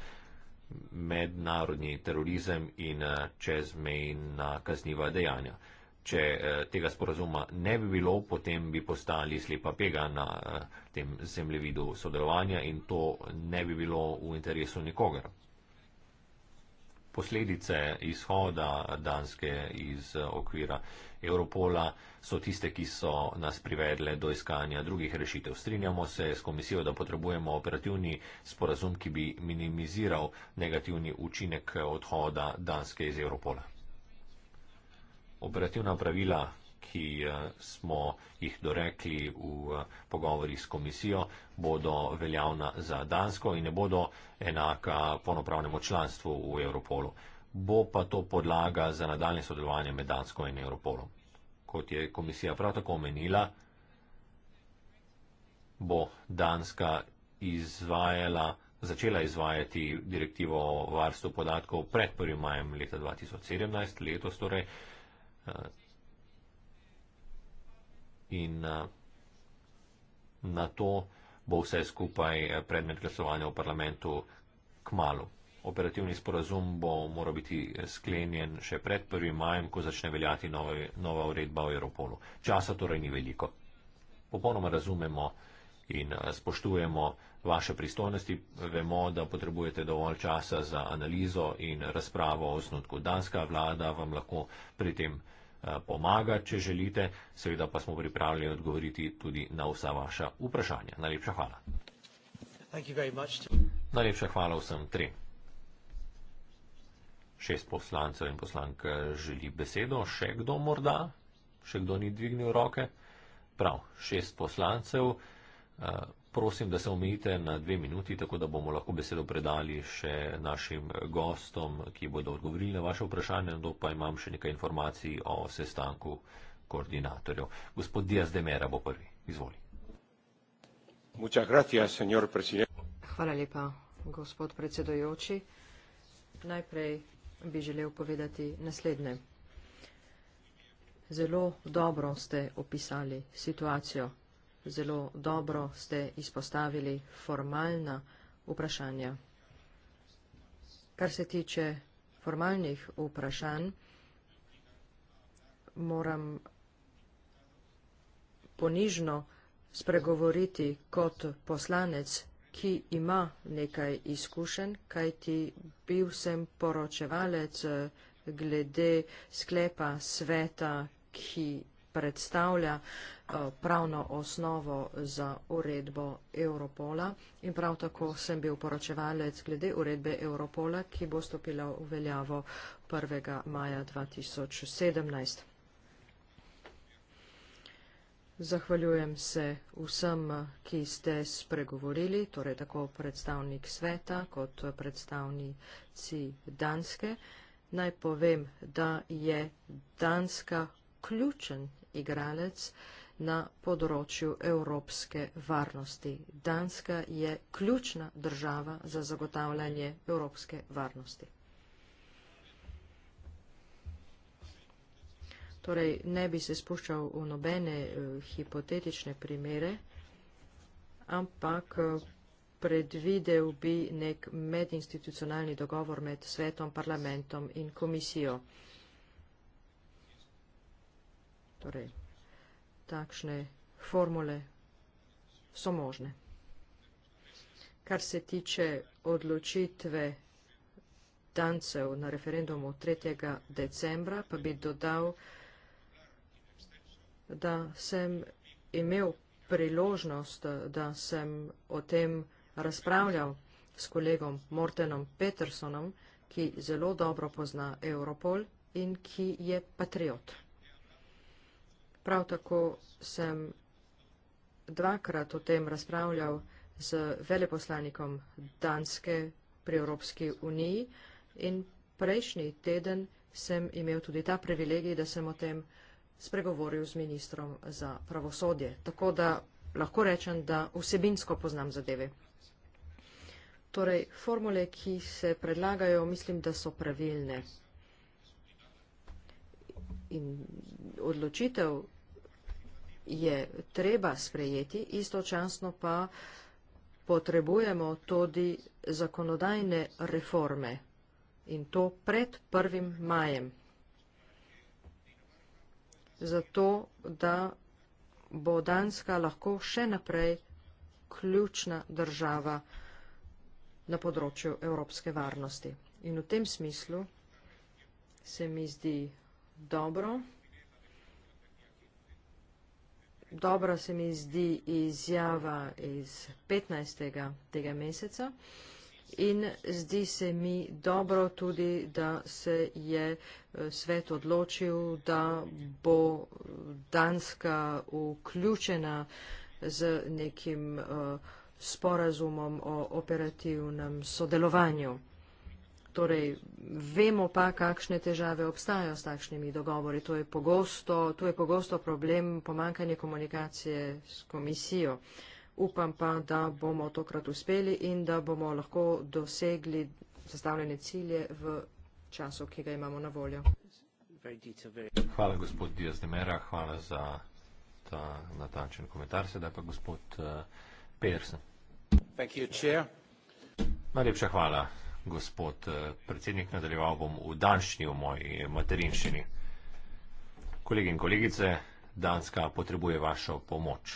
S2: mednarodni terorizem in eh, čezmejna kazniva dejanja. Če tega sporazuma ne bi bilo, potem bi postali slepa pega na tem zemljevidu sodelovanja in to ne bi bilo v interesu nikogar. Posledice izhoda Danske iz okvira Europola so tiste, ki so nas privedle do iskanja drugih rešitev. Strinjamo se s komisijo, da potrebujemo operativni sporazum, ki bi minimiziral negativni učinek odhoda Danske iz Europola. Operativna pravila ki eh, smo jih dorekli v eh, pogovorih s komisijo, bodo veljavna za Dansko in ne bodo enaka ponopravnemu članstvu v Europolu. Bo pa to podlaga za nadaljne sodelovanje med Dansko in Europolom. Kot je komisija prav tako omenila, bo Danska izvajala, začela izvajati direktivo o varstvu podatkov pred 1. majem leta 2017, letos torej. Eh, in eh, na to bo vse skupaj eh, predmet glasovanja v parlamentu k malu. Operativni sporazum bo moral biti eh, sklenjen še pred 1. majem, ko začne veljati nove, nova uredba o Europolu. Časa torej ni veliko. Popolnoma razumemo in spoštujemo vaše pristojnosti. Vemo, da potrebujete dovolj časa za analizo in razpravo o osnutku. Danska vlada vam lahko pri tem pomaga. Eh, pomaga, če želite. Seveda pa smo pripravljeni odgovoriti tudi na vsa vaša vprašanja. Najlepša hvala. Najlepša hvala vsem trem. Šest poslancev in poslank eh, želi besedo. Še kdo morda? Še kdo ni dvignil roke? Prav, šest poslancev. Eh, prosim, da se omejite na dve minuti, tako da bomo lahko besedo predali še našim gostom, ki bodo odgovorili na vaše vprašanje, no pa imam še nekaj informacij o sestanku koordinatorjev. Gospod Diaz de Mera bo prvi. Izvoli.
S4: Hvala lepa, gospod predsedojoči. Najprej bi želel povedati naslednje. Zelo dobro ste opisali situacijo zelo dobro ste izpostavili formalna vprašanja. Kar se tiče formalnih vprašanj, moram ponižno spregovoriti kot poslanec, ki ima nekaj izkušenj, kajti bil sem poročevalec glede sklepa sveta, ki predstavlja uh, Eh, pravno osnovo za uredbo Europola in prav tako sem bil poročevalec glede uredbe Europola, ki bo stopila v veljavo 1. maja 2017. Zahvaljujem se vsem, ki ste spregovorili, torej tako predstavnik sveta kot predstavnici Danske. Naj povem, da je Danska ključen igralec uh, na področju evropske varnosti. Danska je ključna država za zagotavljanje evropske varnosti. Torej, ne bi se spuščal v nobene eh, hipotetične primere, ampak eh, predvidel bi nek medinstitucionalni dogovor med svetom, parlamentom in komisijo. Torej, takšne formule so možne. Kar se tiče odločitve dancev na referendumu 3. decembra, pa bi dodal, da sem imel priložnost, da sem o tem razpravljal s kolegom Mortenom Petersonom, ki zelo dobro pozna Europol in ki je patriot. Prav tako sem dvakrat o tem razpravljal z veleposlanikom Danske pri Evropski uniji in prejšnji teden sem imel tudi ta privilegij, da sem o tem spregovoril z ministrom za pravosodje. Tako da lahko rečem, da vsebinsko poznam zadeve. Torej, formule, ki se predlagajo, mislim, da so pravilne. In odločitev je treba sprejeti, istočasno pa potrebujemo tudi zakonodajne reforme in to pred 1. majem. Zato, da bo Danska lahko še naprej ključna država na področju evropske varnosti. In v tem smislu se mi zdi dobro, dobro se mi zdi izjava iz 15. tega meseca in zdi se mi dobro tudi, da se je eh, svet odločil, da bo Danska vključena z nekim eh, sporazumom o operativnem sodelovanju. Torej, vemo pa, kakšne težave obstajajo s takšnimi dogovori. To je pogosto, to je pogosto problem pomankanje komunikacije s komisijo. Upam pa, da bomo tokrat uspeli in da bomo lahko dosegli zastavljene cilje v času, ki ga imamo na voljo.
S2: Hvala, gospod Diaz de Mera, hvala za ta natančen komentar. Sedaj pa gospod uh, eh, Persen. Najlepša hvala, gospod eh, predsednik, nadaljeval bom v danšnji, v moji materinščini. Kolegi in kolegice, Danska potrebuje vašo pomoč.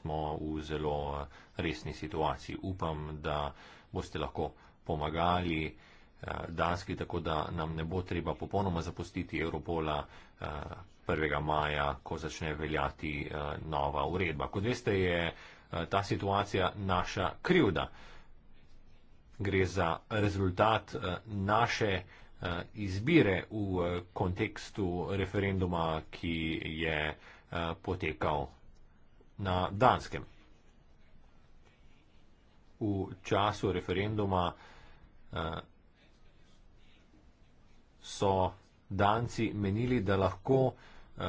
S2: Smo v zelo eh, resni situaciji. Upam, da boste lahko pomagali eh, Danski, tako da nam ne bo treba popolnoma zapustiti Europola 1. maja, ko začne veljati nova uredba. Kot veste, je ta situacija naša krivda gre za rezultat eh, naše eh, izbire v eh, kontekstu referenduma, ki je potekal na Danskem. V času referenduma so Danci menili, da lahko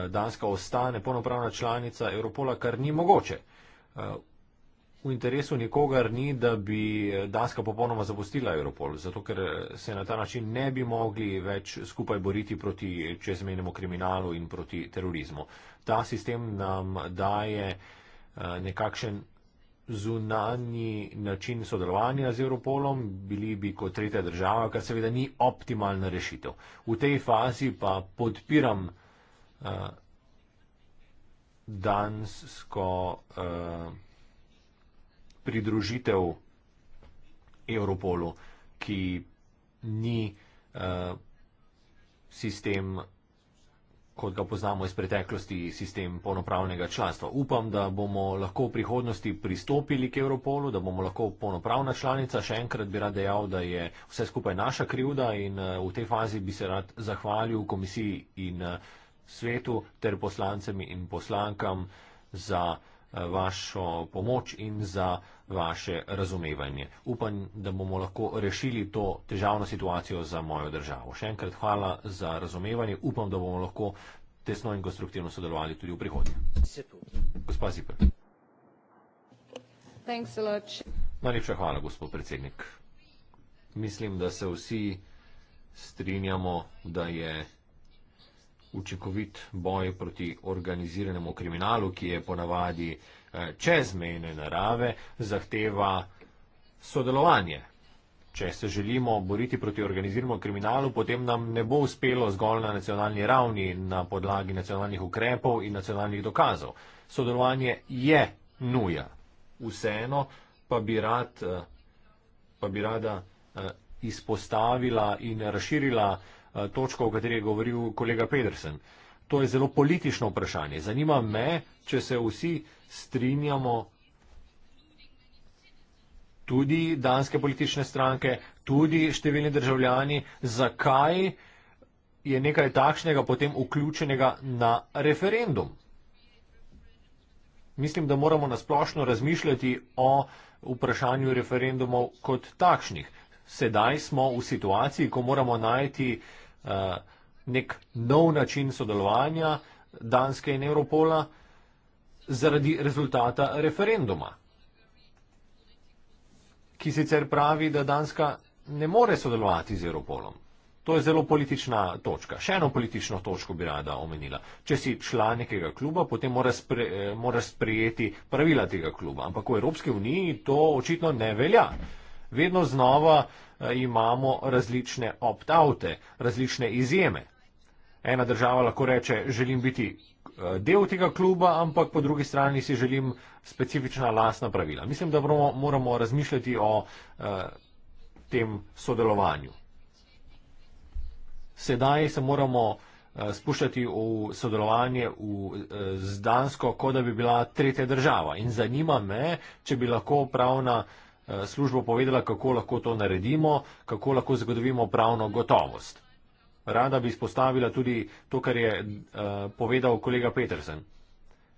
S2: Danska ostane polnopravna članica Evropola, kar ni mogoče v interesu nikogar ni, da bi Danska popolnoma zapustila Europol, zato ker se na ta način ne bi mogli več skupaj boriti proti čezmenjemu kriminalu in proti terorizmu. Ta sistem nam daje eh, nekakšen zunanji način sodelovanja z Europolom, bili bi kot tretja država, kar seveda ni optimalna rešitev. V tej fazi pa podpiram eh, dansko. Eh, pridružitev Evropolu, ki ni uh, sistem, kot ga poznamo iz preteklosti, sistem polnopravnega članstva. Upam, da bomo lahko v prihodnosti pristopili k Evropolu, da bomo lahko polnopravna članica. Še enkrat bi rad dejal, da je vse skupaj naša krivda in uh, v tej fazi bi se rad zahvalil komisiji in uh, svetu ter poslancem in poslankam za uh, vašo pomoč in za vaše razumevanje. Upam, da bomo lahko rešili to težavno situacijo za mojo državo. Še enkrat hvala za razumevanje. Upam, da bomo lahko tesno in konstruktivno sodelovali tudi v prihodnje. Gospa Zipr. Najlepša hvala, gospod predsednik. Mislim, da se vsi strinjamo, da je učinkovit boj proti organiziranemu kriminalu, ki je ponavadi Eh, čezmejne narave, zahteva sodelovanje. Če se želimo boriti proti organiziranemu kriminalu, potem nam ne bo uspelo zgolj na nacionalni ravni, na podlagi nacionalnih ukrepov in nacionalnih dokazov. Sodelovanje je nuja. Vseeno pa bi, rad, eh, pa bi rada eh, izpostavila in razširila točko, o kateri je govoril kolega Pedersen. To je zelo politično vprašanje. Zanima me, če se vsi strinjamo tudi danske politične stranke, tudi številni državljani, zakaj je nekaj takšnega potem vključenega na referendum. Mislim, da moramo nasplošno razmišljati o vprašanju referendumov kot takšnih. Sedaj smo v situaciji, ko moramo najti uh, nek nov način sodelovanja Danske in Evropola. Uh, zaradi rezultata referenduma, ki sicer pravi, da Danska ne more sodelovati z Europolom. To je zelo politična točka. Še eno politično točko bi rada omenila. Če si član nekega kluba, potem moraš spre, eh, mora sprejeti pravila tega kluba. Ampak v Evropski uniji to očitno ne velja. Vedno znova eh, imamo različne opt-oute, različne izjeme. Ena država lahko reče, želim biti Eh, del tega kluba, ampak po drugi strani si želim specifična lasna pravila. Mislim, da moramo, moramo razmišljati o uh, tem sodelovanju. Sedaj se moramo uh, spuščati v sodelovanje v, uh, z Dansko, kot da bi bila tretja država. In zanima me, če bi lahko pravna uh, služba povedala, kako lahko to naredimo, kako lahko zagotovimo pravno gotovost rada bi spostavila tudi to, kar je uh, povedal kolega Petersen.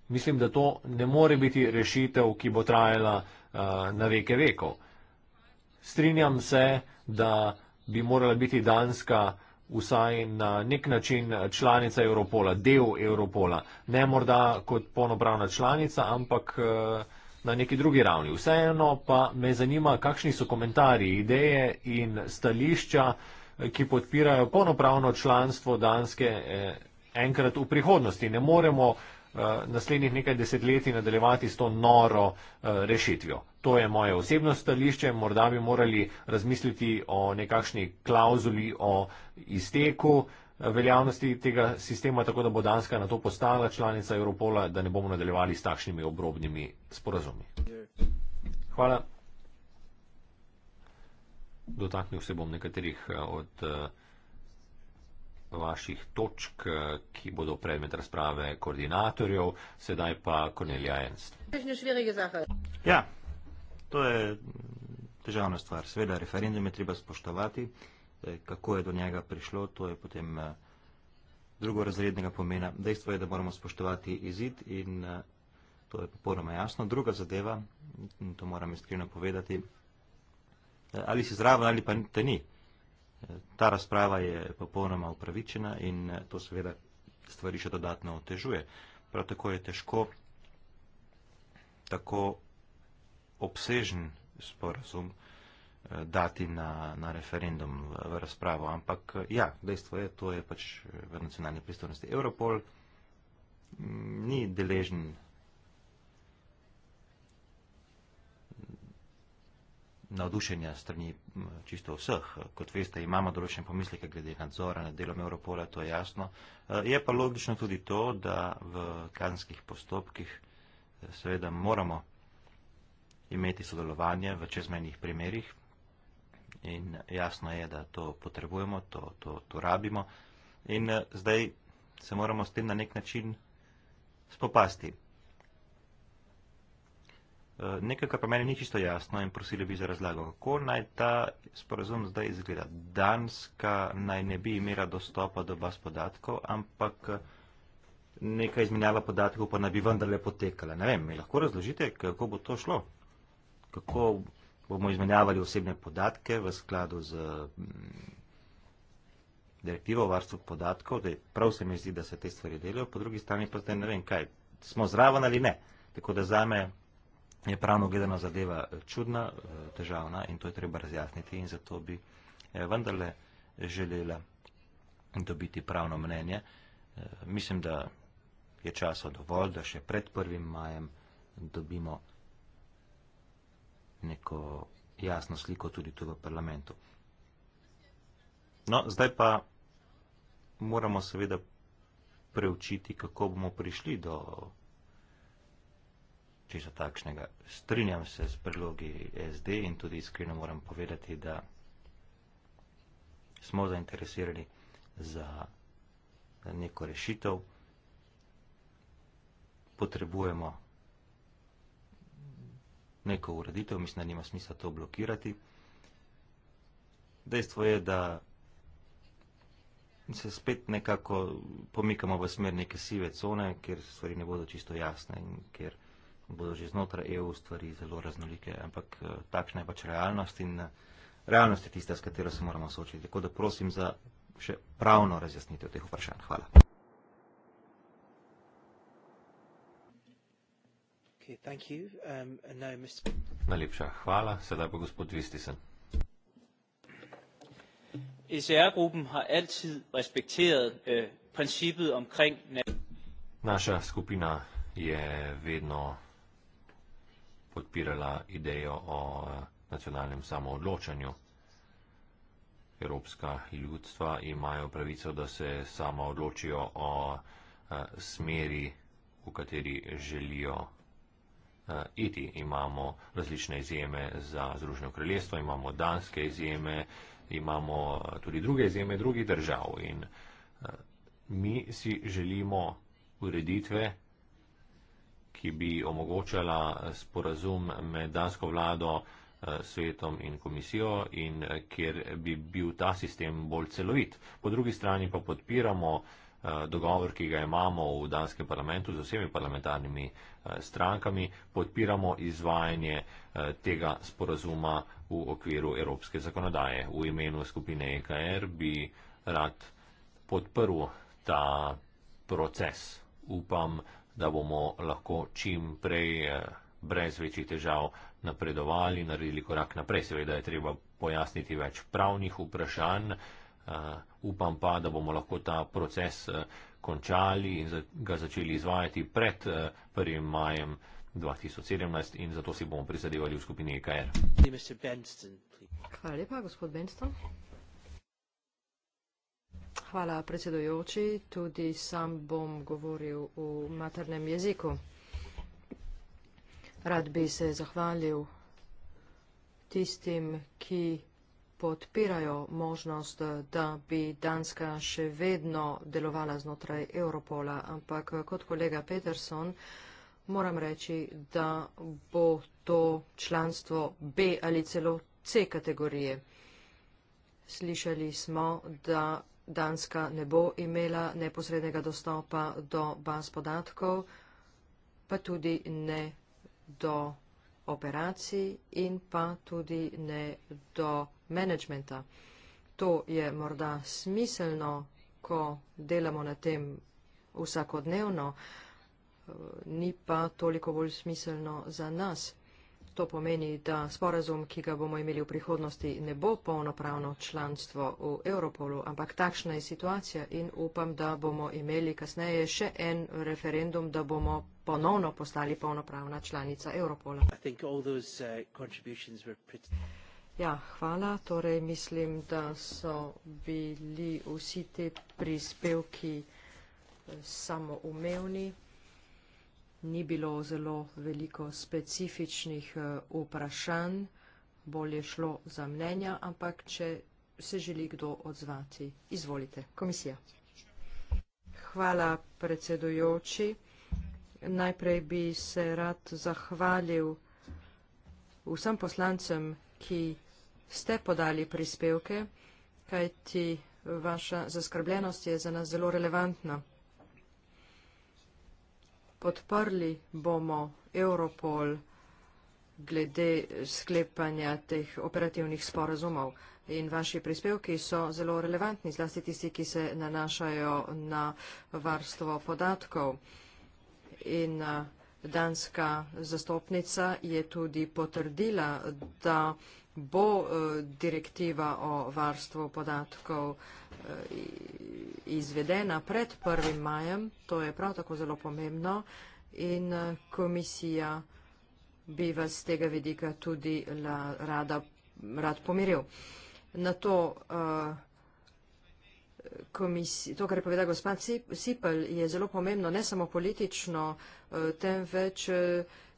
S2: Mislim, da to ne more biti rešitev, ki bo trajala uh, na veke vekov. Strinjam se, da bi morala biti Danska vsaj na nek način članica Evropola, del Evropola. Ne morda kot polnopravna članica, ampak uh, na neki drugi ravni. Vseeno pa me zanima, kakšni so komentarji, ideje in stališča uh, ki podpirajo polnopravno članstvo Danske eh, enkrat v prihodnosti. Ne moremo eh, naslednjih nekaj desetletij nadaljevati s to noro eh, rešitvijo. To je moje osebno stališče, morda bi morali razmisliti o nekakšni klauzuli o izteku veljavnosti tega sistema, tako da bo Danska na to postala članica Europola, da ne bomo nadaljevali s takšnimi obrobnimi sporazumi. Hvala. Dotaknil se bom nekaterih eh, od eh, vaših točk, eh, ki bodo predmet razprave
S3: koordinatorjev, sedaj pa Cornelia Ernst. Ja, to je mm, težavna stvar. Sveda, referendum je treba spoštovati, kako je do njega prišlo, to je potem drugorazrednega pomena. Dejstvo je, da moramo spoštovati izid in to je popolnoma jasno. Druga zadeva, in to moram iskreno povedati, ali si zraven ali pa te ni. Ta razprava je popolnoma upravičena in eh, to seveda stvari še dodatno otežuje. Prav tako je težko tako obsežen sporazum eh, dati na, na referendum v, v razpravo, ampak eh, ja, dejstvo je, to je pač v nacionalni pristojnosti. Europol mm, ni deležen navdušenja strani čisto vseh. Kot veste, imamo določene pomisleke glede nadzora nad delom Europola, to je jasno. Eh, je pa logično tudi to, da v kazenskih postopkih eh, seveda moramo imeti sodelovanje v čezmenjih primerih in jasno je, da to potrebujemo, to, to, to rabimo in eh, zdaj se moramo s tem na nek način spopasti. Eh, nekaj, kar pa meni ni čisto jasno in prosili bi za razlago, kako naj ta sporazum zdaj izgleda. Danska naj ne bi imela dostopa do baz podatkov, ampak neka izmenjava podatkov pa naj bi vendarle potekala. Ne vem, mi lahko razložite, kako bo to šlo? Kako bomo izmenjavali osebne podatke v skladu z mm, direktivo o varstvu podatkov, da prav se mi zdi, da se te stvari delajo, po drugi strani pa zdaj ne vem kaj, smo zraven ali ne. Tako da zame je pravno gledana zadeva eh, čudna, eh, težavna in to je treba razjasniti in zato bi eh, vendarle želela dobiti pravno mnenje. Mislim, da je časa dovolj, da še pred prvim majem dobimo neko jasno sliko tudi tu v parlamentu. No, zdaj pa moramo seveda preučiti, kako bomo prišli do česa takšnega. Strinjam se s predlogi SD in tudi iskreno moram povedati, da smo zainteresirani za neko rešitev. Potrebujemo neko ureditev, mislim, da nima smisla to blokirati. Dejstvo je, da se spet nekako pomikamo v smer neke sive cone, kjer stvari ne bodo čisto jasne in kjer bodo že znotraj EU stvari zelo raznolike, ampak eh, takšna je pač realnost in eh, realnost je tista, s katero se moramo soočiti. Tako da prosim za še pravno razjasnitev teh vprašanj. Hvala.
S1: Um,
S2: Najlepša hvala. Sedaj bo gospod Vistisen. ECR-gruppen har altid respekteret eh, princippet omkring... Naša skupina je vedno podpirala idejo o eh, nacionalnem samoodločanju. Evropska ljudstva imajo pravico, da se sama odločijo o eh, smeri, v kateri želijo eh, iti. Imamo različne izjeme za Združeno kraljestvo, imamo danske izjeme, imamo tudi druge izjeme drugih držav. In mi si želimo ureditve, ki bi omogočala sporazum med dansko vlado, eh, svetom in komisijo in eh, kjer bi bil ta sistem bolj celovit. Po drugi strani pa podpiramo eh, dogovor, ki ga imamo v danskem parlamentu z vsemi parlamentarnimi strankami, podpiramo izvajanje tega sporazuma v okviru evropske zakonodaje. V imenu skupine EKR bi rad podprl ta proces. Upam, da bomo lahko čim prej eh, brez večjih težav napredovali, naredili korak naprej. Seveda je treba pojasniti več pravnih vprašanj, eh, upam pa, da bomo lahko ta proces eh, končali in ga začeli izvajati pred 1. majem 2017 in zato si bomo prisadevali v skupini EKR.
S4: Hvala lepa, gospod Benston. Hvala, predsedojoči. Tudi sam bom govoril v maternem jeziku. Rad bi se zahvalil tistim, ki podpirajo možnost, da bi Danska še vedno delovala znotraj Europola. Ampak kot kolega Peterson moram reči, da bo to članstvo B ali celo C kategorije. Slišali smo, da Danska ne bo imela neposrednega dostopa do baz podatkov, pa tudi ne do operacij in pa tudi ne do menedžmenta. To je morda smiselno, ko delamo na tem vsakodnevno, ni pa toliko bolj smiselno za nas, To pomeni, da sporazum, ki ga bomo imeli v prihodnosti, ne bo polnopravno članstvo v Europolu, ampak takšna je situacija in upam, da bomo imeli kasneje še en referendum, da bomo ponovno postali polnopravna članica Europola. Uh, ja, hvala. Torej, mislim, da so bili vsi te prispevki eh, samoumevni ni bilo zelo veliko specifičnih eh, vprašanj, bolje šlo za mnenja, ampak če se želi kdo odzvati, izvolite, komisija. Hvala, predsedujoči. Najprej bi se rad zahvalil vsem poslancem, ki ste podali prispevke, kajti vaša zaskrbljenost je za nas zelo relevantna podprli bomo Europol glede sklepanja teh operativnih sporazumov. In vaši prispevki so zelo relevantni, zlasti tisti, ki se nanašajo na varstvo podatkov. In eh, danska zastopnica je tudi potrdila, da bo eh, direktiva o varstvu podatkov eh, izvedena pred 1. majem, to je prav tako zelo pomembno in eh, komisija bi vas z tega vidika tudi rada, rad pomiril. Na to, to, kar je povedal gospod Sipel, je zelo pomembno, ne samo politično, temveč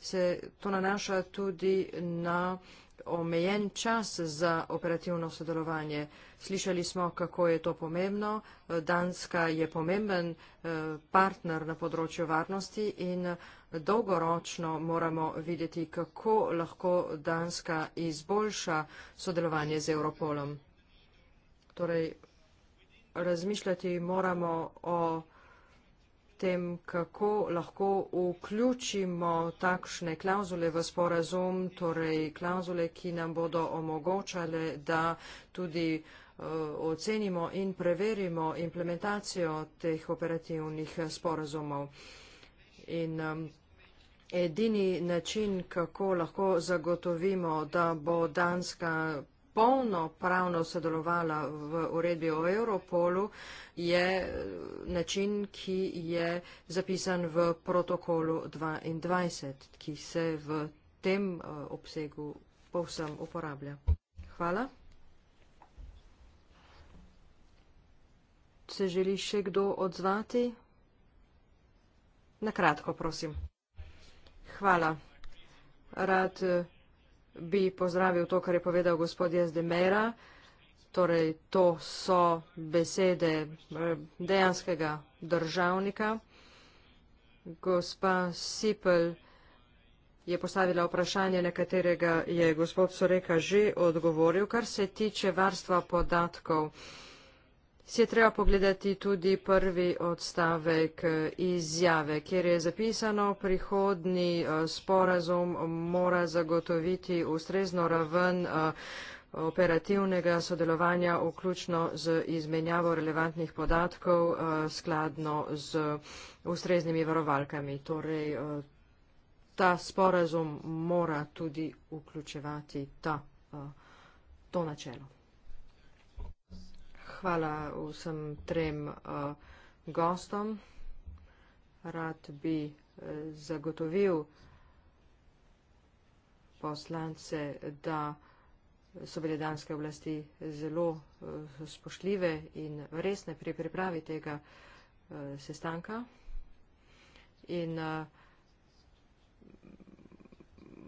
S4: se to nanaša tudi na omejen čas za operativno sodelovanje. Slišali smo, kako je to pomembno. Danska je pomemben eh, partner na področju varnosti in dolgoročno moramo videti, kako lahko Danska izboljša sodelovanje z Europolom. Torej, razmišljati moramo o tem, kako lahko vključimo takšne klauzule v sporazum, torej klauzule, ki nam bodo omogočale, da tudi eh, ocenimo in preverimo implementacijo teh operativnih sporazumov. In edini način, kako lahko zagotovimo, da bo Danska polnopravno sodelovala v uredbi o Europolu, je eh, način, ki je zapisan v protokolu 22, ki se v tem eh, obsegu povsem uporablja. Hvala. Se želi še kdo odzvati? Nakratko, prosim. Hvala. Rad. Uh, bi pozdravil to, kar je povedal gospod Jezdemera, torej to so besede eh, dejanskega državnika. Gospa Sipel je postavila vprašanje, na katerega je gospod Soreka že odgovoril, kar se tiče varstva podatkov si je treba pogledati tudi prvi odstavek eh, izjave, kjer je zapisano, prihodni eh, sporazum mora zagotoviti ustrezno raven eh, operativnega sodelovanja, vključno z izmenjavo relevantnih podatkov skladno z ustreznimi varovalkami. Torej, ta sporazum mora tudi vključevati ta, to načelo hvala vsem trem uh, gostom. Rad bi uh, zagotovil poslance, da so bile danske oblasti zelo uh, spošljive in resne pri pripravi tega uh, sestanka. In, uh,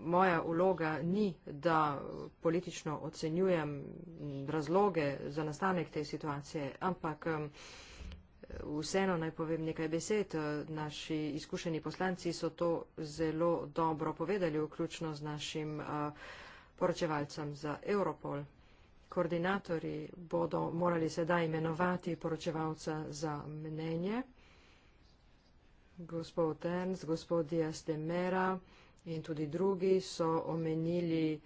S4: moja vloga ni, da politično ocenjujem razloge za nastanek te situacije, ampak um, vseeno naj povem nekaj besed. Naši izkušeni poslanci so to zelo dobro povedali, vključno z našim uh, poročevalcem za Europol. Koordinatori bodo morali sedaj imenovati poročevalca za mnenje. Gospod Ernst, gospod Dias de Mera. In tudi drugi so omenili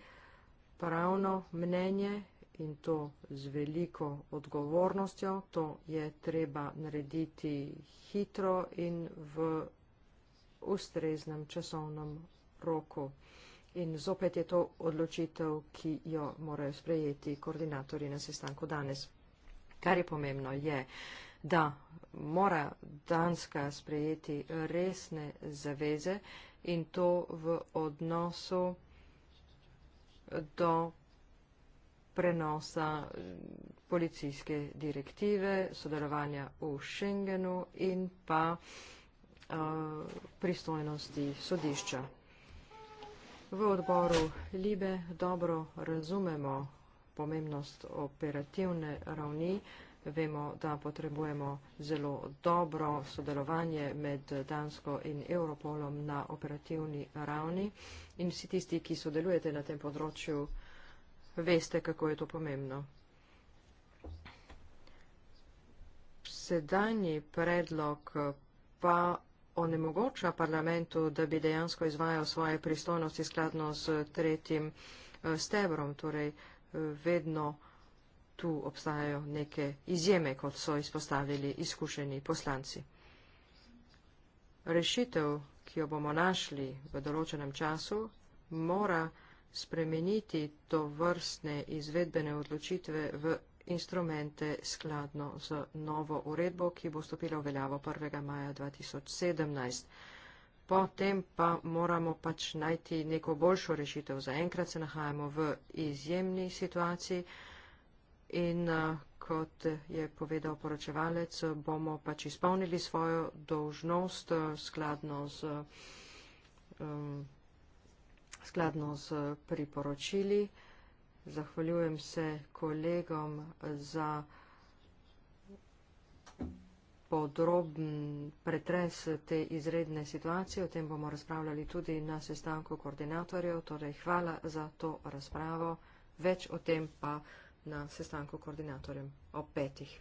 S4: pravno mnenje in to z veliko odgovornostjo. To je treba narediti hitro in v ustreznem časovnem roku. In zopet je to odločitev, ki jo morajo sprejeti koordinatorji na sestanku danes. Kar je pomembno je, da mora Danska sprejeti resne zaveze, in to v odnosu do prenosa policijske direktive, sodelovanja v Schengenu in pa uh, pristojnosti sodišča. V odboru Libe dobro razumemo pomembnost operativne ravni, uh, vemo, da potrebujemo zelo dobro sodelovanje med Dansko in Europolom na operativni ravni in vsi tisti, ki sodelujete na tem področju, veste, kako je to pomembno. Sedajni predlog pa onemogoča parlamentu, da bi dejansko izvajal svoje pristojnosti skladno z tretjim eh, stebrom, torej eh, vedno vedno tu obstajajo neke izjeme, kot so izpostavili izkušeni poslanci. Rešitev, ki jo bomo našli v določenem času, mora spremeniti to vrstne izvedbene odločitve v instrumente skladno z novo uredbo, ki bo stopila v veljavo 1. maja 2017. Potem pa moramo pač najti neko boljšo rešitev. Za enkrat se nahajamo v izjemni situaciji in eh, kot je povedal poročevalec, bomo pač izpolnili svojo dožnost eh, skladno z, um, skladno z priporočili. Zahvaljujem se kolegom za podroben pretres te izredne situacije. O tem bomo razpravljali tudi na sestanku koordinatorjev. Torej, hvala za to razpravo. Več o tem pa na sestanku koordinatorjem ob petih.